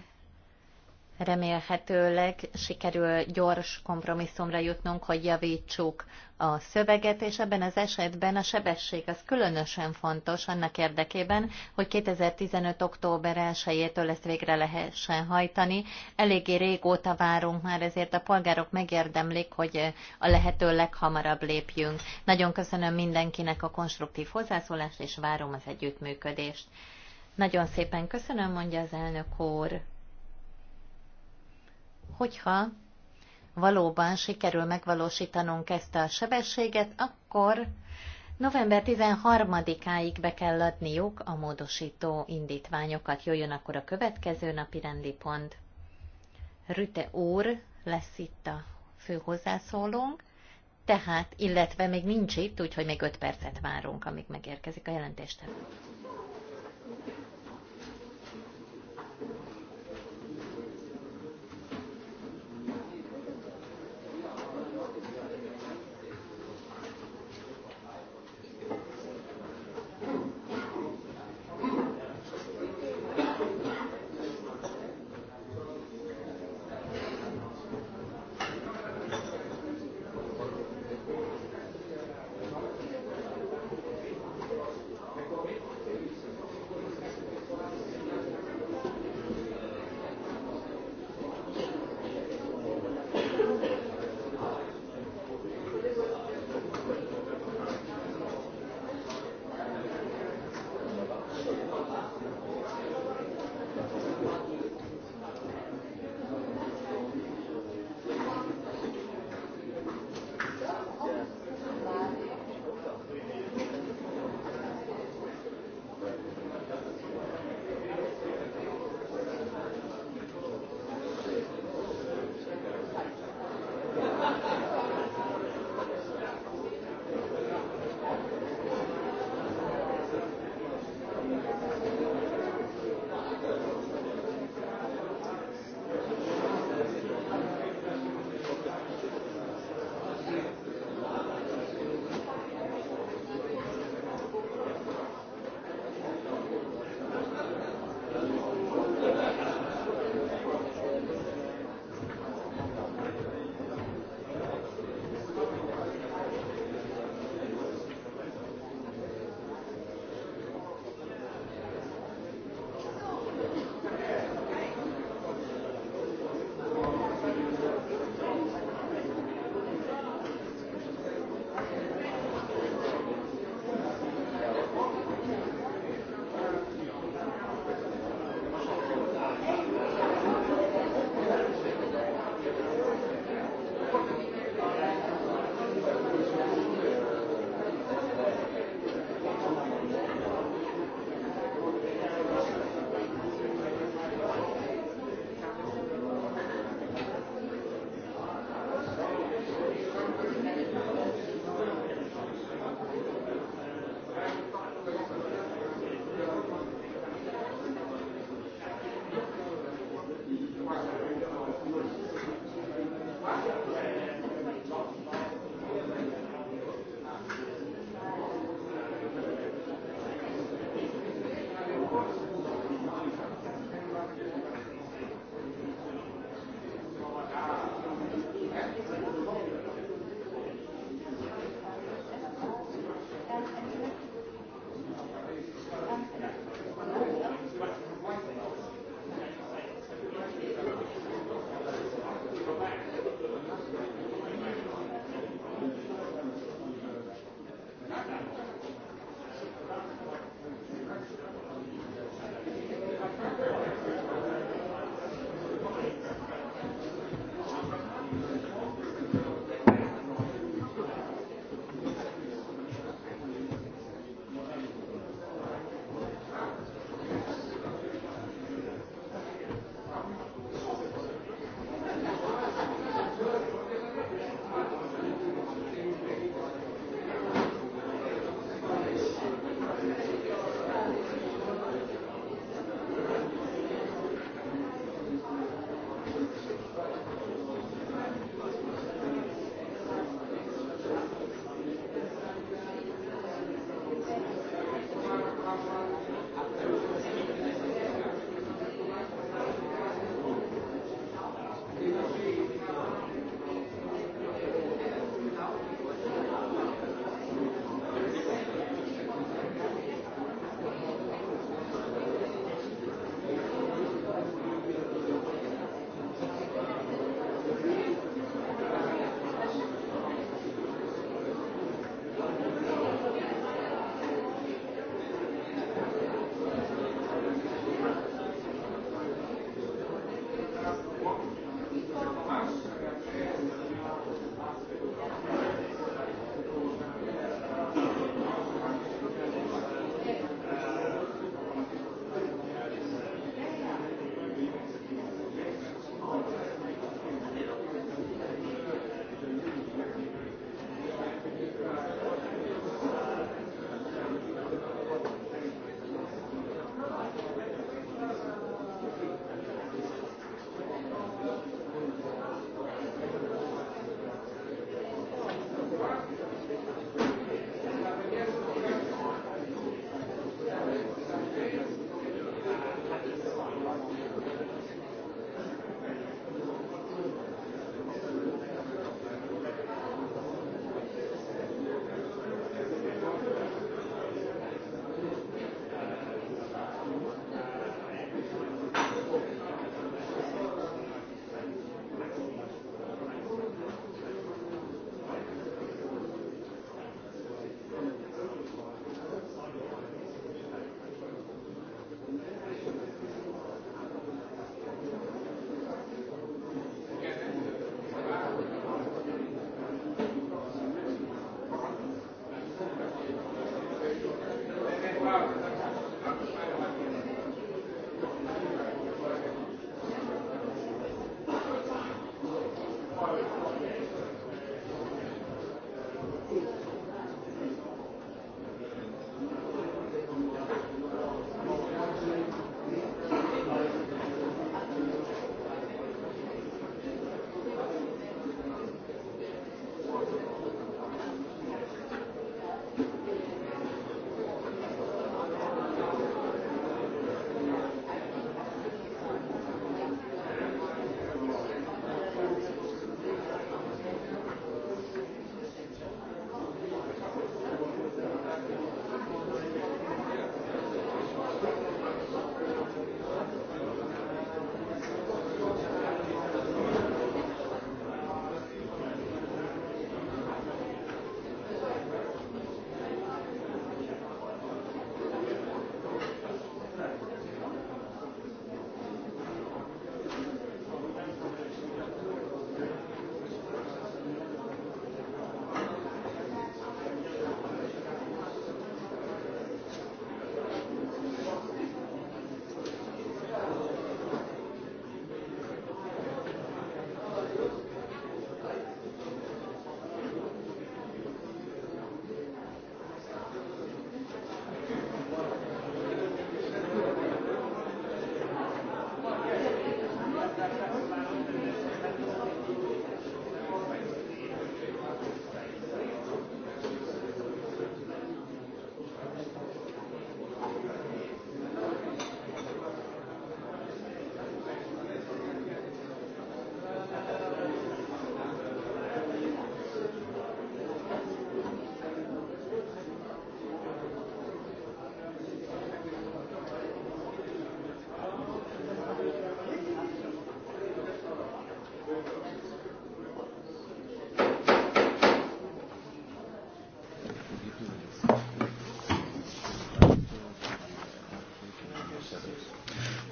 remélhetőleg sikerül gyors kompromisszumra jutnunk, hogy javítsuk a szöveget, és ebben az esetben a sebesség az különösen fontos annak érdekében, hogy 2015. október 1-től ezt végre lehessen hajtani. Eléggé régóta várunk már, ezért a polgárok megérdemlik, hogy a lehető leghamarabb lépjünk. Nagyon köszönöm mindenkinek a konstruktív hozzászólást, és várom az együttműködést. Nagyon szépen köszönöm, mondja az elnök úr hogyha valóban sikerül megvalósítanunk ezt a sebességet, akkor november 13-áig be kell adniuk a módosító indítványokat. Jöjjön akkor a következő napi rendi pont. Rüte úr lesz itt a fő hozzászólónk, tehát, illetve még nincs itt, úgyhogy még 5 percet várunk, amíg megérkezik a jelentéstevő.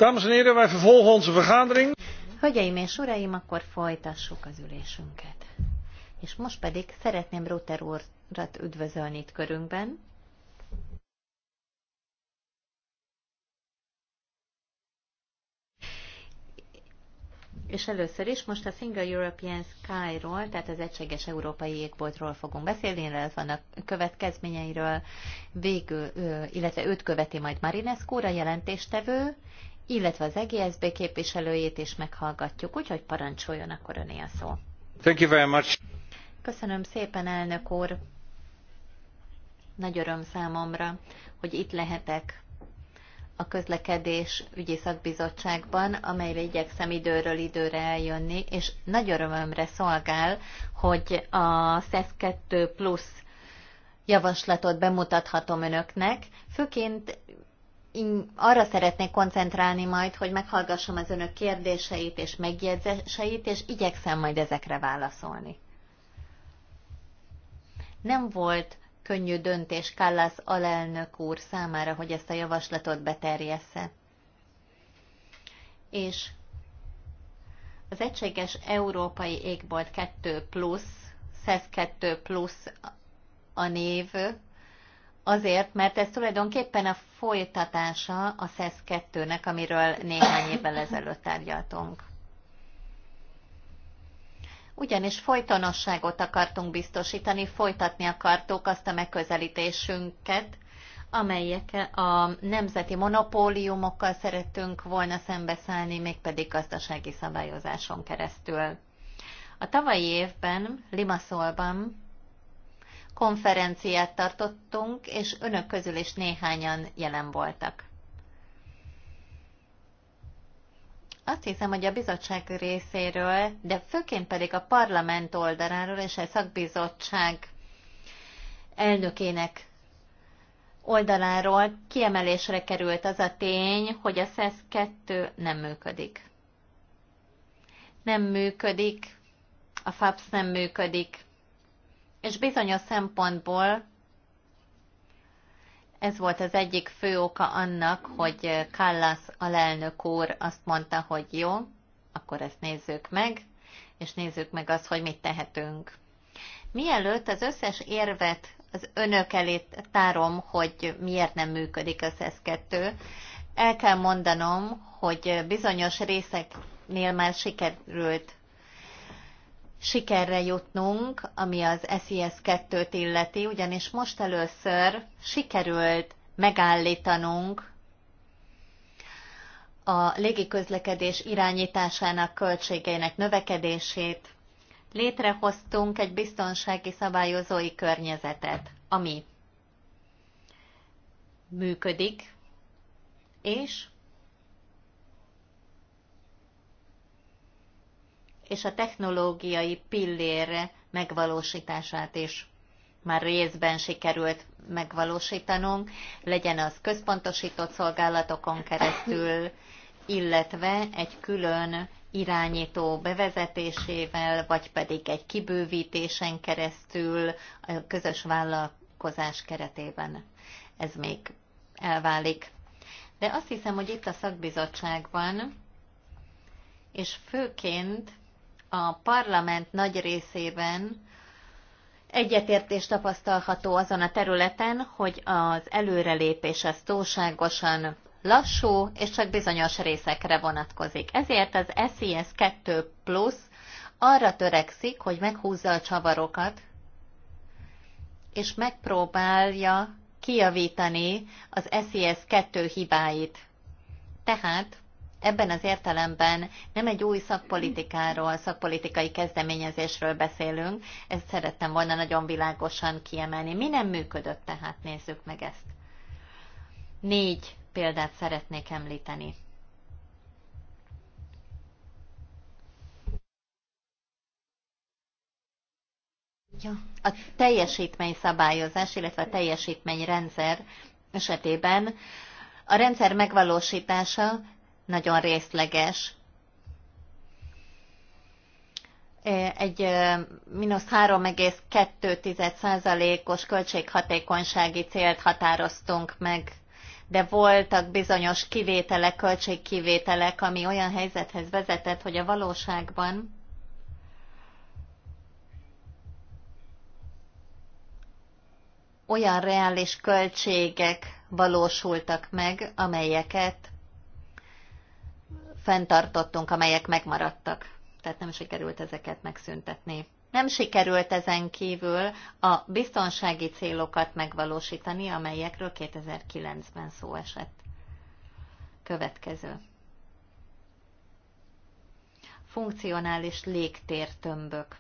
Dames en heren, wij vervolgen onze vergadering. Hölgyeim és uraim, akkor folytassuk az ülésünket. És most pedig szeretném Rutter úrat üdvözölni itt körünkben. És először is most a Single European Sky-ról, tehát az egységes európai égboltról fogunk beszélni, illetve vannak következményeiről, végül, illetve őt követi majd Marinescu, ra jelentéstevő, illetve az EGSB képviselőjét is meghallgatjuk, úgyhogy parancsoljon akkor öné a szó. Thank you very much. Köszönöm szépen, elnök úr. Nagy öröm számomra, hogy itt lehetek a közlekedés ügyi szakbizottságban, amelyre igyekszem időről időre eljönni, és nagy örömömre szolgál, hogy a SZESZ 2 plusz javaslatot bemutathatom önöknek, főként én arra szeretnék koncentrálni majd, hogy meghallgassam az önök kérdéseit és megjegyzéseit, és igyekszem majd ezekre válaszolni. Nem volt könnyű döntés kallas alelnök úr számára, hogy ezt a javaslatot beterjessze. És az egységes európai égbolt 2 plusz, 102 plusz a név Azért, mert ez tulajdonképpen a folytatása a SES 2-nek, amiről néhány évvel ezelőtt tárgyaltunk. Ugyanis folytonosságot akartunk biztosítani, folytatni akartuk azt a megközelítésünket, amelyek a nemzeti monopóliumokkal szerettünk volna szembeszállni, mégpedig gazdasági szabályozáson keresztül. A tavalyi évben Limaszolban konferenciát tartottunk, és önök közül is néhányan jelen voltak. Azt hiszem, hogy a bizottság részéről, de főként pedig a parlament oldaláról és a szakbizottság elnökének oldaláról kiemelésre került az a tény, hogy a SES 2 nem működik. Nem működik, a FAPS nem működik, és bizonyos szempontból ez volt az egyik fő oka annak, hogy Kallas alelnök úr azt mondta, hogy jó, akkor ezt nézzük meg, és nézzük meg azt, hogy mit tehetünk. Mielőtt az összes érvet az önök elé tárom, hogy miért nem működik az S2, el kell mondanom, hogy bizonyos részeknél már sikerült sikerre jutnunk, ami az SIS 2-t e illeti, ugyanis most először sikerült megállítanunk a légiközlekedés irányításának költségeinek növekedését, létrehoztunk egy biztonsági szabályozói környezetet, ami működik, és és a technológiai pillér megvalósítását is már részben sikerült megvalósítanunk, legyen az központosított szolgálatokon keresztül, illetve egy külön irányító bevezetésével, vagy pedig egy kibővítésen keresztül a közös vállalkozás keretében. Ez még elválik. De azt hiszem, hogy itt a szakbizottságban, és főként a parlament nagy részében egyetértés tapasztalható azon a területen, hogy az előrelépés az túlságosan lassú, és csak bizonyos részekre vonatkozik. Ezért az SIS 2 Plus arra törekszik, hogy meghúzza a csavarokat, és megpróbálja kijavítani az SIS 2 hibáit. Tehát ebben az értelemben nem egy új szakpolitikáról, szakpolitikai kezdeményezésről beszélünk, ezt szerettem volna nagyon világosan kiemelni. Mi nem működött tehát, nézzük meg ezt. Négy példát szeretnék említeni. A teljesítmény szabályozás, illetve a teljesítmény rendszer esetében a rendszer megvalósítása nagyon részleges. Egy mínusz 3,2%-os költséghatékonysági célt határoztunk meg, de voltak bizonyos kivételek, költségkivételek, ami olyan helyzethez vezetett, hogy a valóságban olyan reális költségek valósultak meg, amelyeket fenntartottunk, amelyek megmaradtak. Tehát nem sikerült ezeket megszüntetni. Nem sikerült ezen kívül a biztonsági célokat megvalósítani, amelyekről 2009-ben szó esett. Következő. Funkcionális légtértömbök.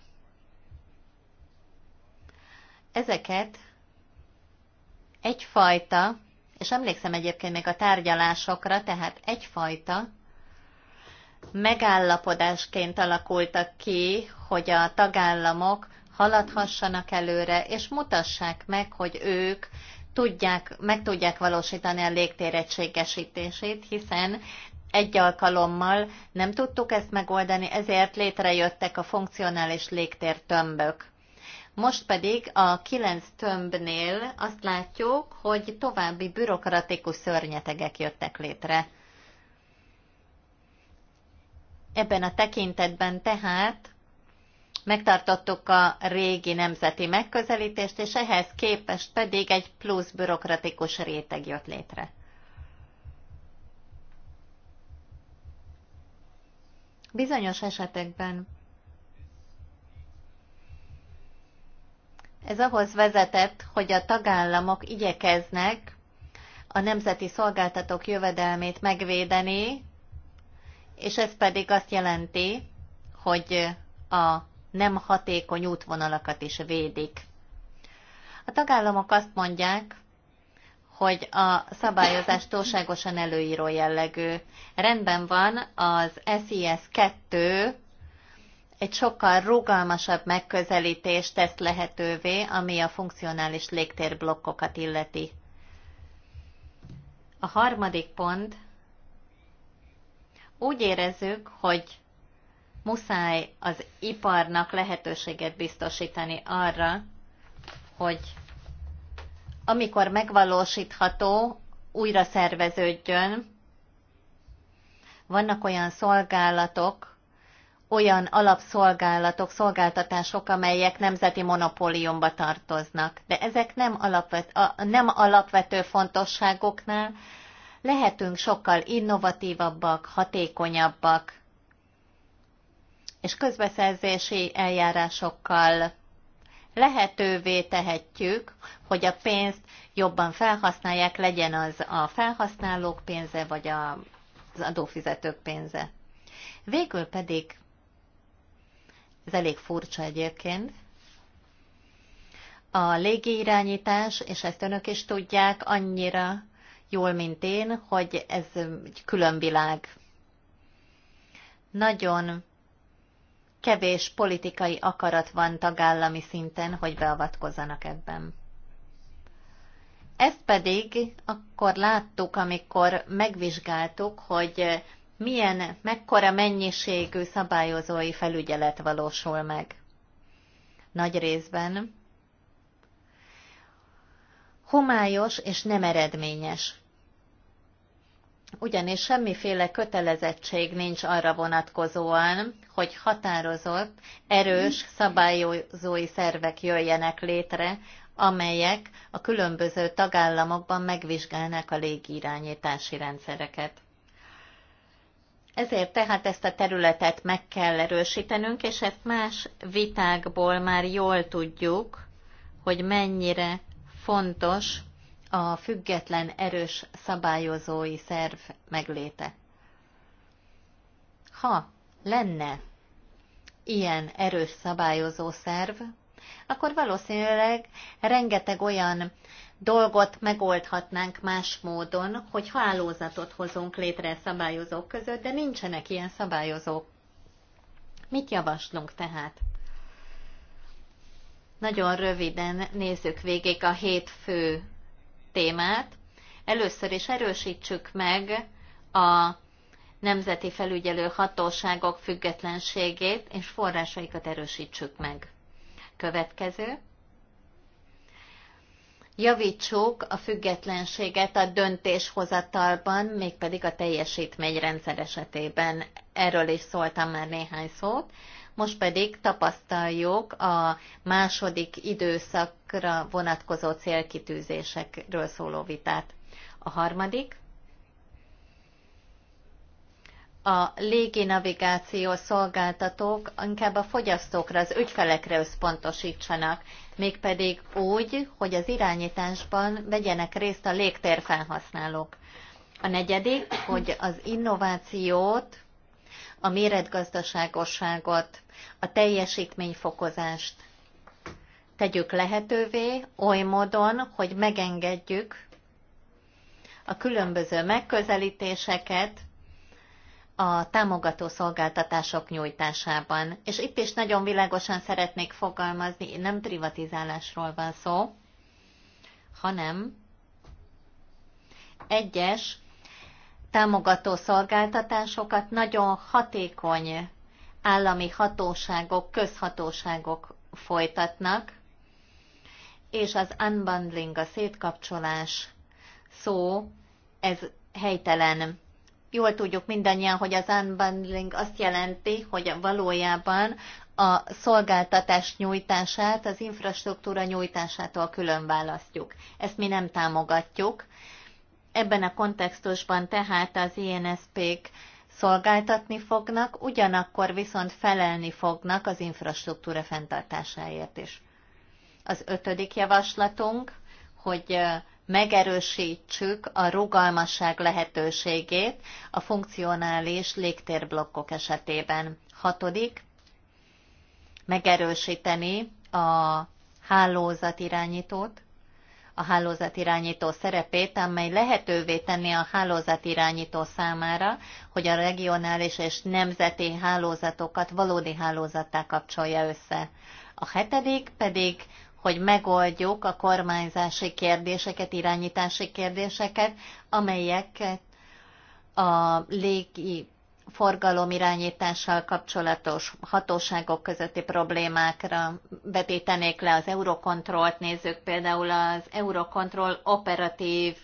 Ezeket egyfajta, és emlékszem egyébként még a tárgyalásokra, tehát egyfajta megállapodásként alakultak ki, hogy a tagállamok haladhassanak előre, és mutassák meg, hogy ők tudják, meg tudják valósítani a légtéregységesítését, hiszen egy alkalommal nem tudtuk ezt megoldani, ezért létrejöttek a funkcionális légtértömbök. Most pedig a kilenc tömbnél azt látjuk, hogy további bürokratikus szörnyetegek jöttek létre. Ebben a tekintetben tehát megtartottuk a régi nemzeti megközelítést, és ehhez képest pedig egy plusz bürokratikus réteg jött létre. Bizonyos esetekben ez ahhoz vezetett, hogy a tagállamok igyekeznek a nemzeti szolgáltatók jövedelmét megvédeni, és ez pedig azt jelenti, hogy a nem hatékony útvonalakat is védik. A tagállamok azt mondják, hogy a szabályozás túlságosan előíró jellegű. Rendben van, az SIS 2 egy sokkal rugalmasabb megközelítést tesz lehetővé, ami a funkcionális légtérblokkokat illeti. A harmadik pont úgy érezzük, hogy muszáj az iparnak lehetőséget biztosítani arra, hogy amikor megvalósítható, újra szerveződjön. Vannak olyan szolgálatok, olyan alapszolgálatok, szolgáltatások, amelyek nemzeti monopóliumba tartoznak. De ezek nem, alapvet, a, nem alapvető fontosságoknál, lehetünk sokkal innovatívabbak, hatékonyabbak, és közbeszerzési eljárásokkal lehetővé tehetjük, hogy a pénzt jobban felhasználják, legyen az a felhasználók pénze, vagy az adófizetők pénze. Végül pedig, ez elég furcsa egyébként, a irányítás, és ezt önök is tudják, annyira jól, mint én, hogy ez egy külön világ. Nagyon kevés politikai akarat van tagállami szinten, hogy beavatkozzanak ebben. Ezt pedig akkor láttuk, amikor megvizsgáltuk, hogy milyen, mekkora mennyiségű szabályozói felügyelet valósul meg. Nagy részben homályos és nem eredményes. Ugyanis semmiféle kötelezettség nincs arra vonatkozóan, hogy határozott, erős szabályozói szervek jöjjenek létre, amelyek a különböző tagállamokban megvizsgálnák a légirányítási rendszereket. Ezért tehát ezt a területet meg kell erősítenünk, és ezt más vitákból már jól tudjuk, hogy mennyire fontos a független, erős szabályozói szerv megléte. Ha lenne ilyen erős szabályozó szerv, akkor valószínűleg rengeteg olyan dolgot megoldhatnánk más módon, hogy hálózatot hozunk létre szabályozók között, de nincsenek ilyen szabályozók. Mit javaslunk tehát? Nagyon röviden nézzük végig a hét fő témát. Először is erősítsük meg a nemzeti felügyelő hatóságok függetlenségét és forrásaikat erősítsük meg. Következő. Javítsuk a függetlenséget a döntéshozatalban, mégpedig a teljesítményrendszer esetében. Erről is szóltam már néhány szót most pedig tapasztaljuk a második időszakra vonatkozó célkitűzésekről szóló vitát. A harmadik, a léginavigáció szolgáltatók inkább a fogyasztókra, az ügyfelekre összpontosítsanak, mégpedig úgy, hogy az irányításban vegyenek részt a légtérfelhasználók. A negyedik, hogy az innovációt a méretgazdaságosságot, a teljesítményfokozást tegyük lehetővé oly módon, hogy megengedjük a különböző megközelítéseket a támogató szolgáltatások nyújtásában. És itt is nagyon világosan szeretnék fogalmazni, nem privatizálásról van szó, hanem egyes támogató szolgáltatásokat nagyon hatékony állami hatóságok, közhatóságok folytatnak, és az unbundling, a szétkapcsolás szó, ez helytelen. Jól tudjuk mindannyian, hogy az unbundling azt jelenti, hogy valójában a szolgáltatás nyújtását az infrastruktúra nyújtásától külön választjuk. Ezt mi nem támogatjuk, Ebben a kontextusban tehát az INSP-k szolgáltatni fognak, ugyanakkor viszont felelni fognak az infrastruktúra fenntartásáért is. Az ötödik javaslatunk, hogy megerősítsük a rugalmasság lehetőségét a funkcionális légtérblokkok esetében. Hatodik, megerősíteni a hálózat irányítót, a hálózatirányító szerepét, amely lehetővé tenni a hálózatirányító számára, hogy a regionális és nemzeti hálózatokat valódi hálózattá kapcsolja össze. A hetedik pedig, hogy megoldjuk a kormányzási kérdéseket, irányítási kérdéseket, amelyeket a légi forgalomirányítással kapcsolatos hatóságok közötti problémákra vetítenék le az Eurokontrollt. Nézzük például az Eurokontroll operatív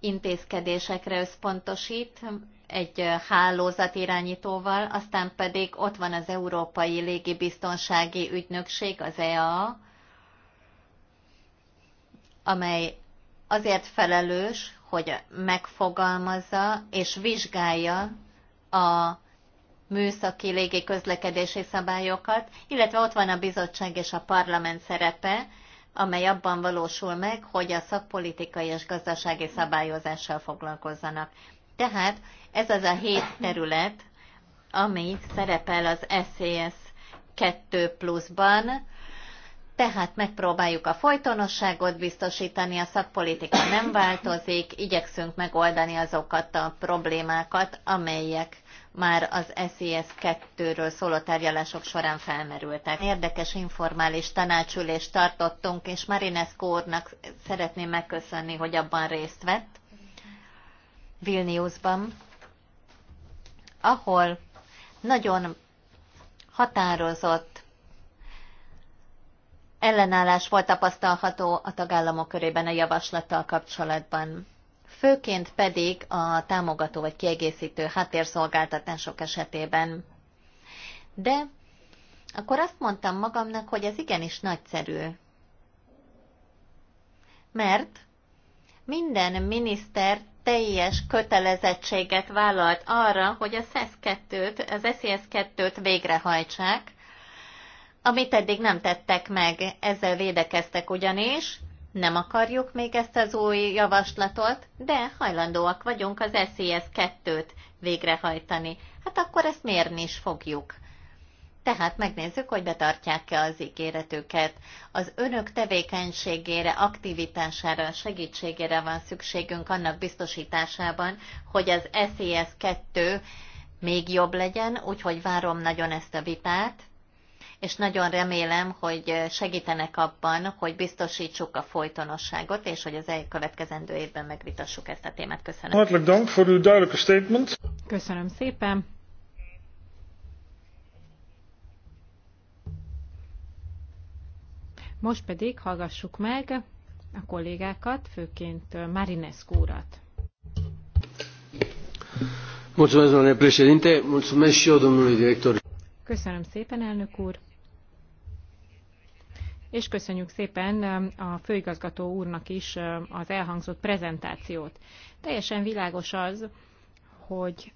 intézkedésekre összpontosít egy irányítóval. aztán pedig ott van az Európai Légibiztonsági Ügynökség, az EAA, amely azért felelős, hogy megfogalmazza és vizsgálja a műszaki közlekedési szabályokat, illetve ott van a bizottság és a parlament szerepe, amely abban valósul meg, hogy a szakpolitikai és gazdasági szabályozással foglalkozzanak. Tehát ez az a hét terület, ami szerepel az SCS 2 e pluszban, tehát megpróbáljuk a folytonosságot biztosítani, a szakpolitika nem változik, igyekszünk megoldani azokat a problémákat, amelyek már az SES 2-ről e szóló tárgyalások során felmerültek. Érdekes informális tanácsülést tartottunk, és Marinescu úrnak szeretném megköszönni, hogy abban részt vett, Vilniusban, ahol nagyon határozott ellenállás volt tapasztalható a tagállamok körében a javaslattal kapcsolatban. Főként pedig a támogató vagy kiegészítő háttérszolgáltatások esetében. De akkor azt mondtam magamnak, hogy ez igenis nagyszerű. Mert minden miniszter teljes kötelezettséget vállalt arra, hogy a SES-2-t, az SES-2-t végrehajtsák, amit eddig nem tettek meg, ezzel védekeztek ugyanis, nem akarjuk még ezt az új javaslatot, de hajlandóak vagyunk az SES 2-t e végrehajtani. Hát akkor ezt mérni is fogjuk. Tehát megnézzük, hogy betartják-e az ígéretüket. Az önök tevékenységére, aktivitására, segítségére van szükségünk annak biztosításában, hogy az SES 2 e még jobb legyen, úgyhogy várom nagyon ezt a vitát, és nagyon remélem, hogy segítenek abban, hogy biztosítsuk a folytonosságot, és hogy az elkövetkezendő évben megvitassuk ezt a témát. Köszönöm. Hartelijk dank voor uw duidelijke statement. Köszönöm szépen. Most pedig hallgassuk meg a kollégákat, főként Marinescu urat. Mulțumesc, domnule președinte, mulțumesc și eu, domnului director. Köszönöm szépen, elnök úr és köszönjük szépen um, a főigazgató úrnak is um, az elhangzott prezentációt. Teljesen világos az, hogy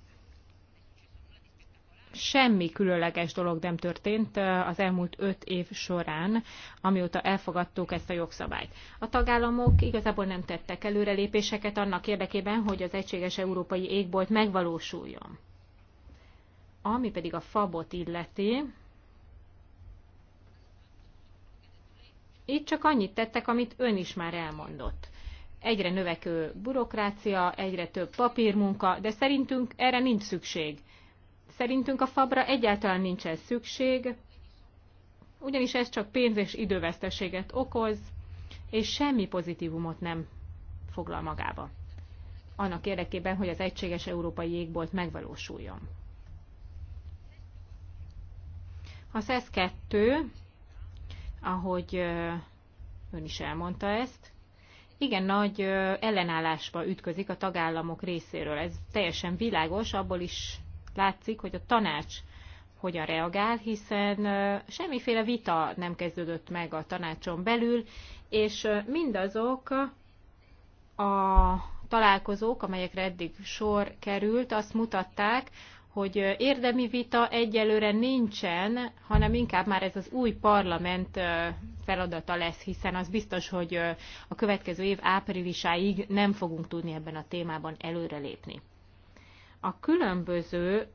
semmi különleges dolog nem történt uh, az elmúlt öt év során, amióta elfogadtuk ezt a jogszabályt. A tagállamok igazából nem tettek előrelépéseket annak érdekében, hogy az egységes európai égbolt megvalósuljon. Ami pedig a fabot illeti, Itt csak annyit tettek, amit ön is már elmondott. Egyre növekő bürokrácia, egyre több papírmunka, de szerintünk erre nincs szükség. Szerintünk a fabra egyáltalán nincsen szükség, ugyanis ez csak pénz és időveszteséget okoz, és semmi pozitívumot nem foglal magába. Annak érdekében, hogy az egységes európai jégbolt megvalósuljon. A SZESZ 2 ahogy ön is elmondta ezt, igen nagy ellenállásba ütközik a tagállamok részéről. Ez teljesen világos, abból is látszik, hogy a tanács hogyan reagál, hiszen semmiféle vita nem kezdődött meg a tanácson belül, és mindazok a találkozók, amelyekre eddig sor került, azt mutatták, hogy érdemi vita egyelőre nincsen, hanem inkább már ez az új parlament feladata lesz, hiszen az biztos, hogy a következő év áprilisáig nem fogunk tudni ebben a témában előrelépni. A különböző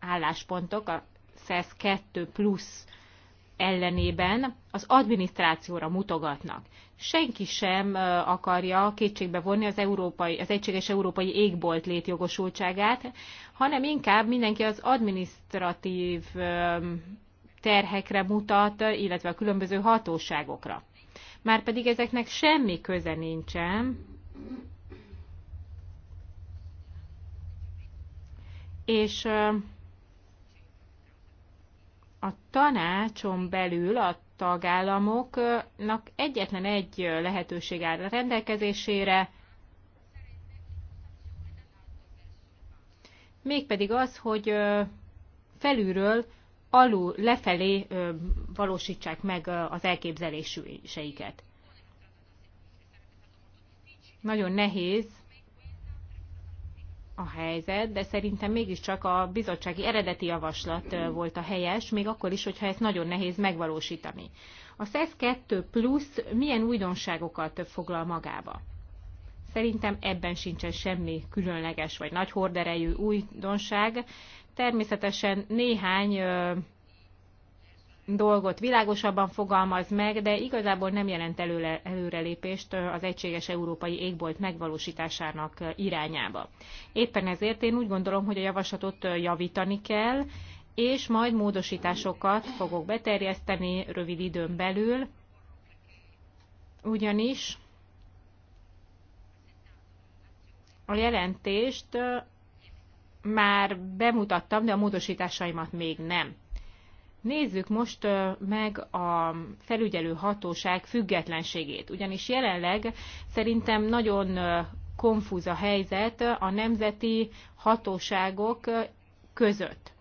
álláspontok, a 102 plusz ellenében az adminisztrációra mutogatnak. Senki sem akarja kétségbe vonni az, európai, az egységes európai égbolt létjogosultságát, hanem inkább mindenki az adminisztratív terhekre mutat, illetve a különböző hatóságokra. Márpedig ezeknek semmi köze nincsen. És a tanácson belül a tagállamoknak egyetlen egy lehetőség áll a rendelkezésére, mégpedig az, hogy felülről alul lefelé valósítsák meg az elképzeléseiket. Nagyon nehéz a helyzet, de szerintem mégiscsak a bizottsági eredeti javaslat volt a helyes, még akkor is, hogyha ezt nagyon nehéz megvalósítani. A SES 2 plusz milyen újdonságokat foglal magába? Szerintem ebben sincsen semmi különleges vagy nagy horderejű újdonság. Természetesen néhány dolgot világosabban fogalmaz meg, de igazából nem jelent előle, előrelépést az egységes európai égbolt megvalósításának irányába. Éppen ezért én úgy gondolom, hogy a javaslatot javítani kell, és majd módosításokat fogok beterjeszteni rövid időn belül, ugyanis a jelentést már bemutattam, de a módosításaimat még nem. Nézzük most meg a felügyelő hatóság függetlenségét, ugyanis jelenleg szerintem nagyon konfúz a helyzet a nemzeti hatóságok között.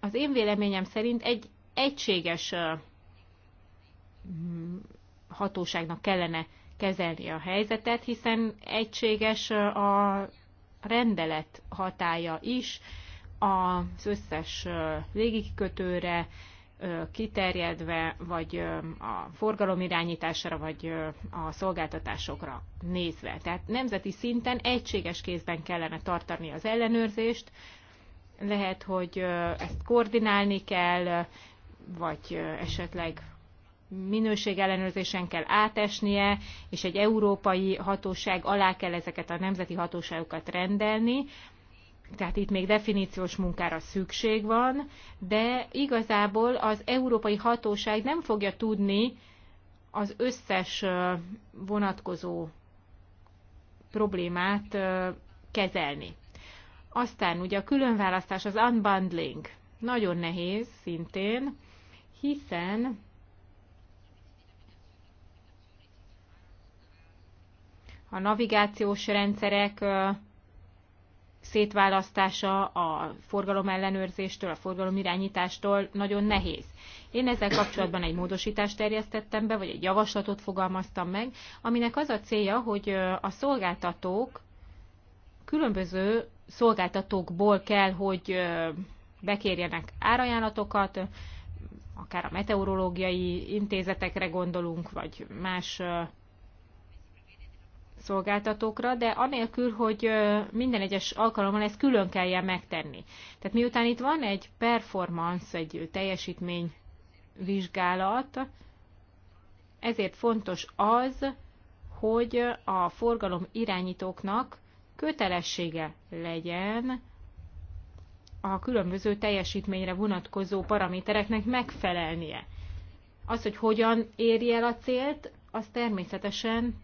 Az én véleményem szerint egy egységes hatóságnak kellene kezelni a helyzetet, hiszen egységes a rendelet hatája is, az összes végigkötőre kiterjedve, vagy a forgalom irányítására, vagy a szolgáltatásokra nézve. Tehát nemzeti szinten egységes kézben kellene tartani az ellenőrzést, lehet, hogy ezt koordinálni kell, vagy esetleg ellenőrzésen kell átesnie, és egy európai hatóság alá kell ezeket a nemzeti hatóságokat rendelni, tehát itt még definíciós munkára szükség van, de igazából az európai hatóság nem fogja tudni az összes vonatkozó problémát kezelni. Aztán ugye a különválasztás, az unbundling nagyon nehéz szintén, hiszen a navigációs rendszerek szétválasztása a forgalom ellenőrzéstől, a forgalom irányítástól nagyon nehéz. Én ezzel kapcsolatban egy módosítást terjesztettem be, vagy egy javaslatot fogalmaztam meg, aminek az a célja, hogy a szolgáltatók különböző szolgáltatókból kell, hogy bekérjenek árajánlatokat, akár a meteorológiai intézetekre gondolunk, vagy más szolgáltatókra, de anélkül, hogy minden egyes alkalommal ezt külön kelljen megtenni. Tehát miután itt van egy performance, egy teljesítmény vizsgálat, ezért fontos az, hogy a forgalom irányítóknak kötelessége legyen a különböző teljesítményre vonatkozó paramétereknek megfelelnie. Az, hogy hogyan éri el a célt, az természetesen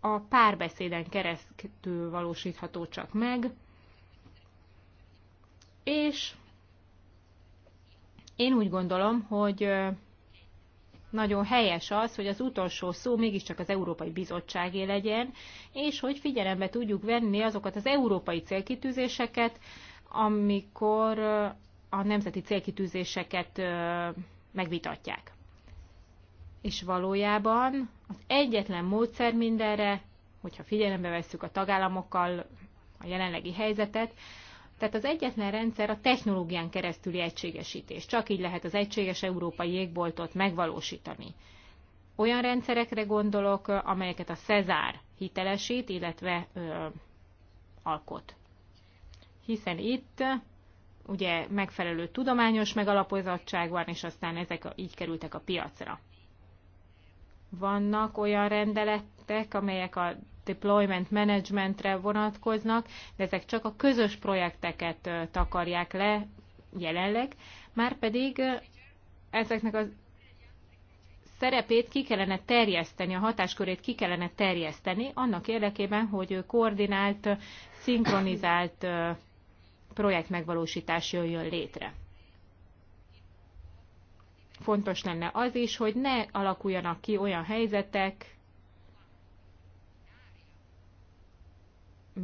a párbeszéden keresztül valósítható csak meg, és én úgy gondolom, hogy nagyon helyes az, hogy az utolsó szó mégiscsak az Európai Bizottságé legyen, és hogy figyelembe tudjuk venni azokat az európai célkitűzéseket, amikor a nemzeti célkitűzéseket megvitatják és valójában az egyetlen módszer mindenre, hogyha figyelembe vesszük a tagállamokkal a jelenlegi helyzetet, tehát az egyetlen rendszer a technológián keresztüli egységesítés. Csak így lehet az egységes európai jégboltot megvalósítani. Olyan rendszerekre gondolok, amelyeket a Cezár hitelesít, illetve ö, alkot. Hiszen itt ugye megfelelő tudományos megalapozottság van, és aztán ezek így kerültek a piacra. Vannak olyan rendeletek, amelyek a deployment managementre vonatkoznak, de ezek csak a közös projekteket takarják le jelenleg, már pedig ezeknek a szerepét ki kellene terjeszteni, a hatáskörét ki kellene terjeszteni, annak érdekében, hogy koordinált, szinkronizált projekt megvalósítás jöjjön létre. Fontos lenne az is, hogy ne alakuljanak ki olyan helyzetek,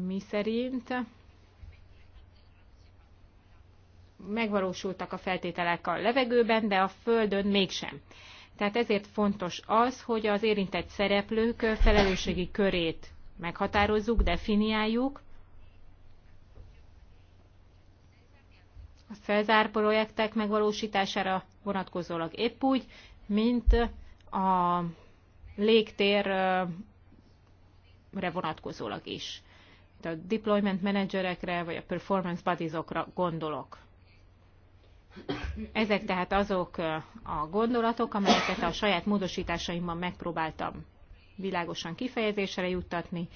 mi szerint megvalósultak a feltételek a levegőben, de a földön mégsem. Tehát ezért fontos az, hogy az érintett szereplők felelősségi körét meghatározzuk, definiáljuk, a Cezár projektek megvalósítására vonatkozólag épp úgy, mint a légtérre vonatkozólag is. a deployment managerekre vagy a performance buddiesokra gondolok. Ezek tehát azok a gondolatok, amelyeket a saját módosításaimban megpróbáltam világosan kifejezésre juttatni,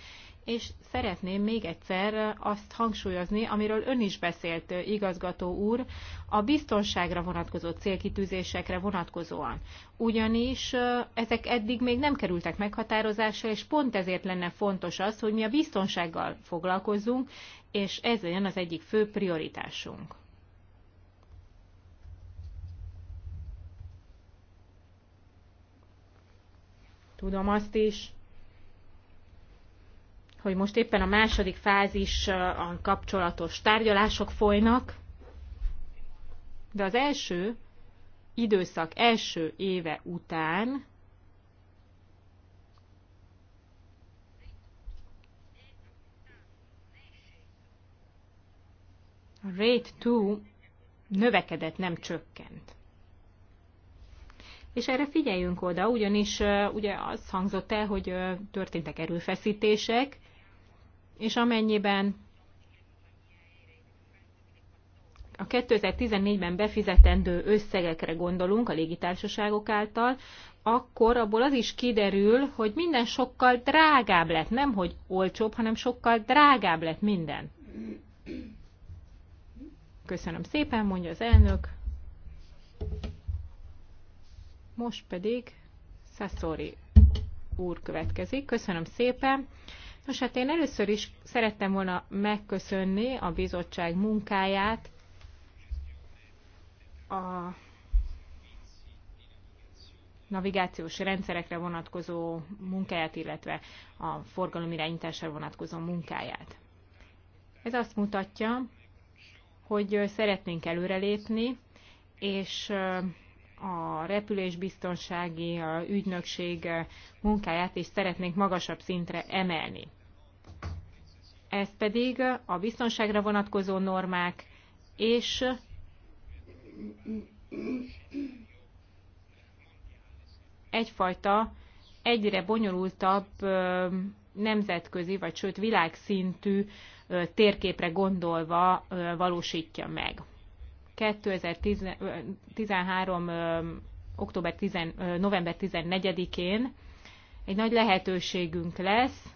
és szeretném még egyszer azt hangsúlyozni, amiről ön is beszélt, igazgató úr, a biztonságra vonatkozó célkitűzésekre vonatkozóan. Ugyanis ezek eddig még nem kerültek meghatározásra, és pont ezért lenne fontos az, hogy mi a biztonsággal foglalkozzunk, és ez legyen az egyik fő prioritásunk. Tudom azt is, hogy most éppen a második fázis a kapcsolatos tárgyalások folynak, de az első időszak első éve után a rate 2 növekedett, nem csökkent. És erre figyeljünk oda, ugyanis ugye az hangzott el, hogy történtek erőfeszítések, és amennyiben a 2014-ben befizetendő összegekre gondolunk a légitársaságok által, akkor abból az is kiderül, hogy minden sokkal drágább lett, nem hogy olcsóbb, hanem sokkal drágább lett minden. Köszönöm szépen, mondja az elnök. Most pedig Szaszori úr következik. Köszönöm szépen. Nos, hát én először is szerettem volna megköszönni a bizottság munkáját, a navigációs rendszerekre vonatkozó munkáját, illetve a forgalomirányításra vonatkozó munkáját. Ez azt mutatja, hogy szeretnénk előrelépni, és a repülésbiztonsági ügynökség munkáját is szeretnénk magasabb szintre emelni ez pedig a biztonságra vonatkozó normák és egyfajta egyre bonyolultabb nemzetközi, vagy sőt világszintű térképre gondolva valósítja meg. 2013. Október 10, november 14-én egy nagy lehetőségünk lesz,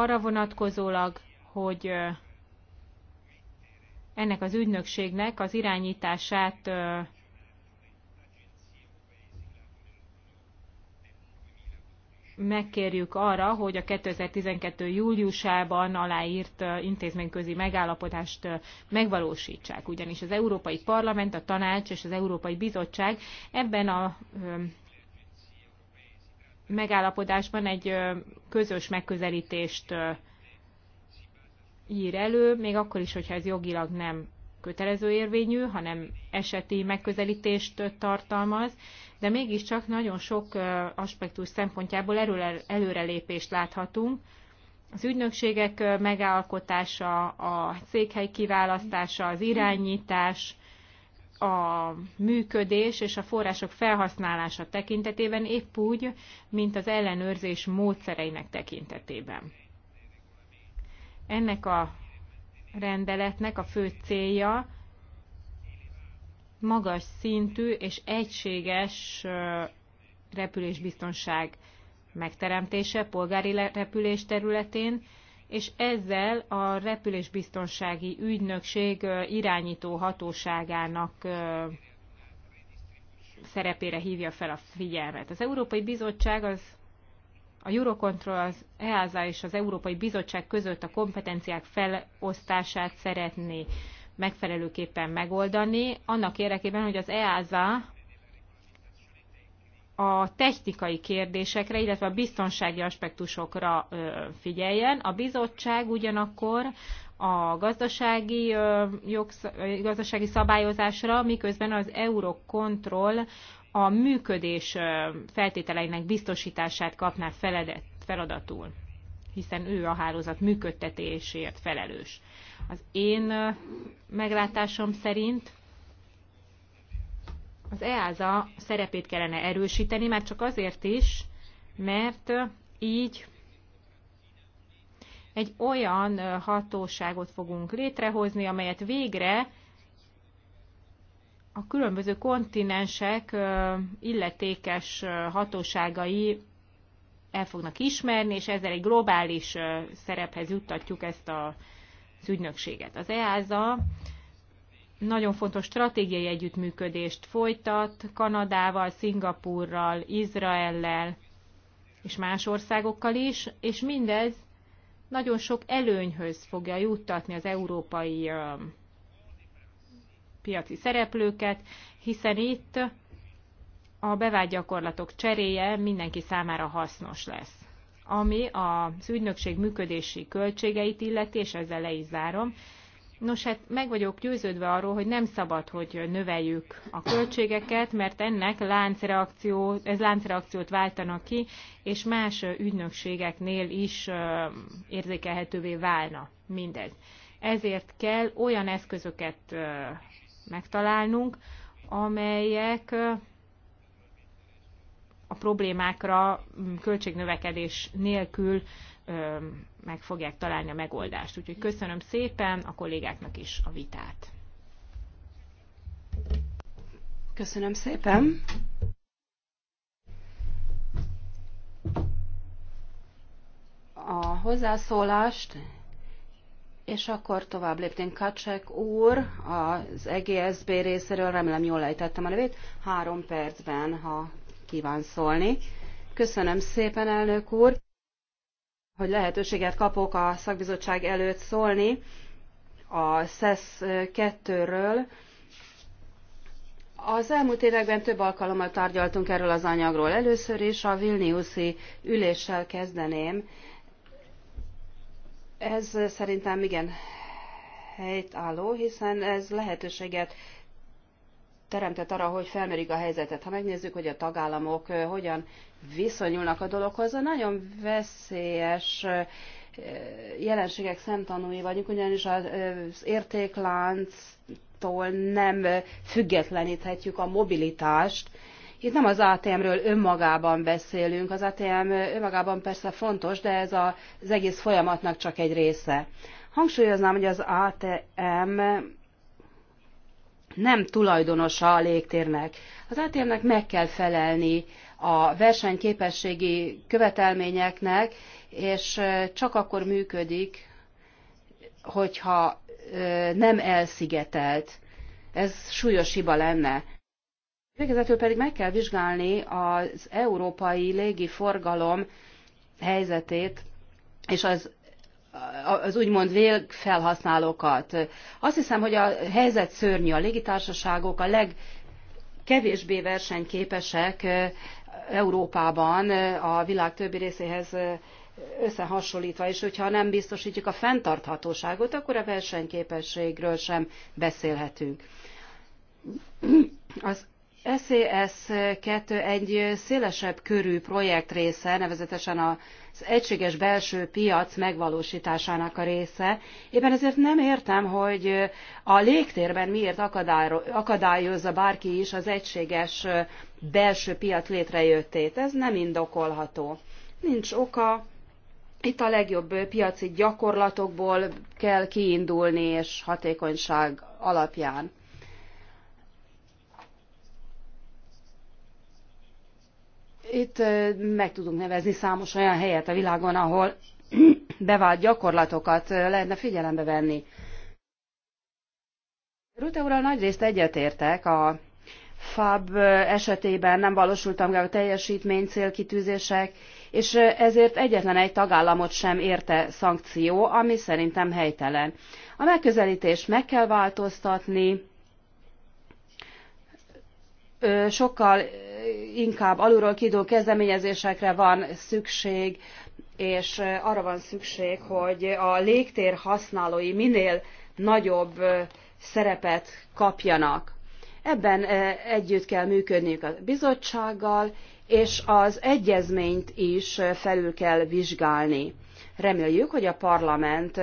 arra vonatkozólag, hogy ennek az ügynökségnek az irányítását megkérjük arra, hogy a 2012. júliusában aláírt intézményközi megállapodást megvalósítsák. Ugyanis az Európai Parlament, a Tanács és az Európai Bizottság ebben a megállapodásban egy közös megközelítést ír elő, még akkor is, hogyha ez jogilag nem kötelező érvényű, hanem eseti megközelítést tartalmaz, de mégiscsak nagyon sok aspektus szempontjából előrelépést láthatunk. Az ügynökségek megalkotása, a székhely kiválasztása, az irányítás, a működés és a források felhasználása tekintetében, épp úgy, mint az ellenőrzés módszereinek tekintetében. Ennek a rendeletnek a fő célja magas szintű és egységes repülésbiztonság megteremtése polgári repülés területén, és ezzel a repülésbiztonsági ügynökség irányító hatóságának szerepére hívja fel a figyelmet. Az Európai Bizottság az a Eurocontrol, az EASA és az Európai Bizottság között a kompetenciák felosztását szeretné megfelelőképpen megoldani, annak érdekében, hogy az EASA a technikai kérdésekre, illetve a biztonsági aspektusokra figyeljen. A bizottság ugyanakkor a gazdasági, jogsz, gazdasági szabályozásra, miközben az Eurocontrol a működés feltételeinek biztosítását kapná feledet, feladatul, hiszen ő a hálózat működtetéséért felelős. Az én meglátásom szerint az EASA szerepét kellene erősíteni, már csak azért is, mert így egy olyan hatóságot fogunk létrehozni, amelyet végre a különböző kontinensek illetékes hatóságai el fognak ismerni, és ezzel egy globális szerephez juttatjuk ezt az ügynökséget. Az EASA nagyon fontos stratégiai együttműködést folytat Kanadával, Szingapurral, Izraellel és más országokkal is, és mindez nagyon sok előnyhöz fogja juttatni az európai piaci szereplőket, hiszen itt a bevált gyakorlatok cseréje mindenki számára hasznos lesz. Ami az ügynökség működési költségeit illeti, és ezzel le is zárom, Nos, hát meg vagyok győződve arról, hogy nem szabad, hogy növeljük a költségeket, mert ennek láncreakció, ez láncreakciót váltana ki, és más ügynökségeknél is érzékelhetővé válna mindez. Ezért kell olyan eszközöket megtalálnunk, amelyek a problémákra költségnövekedés nélkül meg fogják találni a megoldást. Úgyhogy köszönöm szépen a kollégáknak is a vitát. Köszönöm szépen. A hozzászólást, és akkor tovább lépnénk Kacsek úr, az EGSB részéről, remélem jól lejtettem a nevét, három percben, ha kíván szólni. Köszönöm szépen, elnök úr hogy lehetőséget kapok a szakbizottság előtt szólni a SESZ 2-ről. Az elmúlt években több alkalommal tárgyaltunk erről az anyagról. Először is a Vilniuszi üléssel kezdeném. Ez szerintem igen helytálló, hiszen ez lehetőséget teremtett arra, hogy felmérjük a helyzetet. Ha megnézzük, hogy a tagállamok hogyan viszonyulnak a dologhoz, a nagyon veszélyes jelenségek szemtanúi vagyunk, ugyanis az értéklánctól nem függetleníthetjük a mobilitást. Itt nem az ATM-ről önmagában beszélünk, az ATM önmagában persze fontos, de ez az egész folyamatnak csak egy része. Hangsúlyoznám, hogy az ATM nem tulajdonosa a légtérnek. Az átérnek meg kell felelni a versenyképességi követelményeknek, és csak akkor működik, hogyha nem elszigetelt. Ez súlyos hiba lenne. Végezetül pedig meg kell vizsgálni az európai légiforgalom helyzetét, és az az úgymond végfelhasználókat. Azt hiszem, hogy a helyzet szörnyű. A légitársaságok a legkevésbé versenyképesek Európában a világ többi részéhez összehasonlítva, és hogyha nem biztosítjuk a fenntarthatóságot, akkor a versenyképességről sem beszélhetünk. Az SES 2 egy szélesebb körű projekt része, nevezetesen az egységes belső piac megvalósításának a része. Éppen ezért nem értem, hogy a légtérben miért akadályozza bárki is az egységes belső piac létrejöttét. Ez nem indokolható. Nincs oka, itt a legjobb piaci gyakorlatokból kell kiindulni, és hatékonyság alapján. Itt meg tudunk nevezni számos olyan helyet a világon, ahol [CLEARS THROAT] bevált gyakorlatokat lehetne figyelembe venni. Rute úrral részt egyetértek, a FAB esetében nem valósultam meg a teljesítmény célkitűzések, és ezért egyetlen egy tagállamot sem érte szankció, ami szerintem helytelen. A megközelítés meg kell változtatni, sokkal inkább alulról kidó kezdeményezésekre van szükség, és arra van szükség, hogy a légtér használói minél nagyobb szerepet kapjanak. Ebben együtt kell működniük a bizottsággal, és az egyezményt is felül kell vizsgálni. Reméljük, hogy a parlament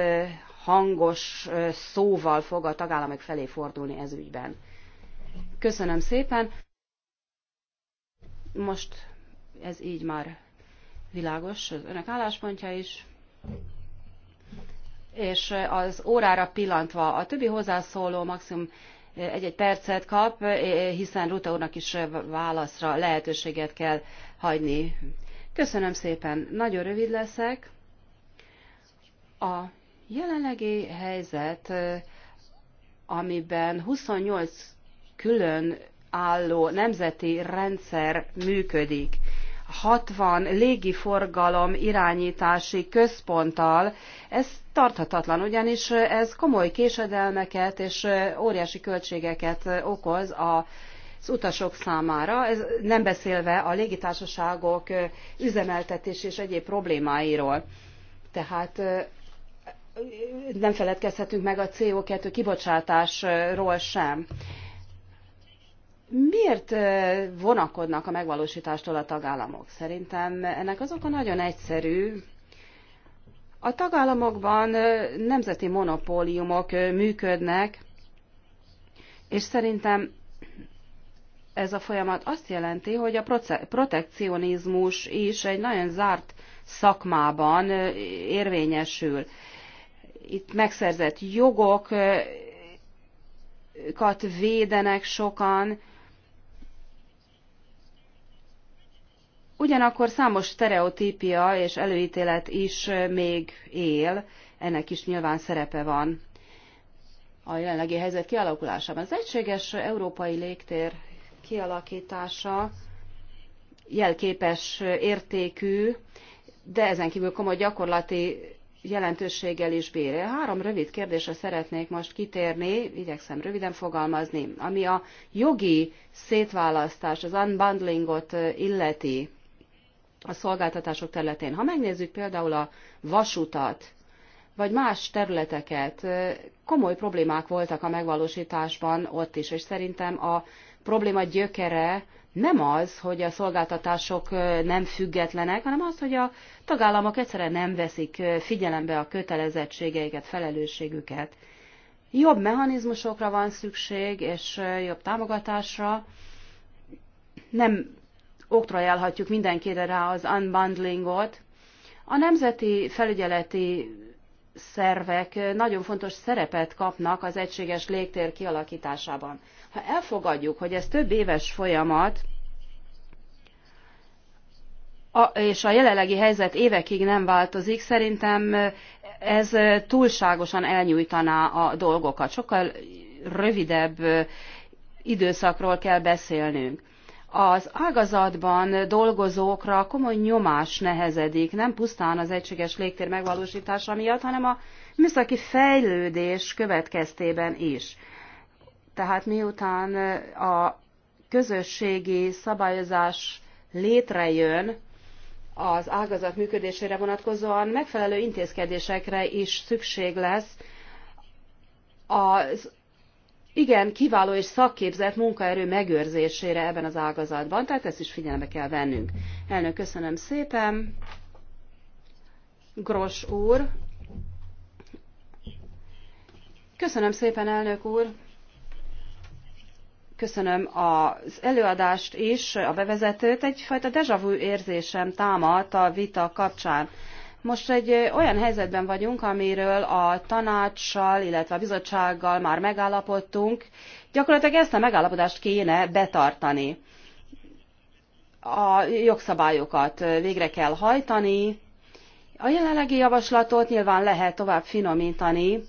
hangos szóval fog a tagállamok felé fordulni ez ügyben. Köszönöm szépen! Most ez így már világos, az önök álláspontja is. És az órára pillantva a többi hozzászóló maximum eh, egy-egy percet kap, eh, hiszen Ruta úrnak is válaszra lehetőséget kell hagyni. Köszönöm szépen, nagyon rövid leszek. A jelenlegi helyzet, eh, amiben 28 külön álló nemzeti rendszer működik. 60 légiforgalom irányítási központtal. Ez tarthatatlan, ugyanis ez komoly késedelmeket és óriási költségeket okoz a az utasok számára, ez nem beszélve a légitársaságok üzemeltetés és egyéb problémáiról. Tehát nem feledkezhetünk meg a CO2 kibocsátásról sem. Miért vonakodnak a megvalósítástól a tagállamok? Szerintem ennek az oka nagyon egyszerű. A tagállamokban nemzeti monopóliumok működnek, és szerintem ez a folyamat azt jelenti, hogy a protekcionizmus is egy nagyon zárt szakmában érvényesül. Itt megszerzett jogokat védenek sokan, Ugyanakkor számos stereotípia és előítélet is még él, ennek is nyilván szerepe van a jelenlegi helyzet kialakulásában. Az egységes európai légtér kialakítása jelképes értékű, de ezen kívül komoly gyakorlati jelentőséggel is bír. Három rövid kérdésre szeretnék most kitérni, igyekszem röviden fogalmazni, ami a jogi szétválasztás, az unbundlingot illeti a szolgáltatások területén. Ha megnézzük például a vasutat, vagy más területeket, komoly problémák voltak a megvalósításban ott is, és szerintem a probléma gyökere nem az, hogy a szolgáltatások nem függetlenek, hanem az, hogy a tagállamok egyszerűen nem veszik figyelembe a kötelezettségeiket, felelősségüket. Jobb mechanizmusokra van szükség, és jobb támogatásra. Nem oktrajálhatjuk mindenkire rá az unbundlingot. A nemzeti felügyeleti szervek nagyon fontos szerepet kapnak az egységes légtér kialakításában. Ha elfogadjuk, hogy ez több éves folyamat, a, és a jelenlegi helyzet évekig nem változik, szerintem ez túlságosan elnyújtaná a dolgokat. Sokkal rövidebb időszakról kell beszélnünk az ágazatban dolgozókra komoly nyomás nehezedik, nem pusztán az egységes légtér megvalósítása miatt, hanem a műszaki fejlődés következtében is. Tehát miután a közösségi szabályozás létrejön, az ágazat működésére vonatkozóan megfelelő intézkedésekre is szükség lesz az igen kiváló és szakképzett munkaerő megőrzésére ebben az ágazatban, tehát ezt is figyelembe kell vennünk. Elnök, köszönöm szépen. Gros úr. Köszönöm szépen, elnök úr. Köszönöm az előadást is, a bevezetőt. Egyfajta deja vu érzésem támadt a vita kapcsán. Most egy olyan helyzetben vagyunk, amiről a tanácssal, illetve a bizottsággal már megállapodtunk. Gyakorlatilag ezt a megállapodást kéne betartani. A jogszabályokat végre kell hajtani. A jelenlegi javaslatot nyilván lehet tovább finomítani.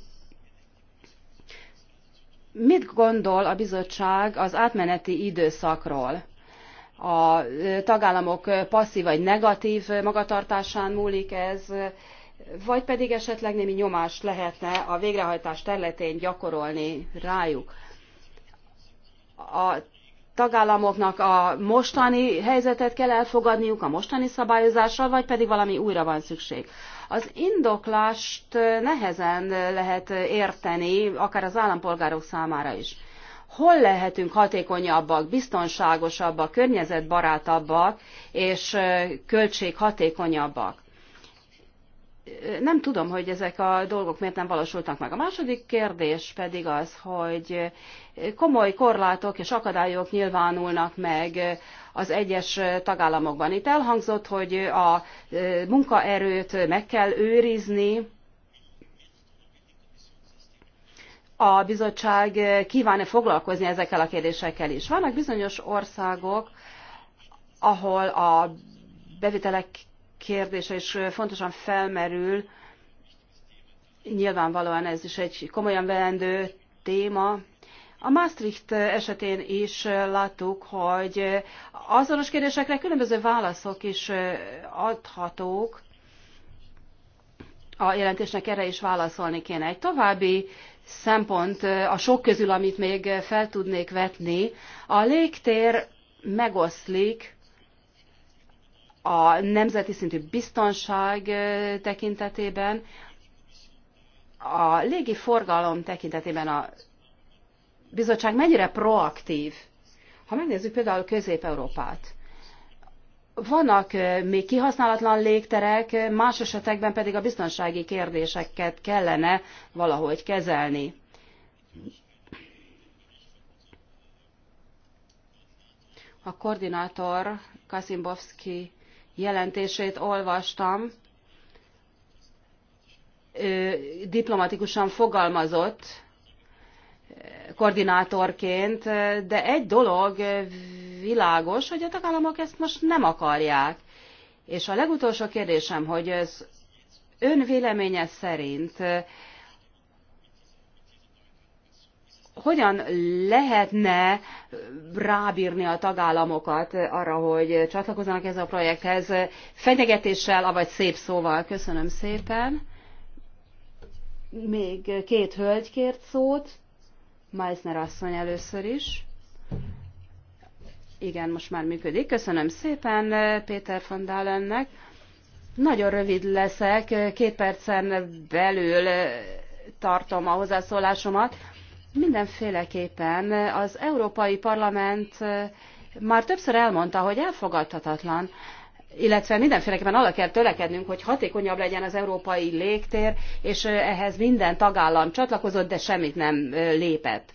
Mit gondol a bizottság az átmeneti időszakról? a tagállamok passzív vagy negatív magatartásán múlik ez, vagy pedig esetleg némi nyomást lehetne a végrehajtás területén gyakorolni rájuk. A tagállamoknak a mostani helyzetet kell elfogadniuk, a mostani szabályozással, vagy pedig valami újra van szükség. Az indoklást nehezen lehet érteni, akár az állampolgárok számára is hol lehetünk hatékonyabbak, biztonságosabbak, környezetbarátabbak és költséghatékonyabbak. Nem tudom, hogy ezek a dolgok miért nem valósultak meg. A második kérdés pedig az, hogy komoly korlátok és akadályok nyilvánulnak meg az egyes tagállamokban. Itt elhangzott, hogy a munkaerőt meg kell őrizni, a bizottság kván e foglalkozni ezekkel a kérdésekkel is. Vannak bizonyos országok, ahol a bevitelek kérdése is fontosan felmerül, nyilvánvalóan ez is egy komolyan veendő téma. A Maastricht esetén is láttuk, hogy azonos kérdésekre különböző válaszok is adhatók. A jelentésnek erre is válaszolni kéne. Egy további szempont a sok közül, amit még fel tudnék vetni. A légtér megoszlik a nemzeti szintű biztonság tekintetében, a légi forgalom tekintetében a bizottság mennyire proaktív. Ha megnézzük például Közép-Európát, vannak eh, még kihasználatlan légterek, más esetekben pedig a biztonsági kérdéseket kellene valahogy kezelni. A koordinátor Kasimbovski jelentését olvastam, diplomatikusan fogalmazott eh, koordinátorként, de egy dolog eh, világos, hogy a tagállamok ezt most nem akarják. És a legutolsó kérdésem, hogy ez ön véleménye szerint hogyan lehetne rábírni a tagállamokat arra, hogy csatlakozzanak ez a projekthez fenyegetéssel, avagy szép szóval. Köszönöm szépen. Még két hölgy kért szót. Meissner asszony először is. Igen, most már működik. Köszönöm szépen eh, Péter van Dálennek. Nagyon rövid leszek, eh, két percen belül eh, tartom a hozzászólásomat. Mindenféleképpen az Európai Parlament már többször elmondta, hogy elfogadhatatlan, illetve mindenféleképpen arra kell törekednünk, hogy hatékonyabb legyen az európai légtér, és ehhez minden tagállam csatlakozott, de semmit nem lépett.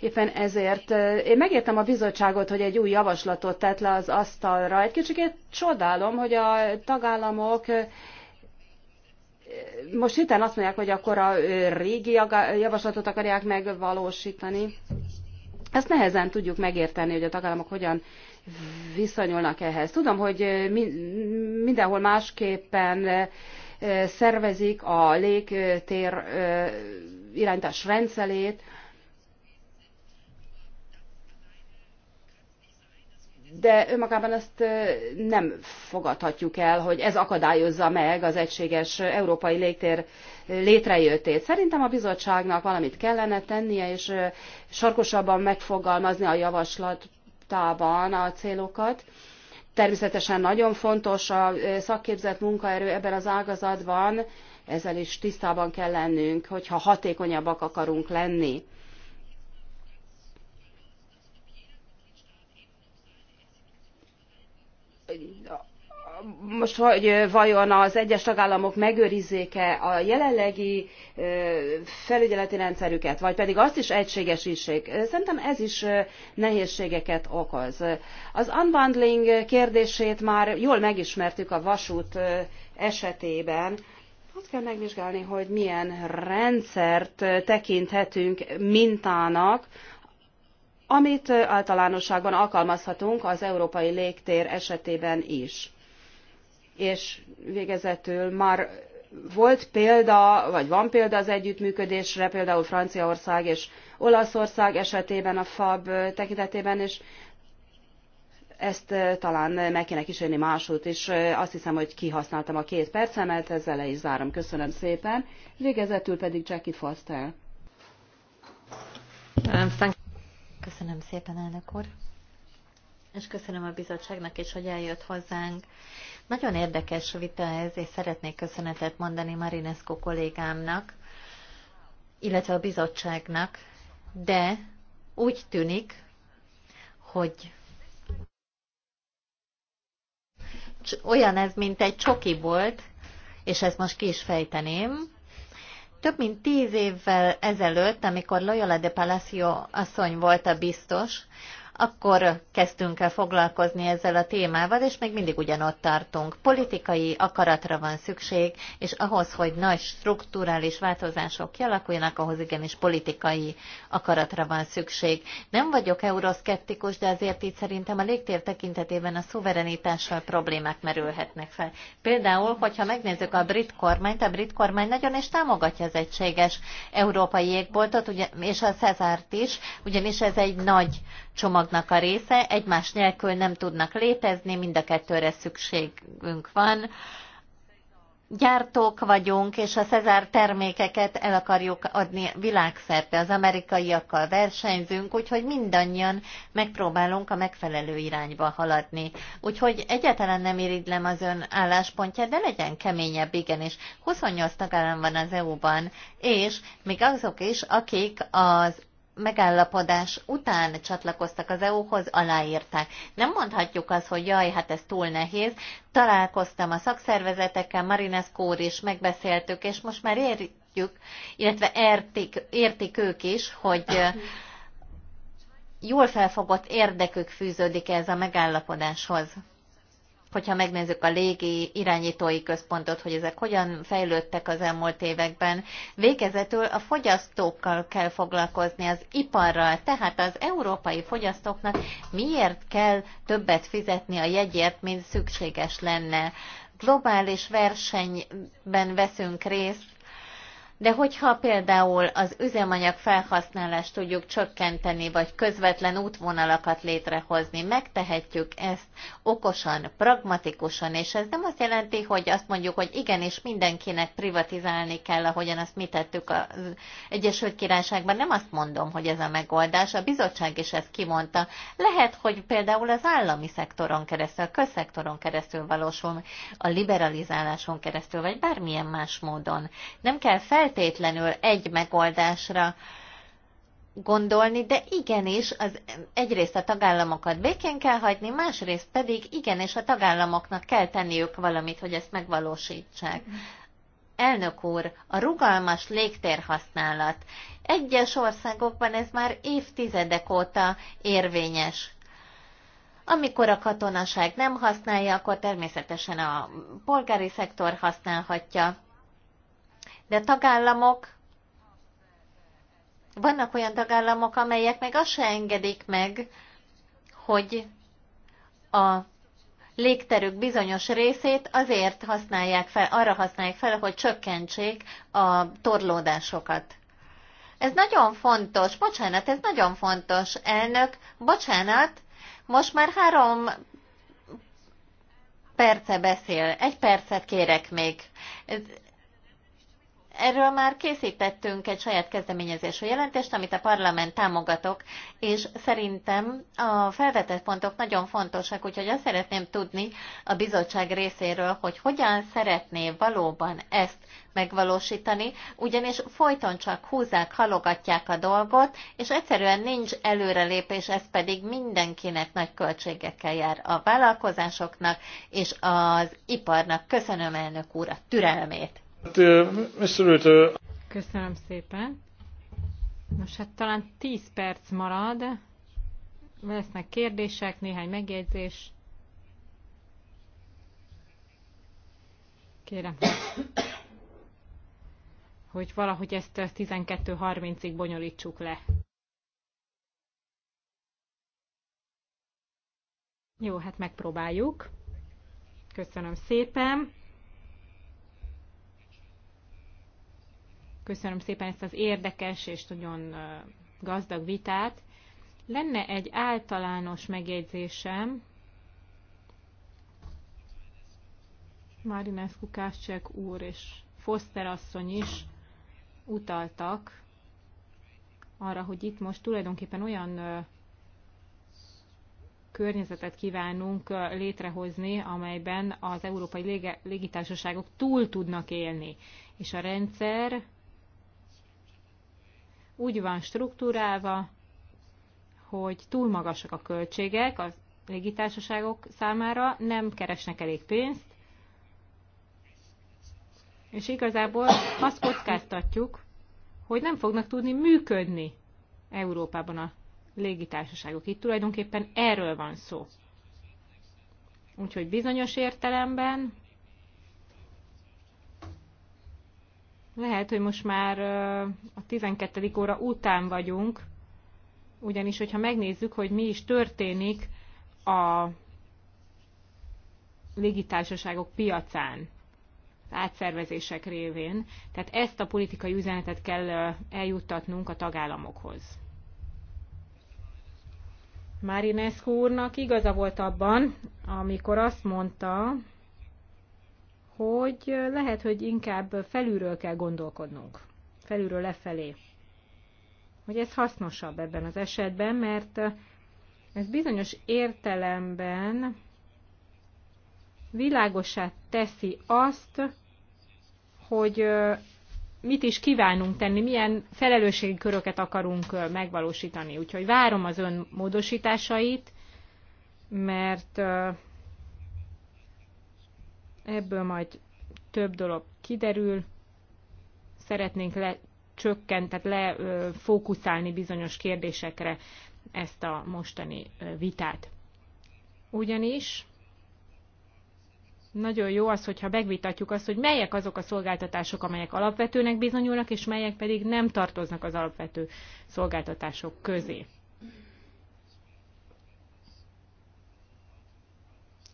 Éppen ezért én megértem a bizottságot, hogy egy új javaslatot tett le az asztalra. Egy kicsit csodálom, hogy a tagállamok most hirtelen azt mondják, hogy akkor a régi javaslatot akarják megvalósítani. Ezt nehezen tudjuk megérteni, hogy a tagállamok hogyan viszonyulnak ehhez. Tudom, hogy mindenhol másképpen szervezik a légtér irányítás rendszerét, de önmagában ezt nem fogadhatjuk el, hogy ez akadályozza meg az egységes európai légtér létrejöttét. Szerintem a bizottságnak valamit kellene tennie, és sarkosabban megfogalmazni a javaslatában a célokat. Természetesen nagyon fontos a szakképzett munkaerő ebben az ágazatban, ezzel is tisztában kell lennünk, hogyha hatékonyabbak akarunk lenni most, hogy vajon az egyes tagállamok megőrizzék-e a jelenlegi felügyeleti rendszerüket, vagy pedig azt is egységesítsék, szerintem ez is nehézségeket okoz. Az unbundling kérdését már jól megismertük a vasút esetében. Azt kell megvizsgálni, hogy milyen rendszert tekinthetünk mintának, amit általánosságban alkalmazhatunk az európai légtér esetében is és végezetül már volt példa, vagy van példa az együttműködésre, például Franciaország és Olaszország esetében a FAB tekintetében, és ezt talán meg kéne kísérni másút, és azt hiszem, hogy kihasználtam a két percemet, ezzel le is zárom. Köszönöm szépen. Végezetül pedig Jackie Foster. Um, köszönöm szépen, elnök úr. És köszönöm a bizottságnak is, hogy eljött hozzánk, nagyon érdekes vita ez, és szeretnék köszönetet mondani Marinescu kollégámnak, illetve a bizottságnak, de úgy tűnik, hogy olyan ez, mint egy csoki volt, és ezt most ki is fejteném. Több mint tíz évvel ezelőtt, amikor Loyola de Palacio asszony volt a biztos, akkor kezdtünk el foglalkozni ezzel a témával, és még mindig ugyanott tartunk. Politikai akaratra van szükség, és ahhoz, hogy nagy strukturális változások kialakuljanak, ahhoz igenis politikai akaratra van szükség. Nem vagyok euroszkeptikus, de azért itt szerintem a légtér tekintetében a szuverenitással problémák merülhetnek fel. Például, hogyha megnézzük a brit kormányt, a brit kormány nagyon is támogatja az egységes európai jégboltot, és a Cezárt is, ugyanis ez egy nagy csomagnak a része, egymás nélkül nem tudnak létezni, mind a kettőre szükségünk van. Gyártók vagyunk, és a Cezár termékeket el akarjuk adni világszerte, az amerikaiakkal versenyzünk, úgyhogy mindannyian megpróbálunk a megfelelő irányba haladni. Úgyhogy egyáltalán nem iridlem az ön álláspontját, de legyen keményebb, igenis. 28 tagállam van az EU-ban, és még azok is, akik az megállapodás után csatlakoztak az EU-hoz, aláírták. Nem mondhatjuk azt, hogy jaj, hát ez túl nehéz. Találkoztam a szakszervezetekkel, Marinescu úr is, megbeszéltük, és most már értjük, illetve értik, értik ők is, hogy jól felfogott érdekük fűződik ez a megállapodáshoz hogyha megnézzük a légi irányítói központot, hogy ezek hogyan fejlődtek az elmúlt években, végezetül a fogyasztókkal kell foglalkozni, az iparral, tehát az európai fogyasztóknak miért kell többet fizetni a jegyért, mint szükséges lenne. Globális versenyben veszünk részt, de hogyha például az üzemanyag felhasználást tudjuk csökkenteni, vagy közvetlen útvonalakat létrehozni, megtehetjük ezt okosan, pragmatikusan, és ez nem azt jelenti, hogy azt mondjuk, hogy igenis mindenkinek privatizálni kell, ahogyan azt mi tettük az Egyesült Királyságban. Nem azt mondom, hogy ez a megoldás, a bizottság is ezt kimondta. Lehet, hogy például az állami szektoron keresztül, a közszektoron keresztül valósul, a liberalizáláson keresztül, vagy bármilyen más módon. Nem kell fel feltétlenül egy megoldásra gondolni, de igenis az egyrészt a tagállamokat békén kell hagyni, másrészt pedig igenis a tagállamoknak kell tenniük valamit, hogy ezt megvalósítsák. Elnök úr, a rugalmas légtérhasználat. Egyes országokban ez már évtizedek óta érvényes. Amikor a katonaság nem használja, akkor természetesen a polgári szektor használhatja. De a tagállamok, vannak olyan tagállamok, amelyek meg azt se engedik meg, hogy a légterük bizonyos részét azért használják fel, arra használják fel, hogy csökkentsék a torlódásokat. Ez nagyon fontos, bocsánat, ez nagyon fontos, elnök, bocsánat, most már három perce beszél, egy percet kérek még erről már készítettünk egy saját kezdeményezésű jelentést, amit a parlament támogatok, és szerintem a felvetett pontok nagyon fontosak, úgyhogy azt szeretném tudni a bizottság részéről, hogy hogyan szeretné valóban ezt megvalósítani, ugyanis folyton csak húzák, halogatják a dolgot, és egyszerűen nincs előrelépés, ez pedig mindenkinek nagy költségekkel jár a vállalkozásoknak és az iparnak. Köszönöm elnök úr a türelmét! Hát, Köszönöm szépen. Most hát talán 10 perc marad. Lesznek kérdések, néhány megjegyzés. Kérem, hogy valahogy ezt 12.30-ig bonyolítsuk le. Jó, hát megpróbáljuk. Köszönöm szépen. Köszönöm szépen ezt az érdekes és nagyon gazdag vitát. Lenne egy általános megjegyzésem. Marinescu Káscsek úr és Foster asszony is utaltak arra, hogy itt most tulajdonképpen olyan környezetet kívánunk létrehozni, amelyben az európai légitársaságok túl tudnak élni. És a rendszer úgy van struktúrálva, hogy túl magasak a költségek a légitársaságok számára, nem keresnek elég pénzt, és igazából azt kockáztatjuk, hogy nem fognak tudni működni Európában a légitársaságok. Itt tulajdonképpen erről van szó. Úgyhogy bizonyos értelemben Lehet, hogy most már a 12. óra után vagyunk, ugyanis, hogyha megnézzük, hogy mi is történik a légitársaságok piacán, átszervezések révén. Tehát ezt a politikai üzenetet kell eljuttatnunk a tagállamokhoz. Márinescu úrnak igaza volt abban, amikor azt mondta, hogy lehet, hogy inkább felülről kell gondolkodnunk, felülről lefelé. Hogy ez hasznosabb ebben az esetben, mert ez bizonyos értelemben világosá teszi azt, hogy mit is kívánunk tenni, milyen felelősségi köröket akarunk megvalósítani. Úgyhogy várom az ön módosításait, mert Ebből majd több dolog kiderül. Szeretnénk lecsökkent, tehát lefókuszálni bizonyos kérdésekre ezt a mostani vitát. Ugyanis nagyon jó az, hogyha megvitatjuk azt, hogy melyek azok a szolgáltatások, amelyek alapvetőnek bizonyulnak, és melyek pedig nem tartoznak az alapvető szolgáltatások közé.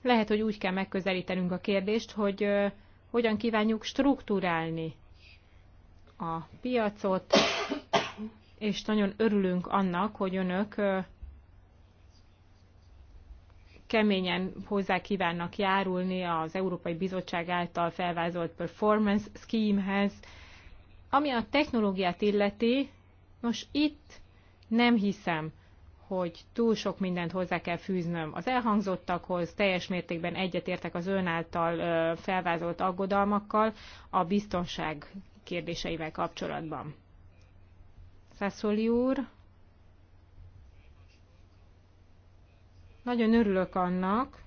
Lehet, hogy úgy kell megközelítenünk a kérdést, hogy hogyan kívánjuk struktúrálni a piacot, és nagyon örülünk annak, hogy önök keményen hozzá kívánnak járulni az Európai Bizottság által felvázolt performance schemehez. Ami a technológiát illeti, most itt nem hiszem, hogy túl sok mindent hozzá kell fűznöm az elhangzottakhoz, teljes mértékben egyetértek az ön által felvázolt aggodalmakkal a biztonság kérdéseivel kapcsolatban. Szászoli úr, nagyon örülök annak,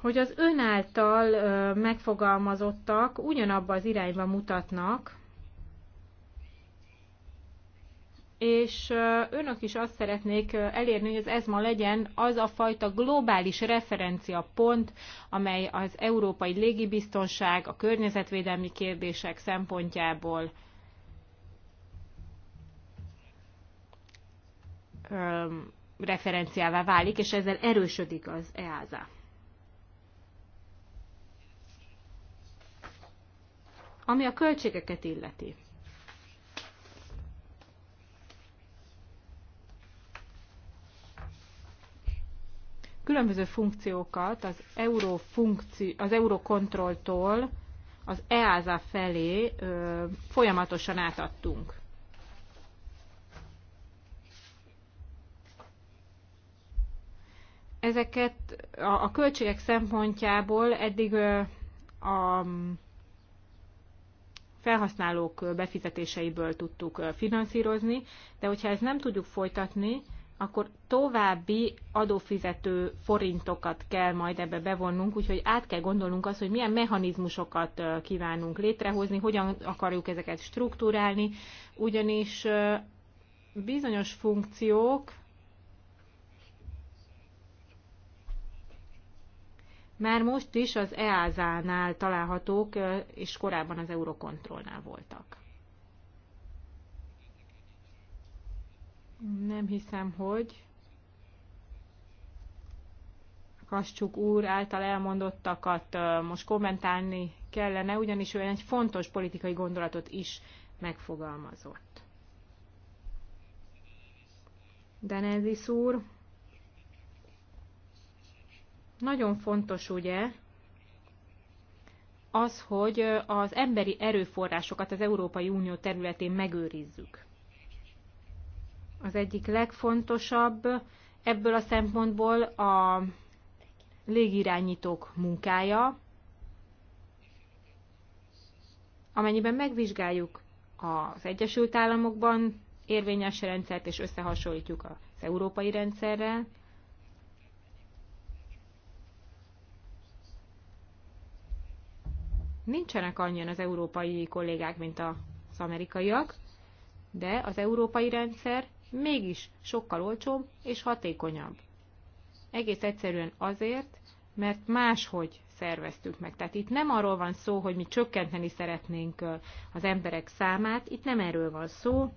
hogy az ön által megfogalmazottak ugyanabba az irányba mutatnak, és önök is azt szeretnék elérni, hogy az ESMA legyen az a fajta globális referencia pont, amely az európai légibiztonság, a környezetvédelmi kérdések szempontjából referenciává válik, és ezzel erősödik az EASA. Ami a költségeket illeti. különböző funkciókat az, euro funkci- az eurokontrolltól az EASA felé ö, folyamatosan átadtunk. Ezeket a, a költségek szempontjából eddig ö, a felhasználók befizetéseiből tudtuk finanszírozni, de hogyha ezt nem tudjuk folytatni, akkor további adófizető forintokat kell majd ebbe bevonnunk, úgyhogy át kell gondolnunk azt, hogy milyen mechanizmusokat kívánunk létrehozni, hogyan akarjuk ezeket struktúrálni, ugyanis bizonyos funkciók már most is az EASA-nál találhatók, és korábban az Eurocontrolnál voltak. Nem hiszem, hogy Kascsuk úr által elmondottakat most kommentálni kellene, ugyanis olyan egy fontos politikai gondolatot is megfogalmazott. Denezis úr, nagyon fontos ugye az, hogy az emberi erőforrásokat az Európai Unió területén megőrizzük az egyik legfontosabb ebből a szempontból a légirányítók munkája. Amennyiben megvizsgáljuk az Egyesült Államokban érvényes rendszert, és összehasonlítjuk az európai rendszerrel, nincsenek annyian az európai kollégák, mint az amerikaiak, de az európai rendszer mégis sokkal olcsóbb és hatékonyabb. Egész egyszerűen azért, mert máshogy szerveztük meg. Tehát itt nem arról van szó, hogy mi csökkenteni szeretnénk az emberek számát, itt nem erről van szó.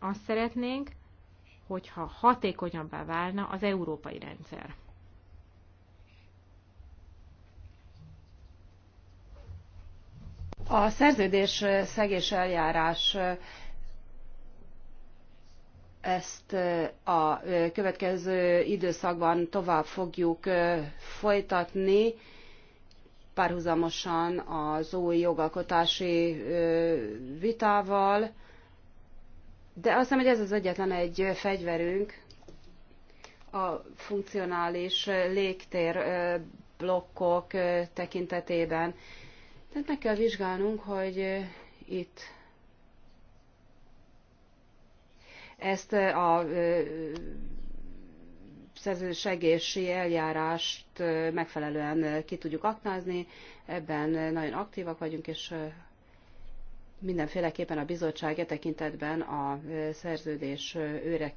Azt szeretnénk, hogyha hatékonyabbá válna az európai rendszer. A szerződés szegés eljárás ezt a következő időszakban tovább fogjuk folytatni, párhuzamosan az új jogalkotási vitával, de azt hiszem, hogy ez az egyetlen egy fegyverünk a funkcionális légtér blokkok tekintetében. Tehát meg kell vizsgálnunk, hogy itt Ezt a szerződéssegési eljárást megfelelően ki tudjuk aknázni, ebben nagyon aktívak vagyunk, és mindenféleképpen a bizottság e tekintetben a szerződés őre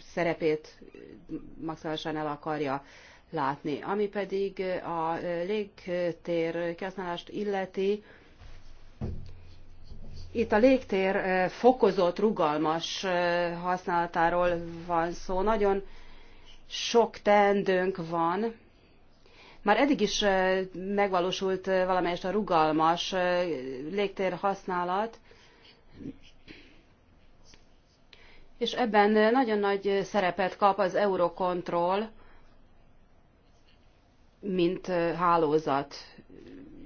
szerepét maximálisan el akarja látni. Ami pedig a légtér kihasználást illeti, itt a légtér fokozott, rugalmas használatáról van szó. Nagyon sok teendőnk van. Már eddig is megvalósult valamelyest a rugalmas légtér használat, és ebben nagyon nagy szerepet kap az Eurocontrol, mint hálózat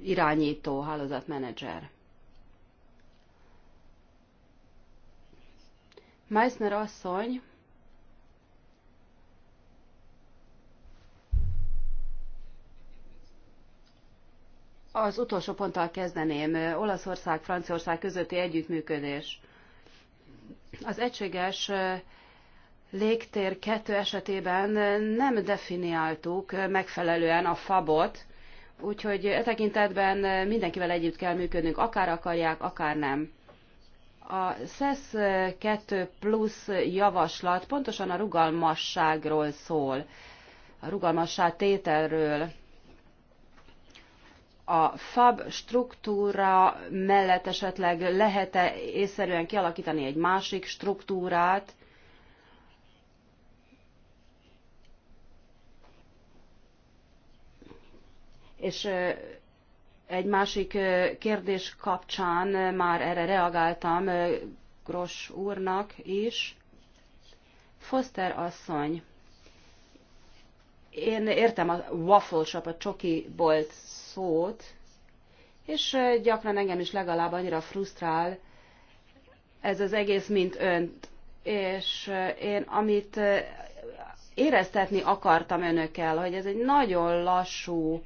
irányító, hálózatmenedzser. Meissner asszony az utolsó ponttal kezdeném. Olaszország, Franciaország közötti együttműködés. Az egységes légtér kettő esetében nem definiáltuk megfelelően a fabot, úgyhogy e tekintetben mindenkivel együtt kell működnünk, akár akarják, akár nem. A SESZ 2 plusz javaslat pontosan a rugalmasságról szól, a rugalmassá tételről. A FAB struktúra mellett esetleg lehet-e észszerűen kialakítani egy másik struktúrát, és egy másik kérdés kapcsán már erre reagáltam Gros úrnak is. Foster asszony, én értem a waffle shop, a csoki bolt szót, és gyakran engem is legalább annyira frusztrál ez az egész, mint önt. És én amit éreztetni akartam önökkel, hogy ez egy nagyon lassú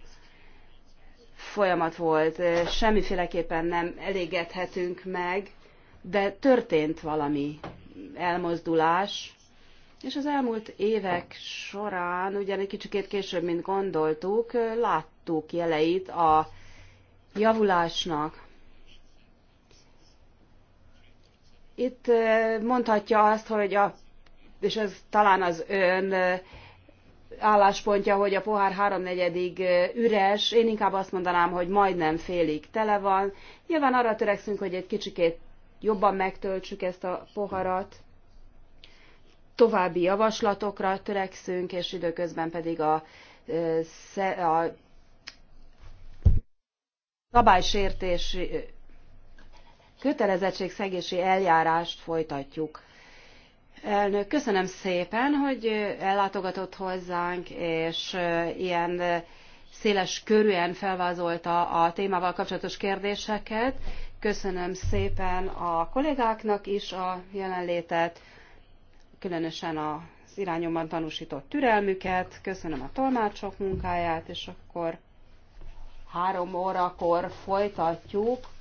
folyamat volt, semmiféleképpen nem elégedhetünk meg, de történt valami elmozdulás, és az elmúlt évek során, ugyan egy kicsikét később, mint gondoltuk, láttuk jeleit a javulásnak. Itt mondhatja azt, hogy a, és ez talán az ön álláspontja, hogy a pohár háromnegyedig üres, én inkább azt mondanám, hogy majdnem félig tele van. Nyilván arra törekszünk, hogy egy kicsikét jobban megtöltsük ezt a poharat, további javaslatokra törekszünk, és időközben pedig a, a szabálysértési kötelezettségszegési eljárást folytatjuk. Elnök, köszönöm szépen, hogy ellátogatott hozzánk, és ilyen széles körűen felvázolta a témával kapcsolatos kérdéseket. Köszönöm szépen a kollégáknak is a jelenlétet, különösen az irányomban tanúsított türelmüket, köszönöm a tolmácsok munkáját, és akkor három órakor folytatjuk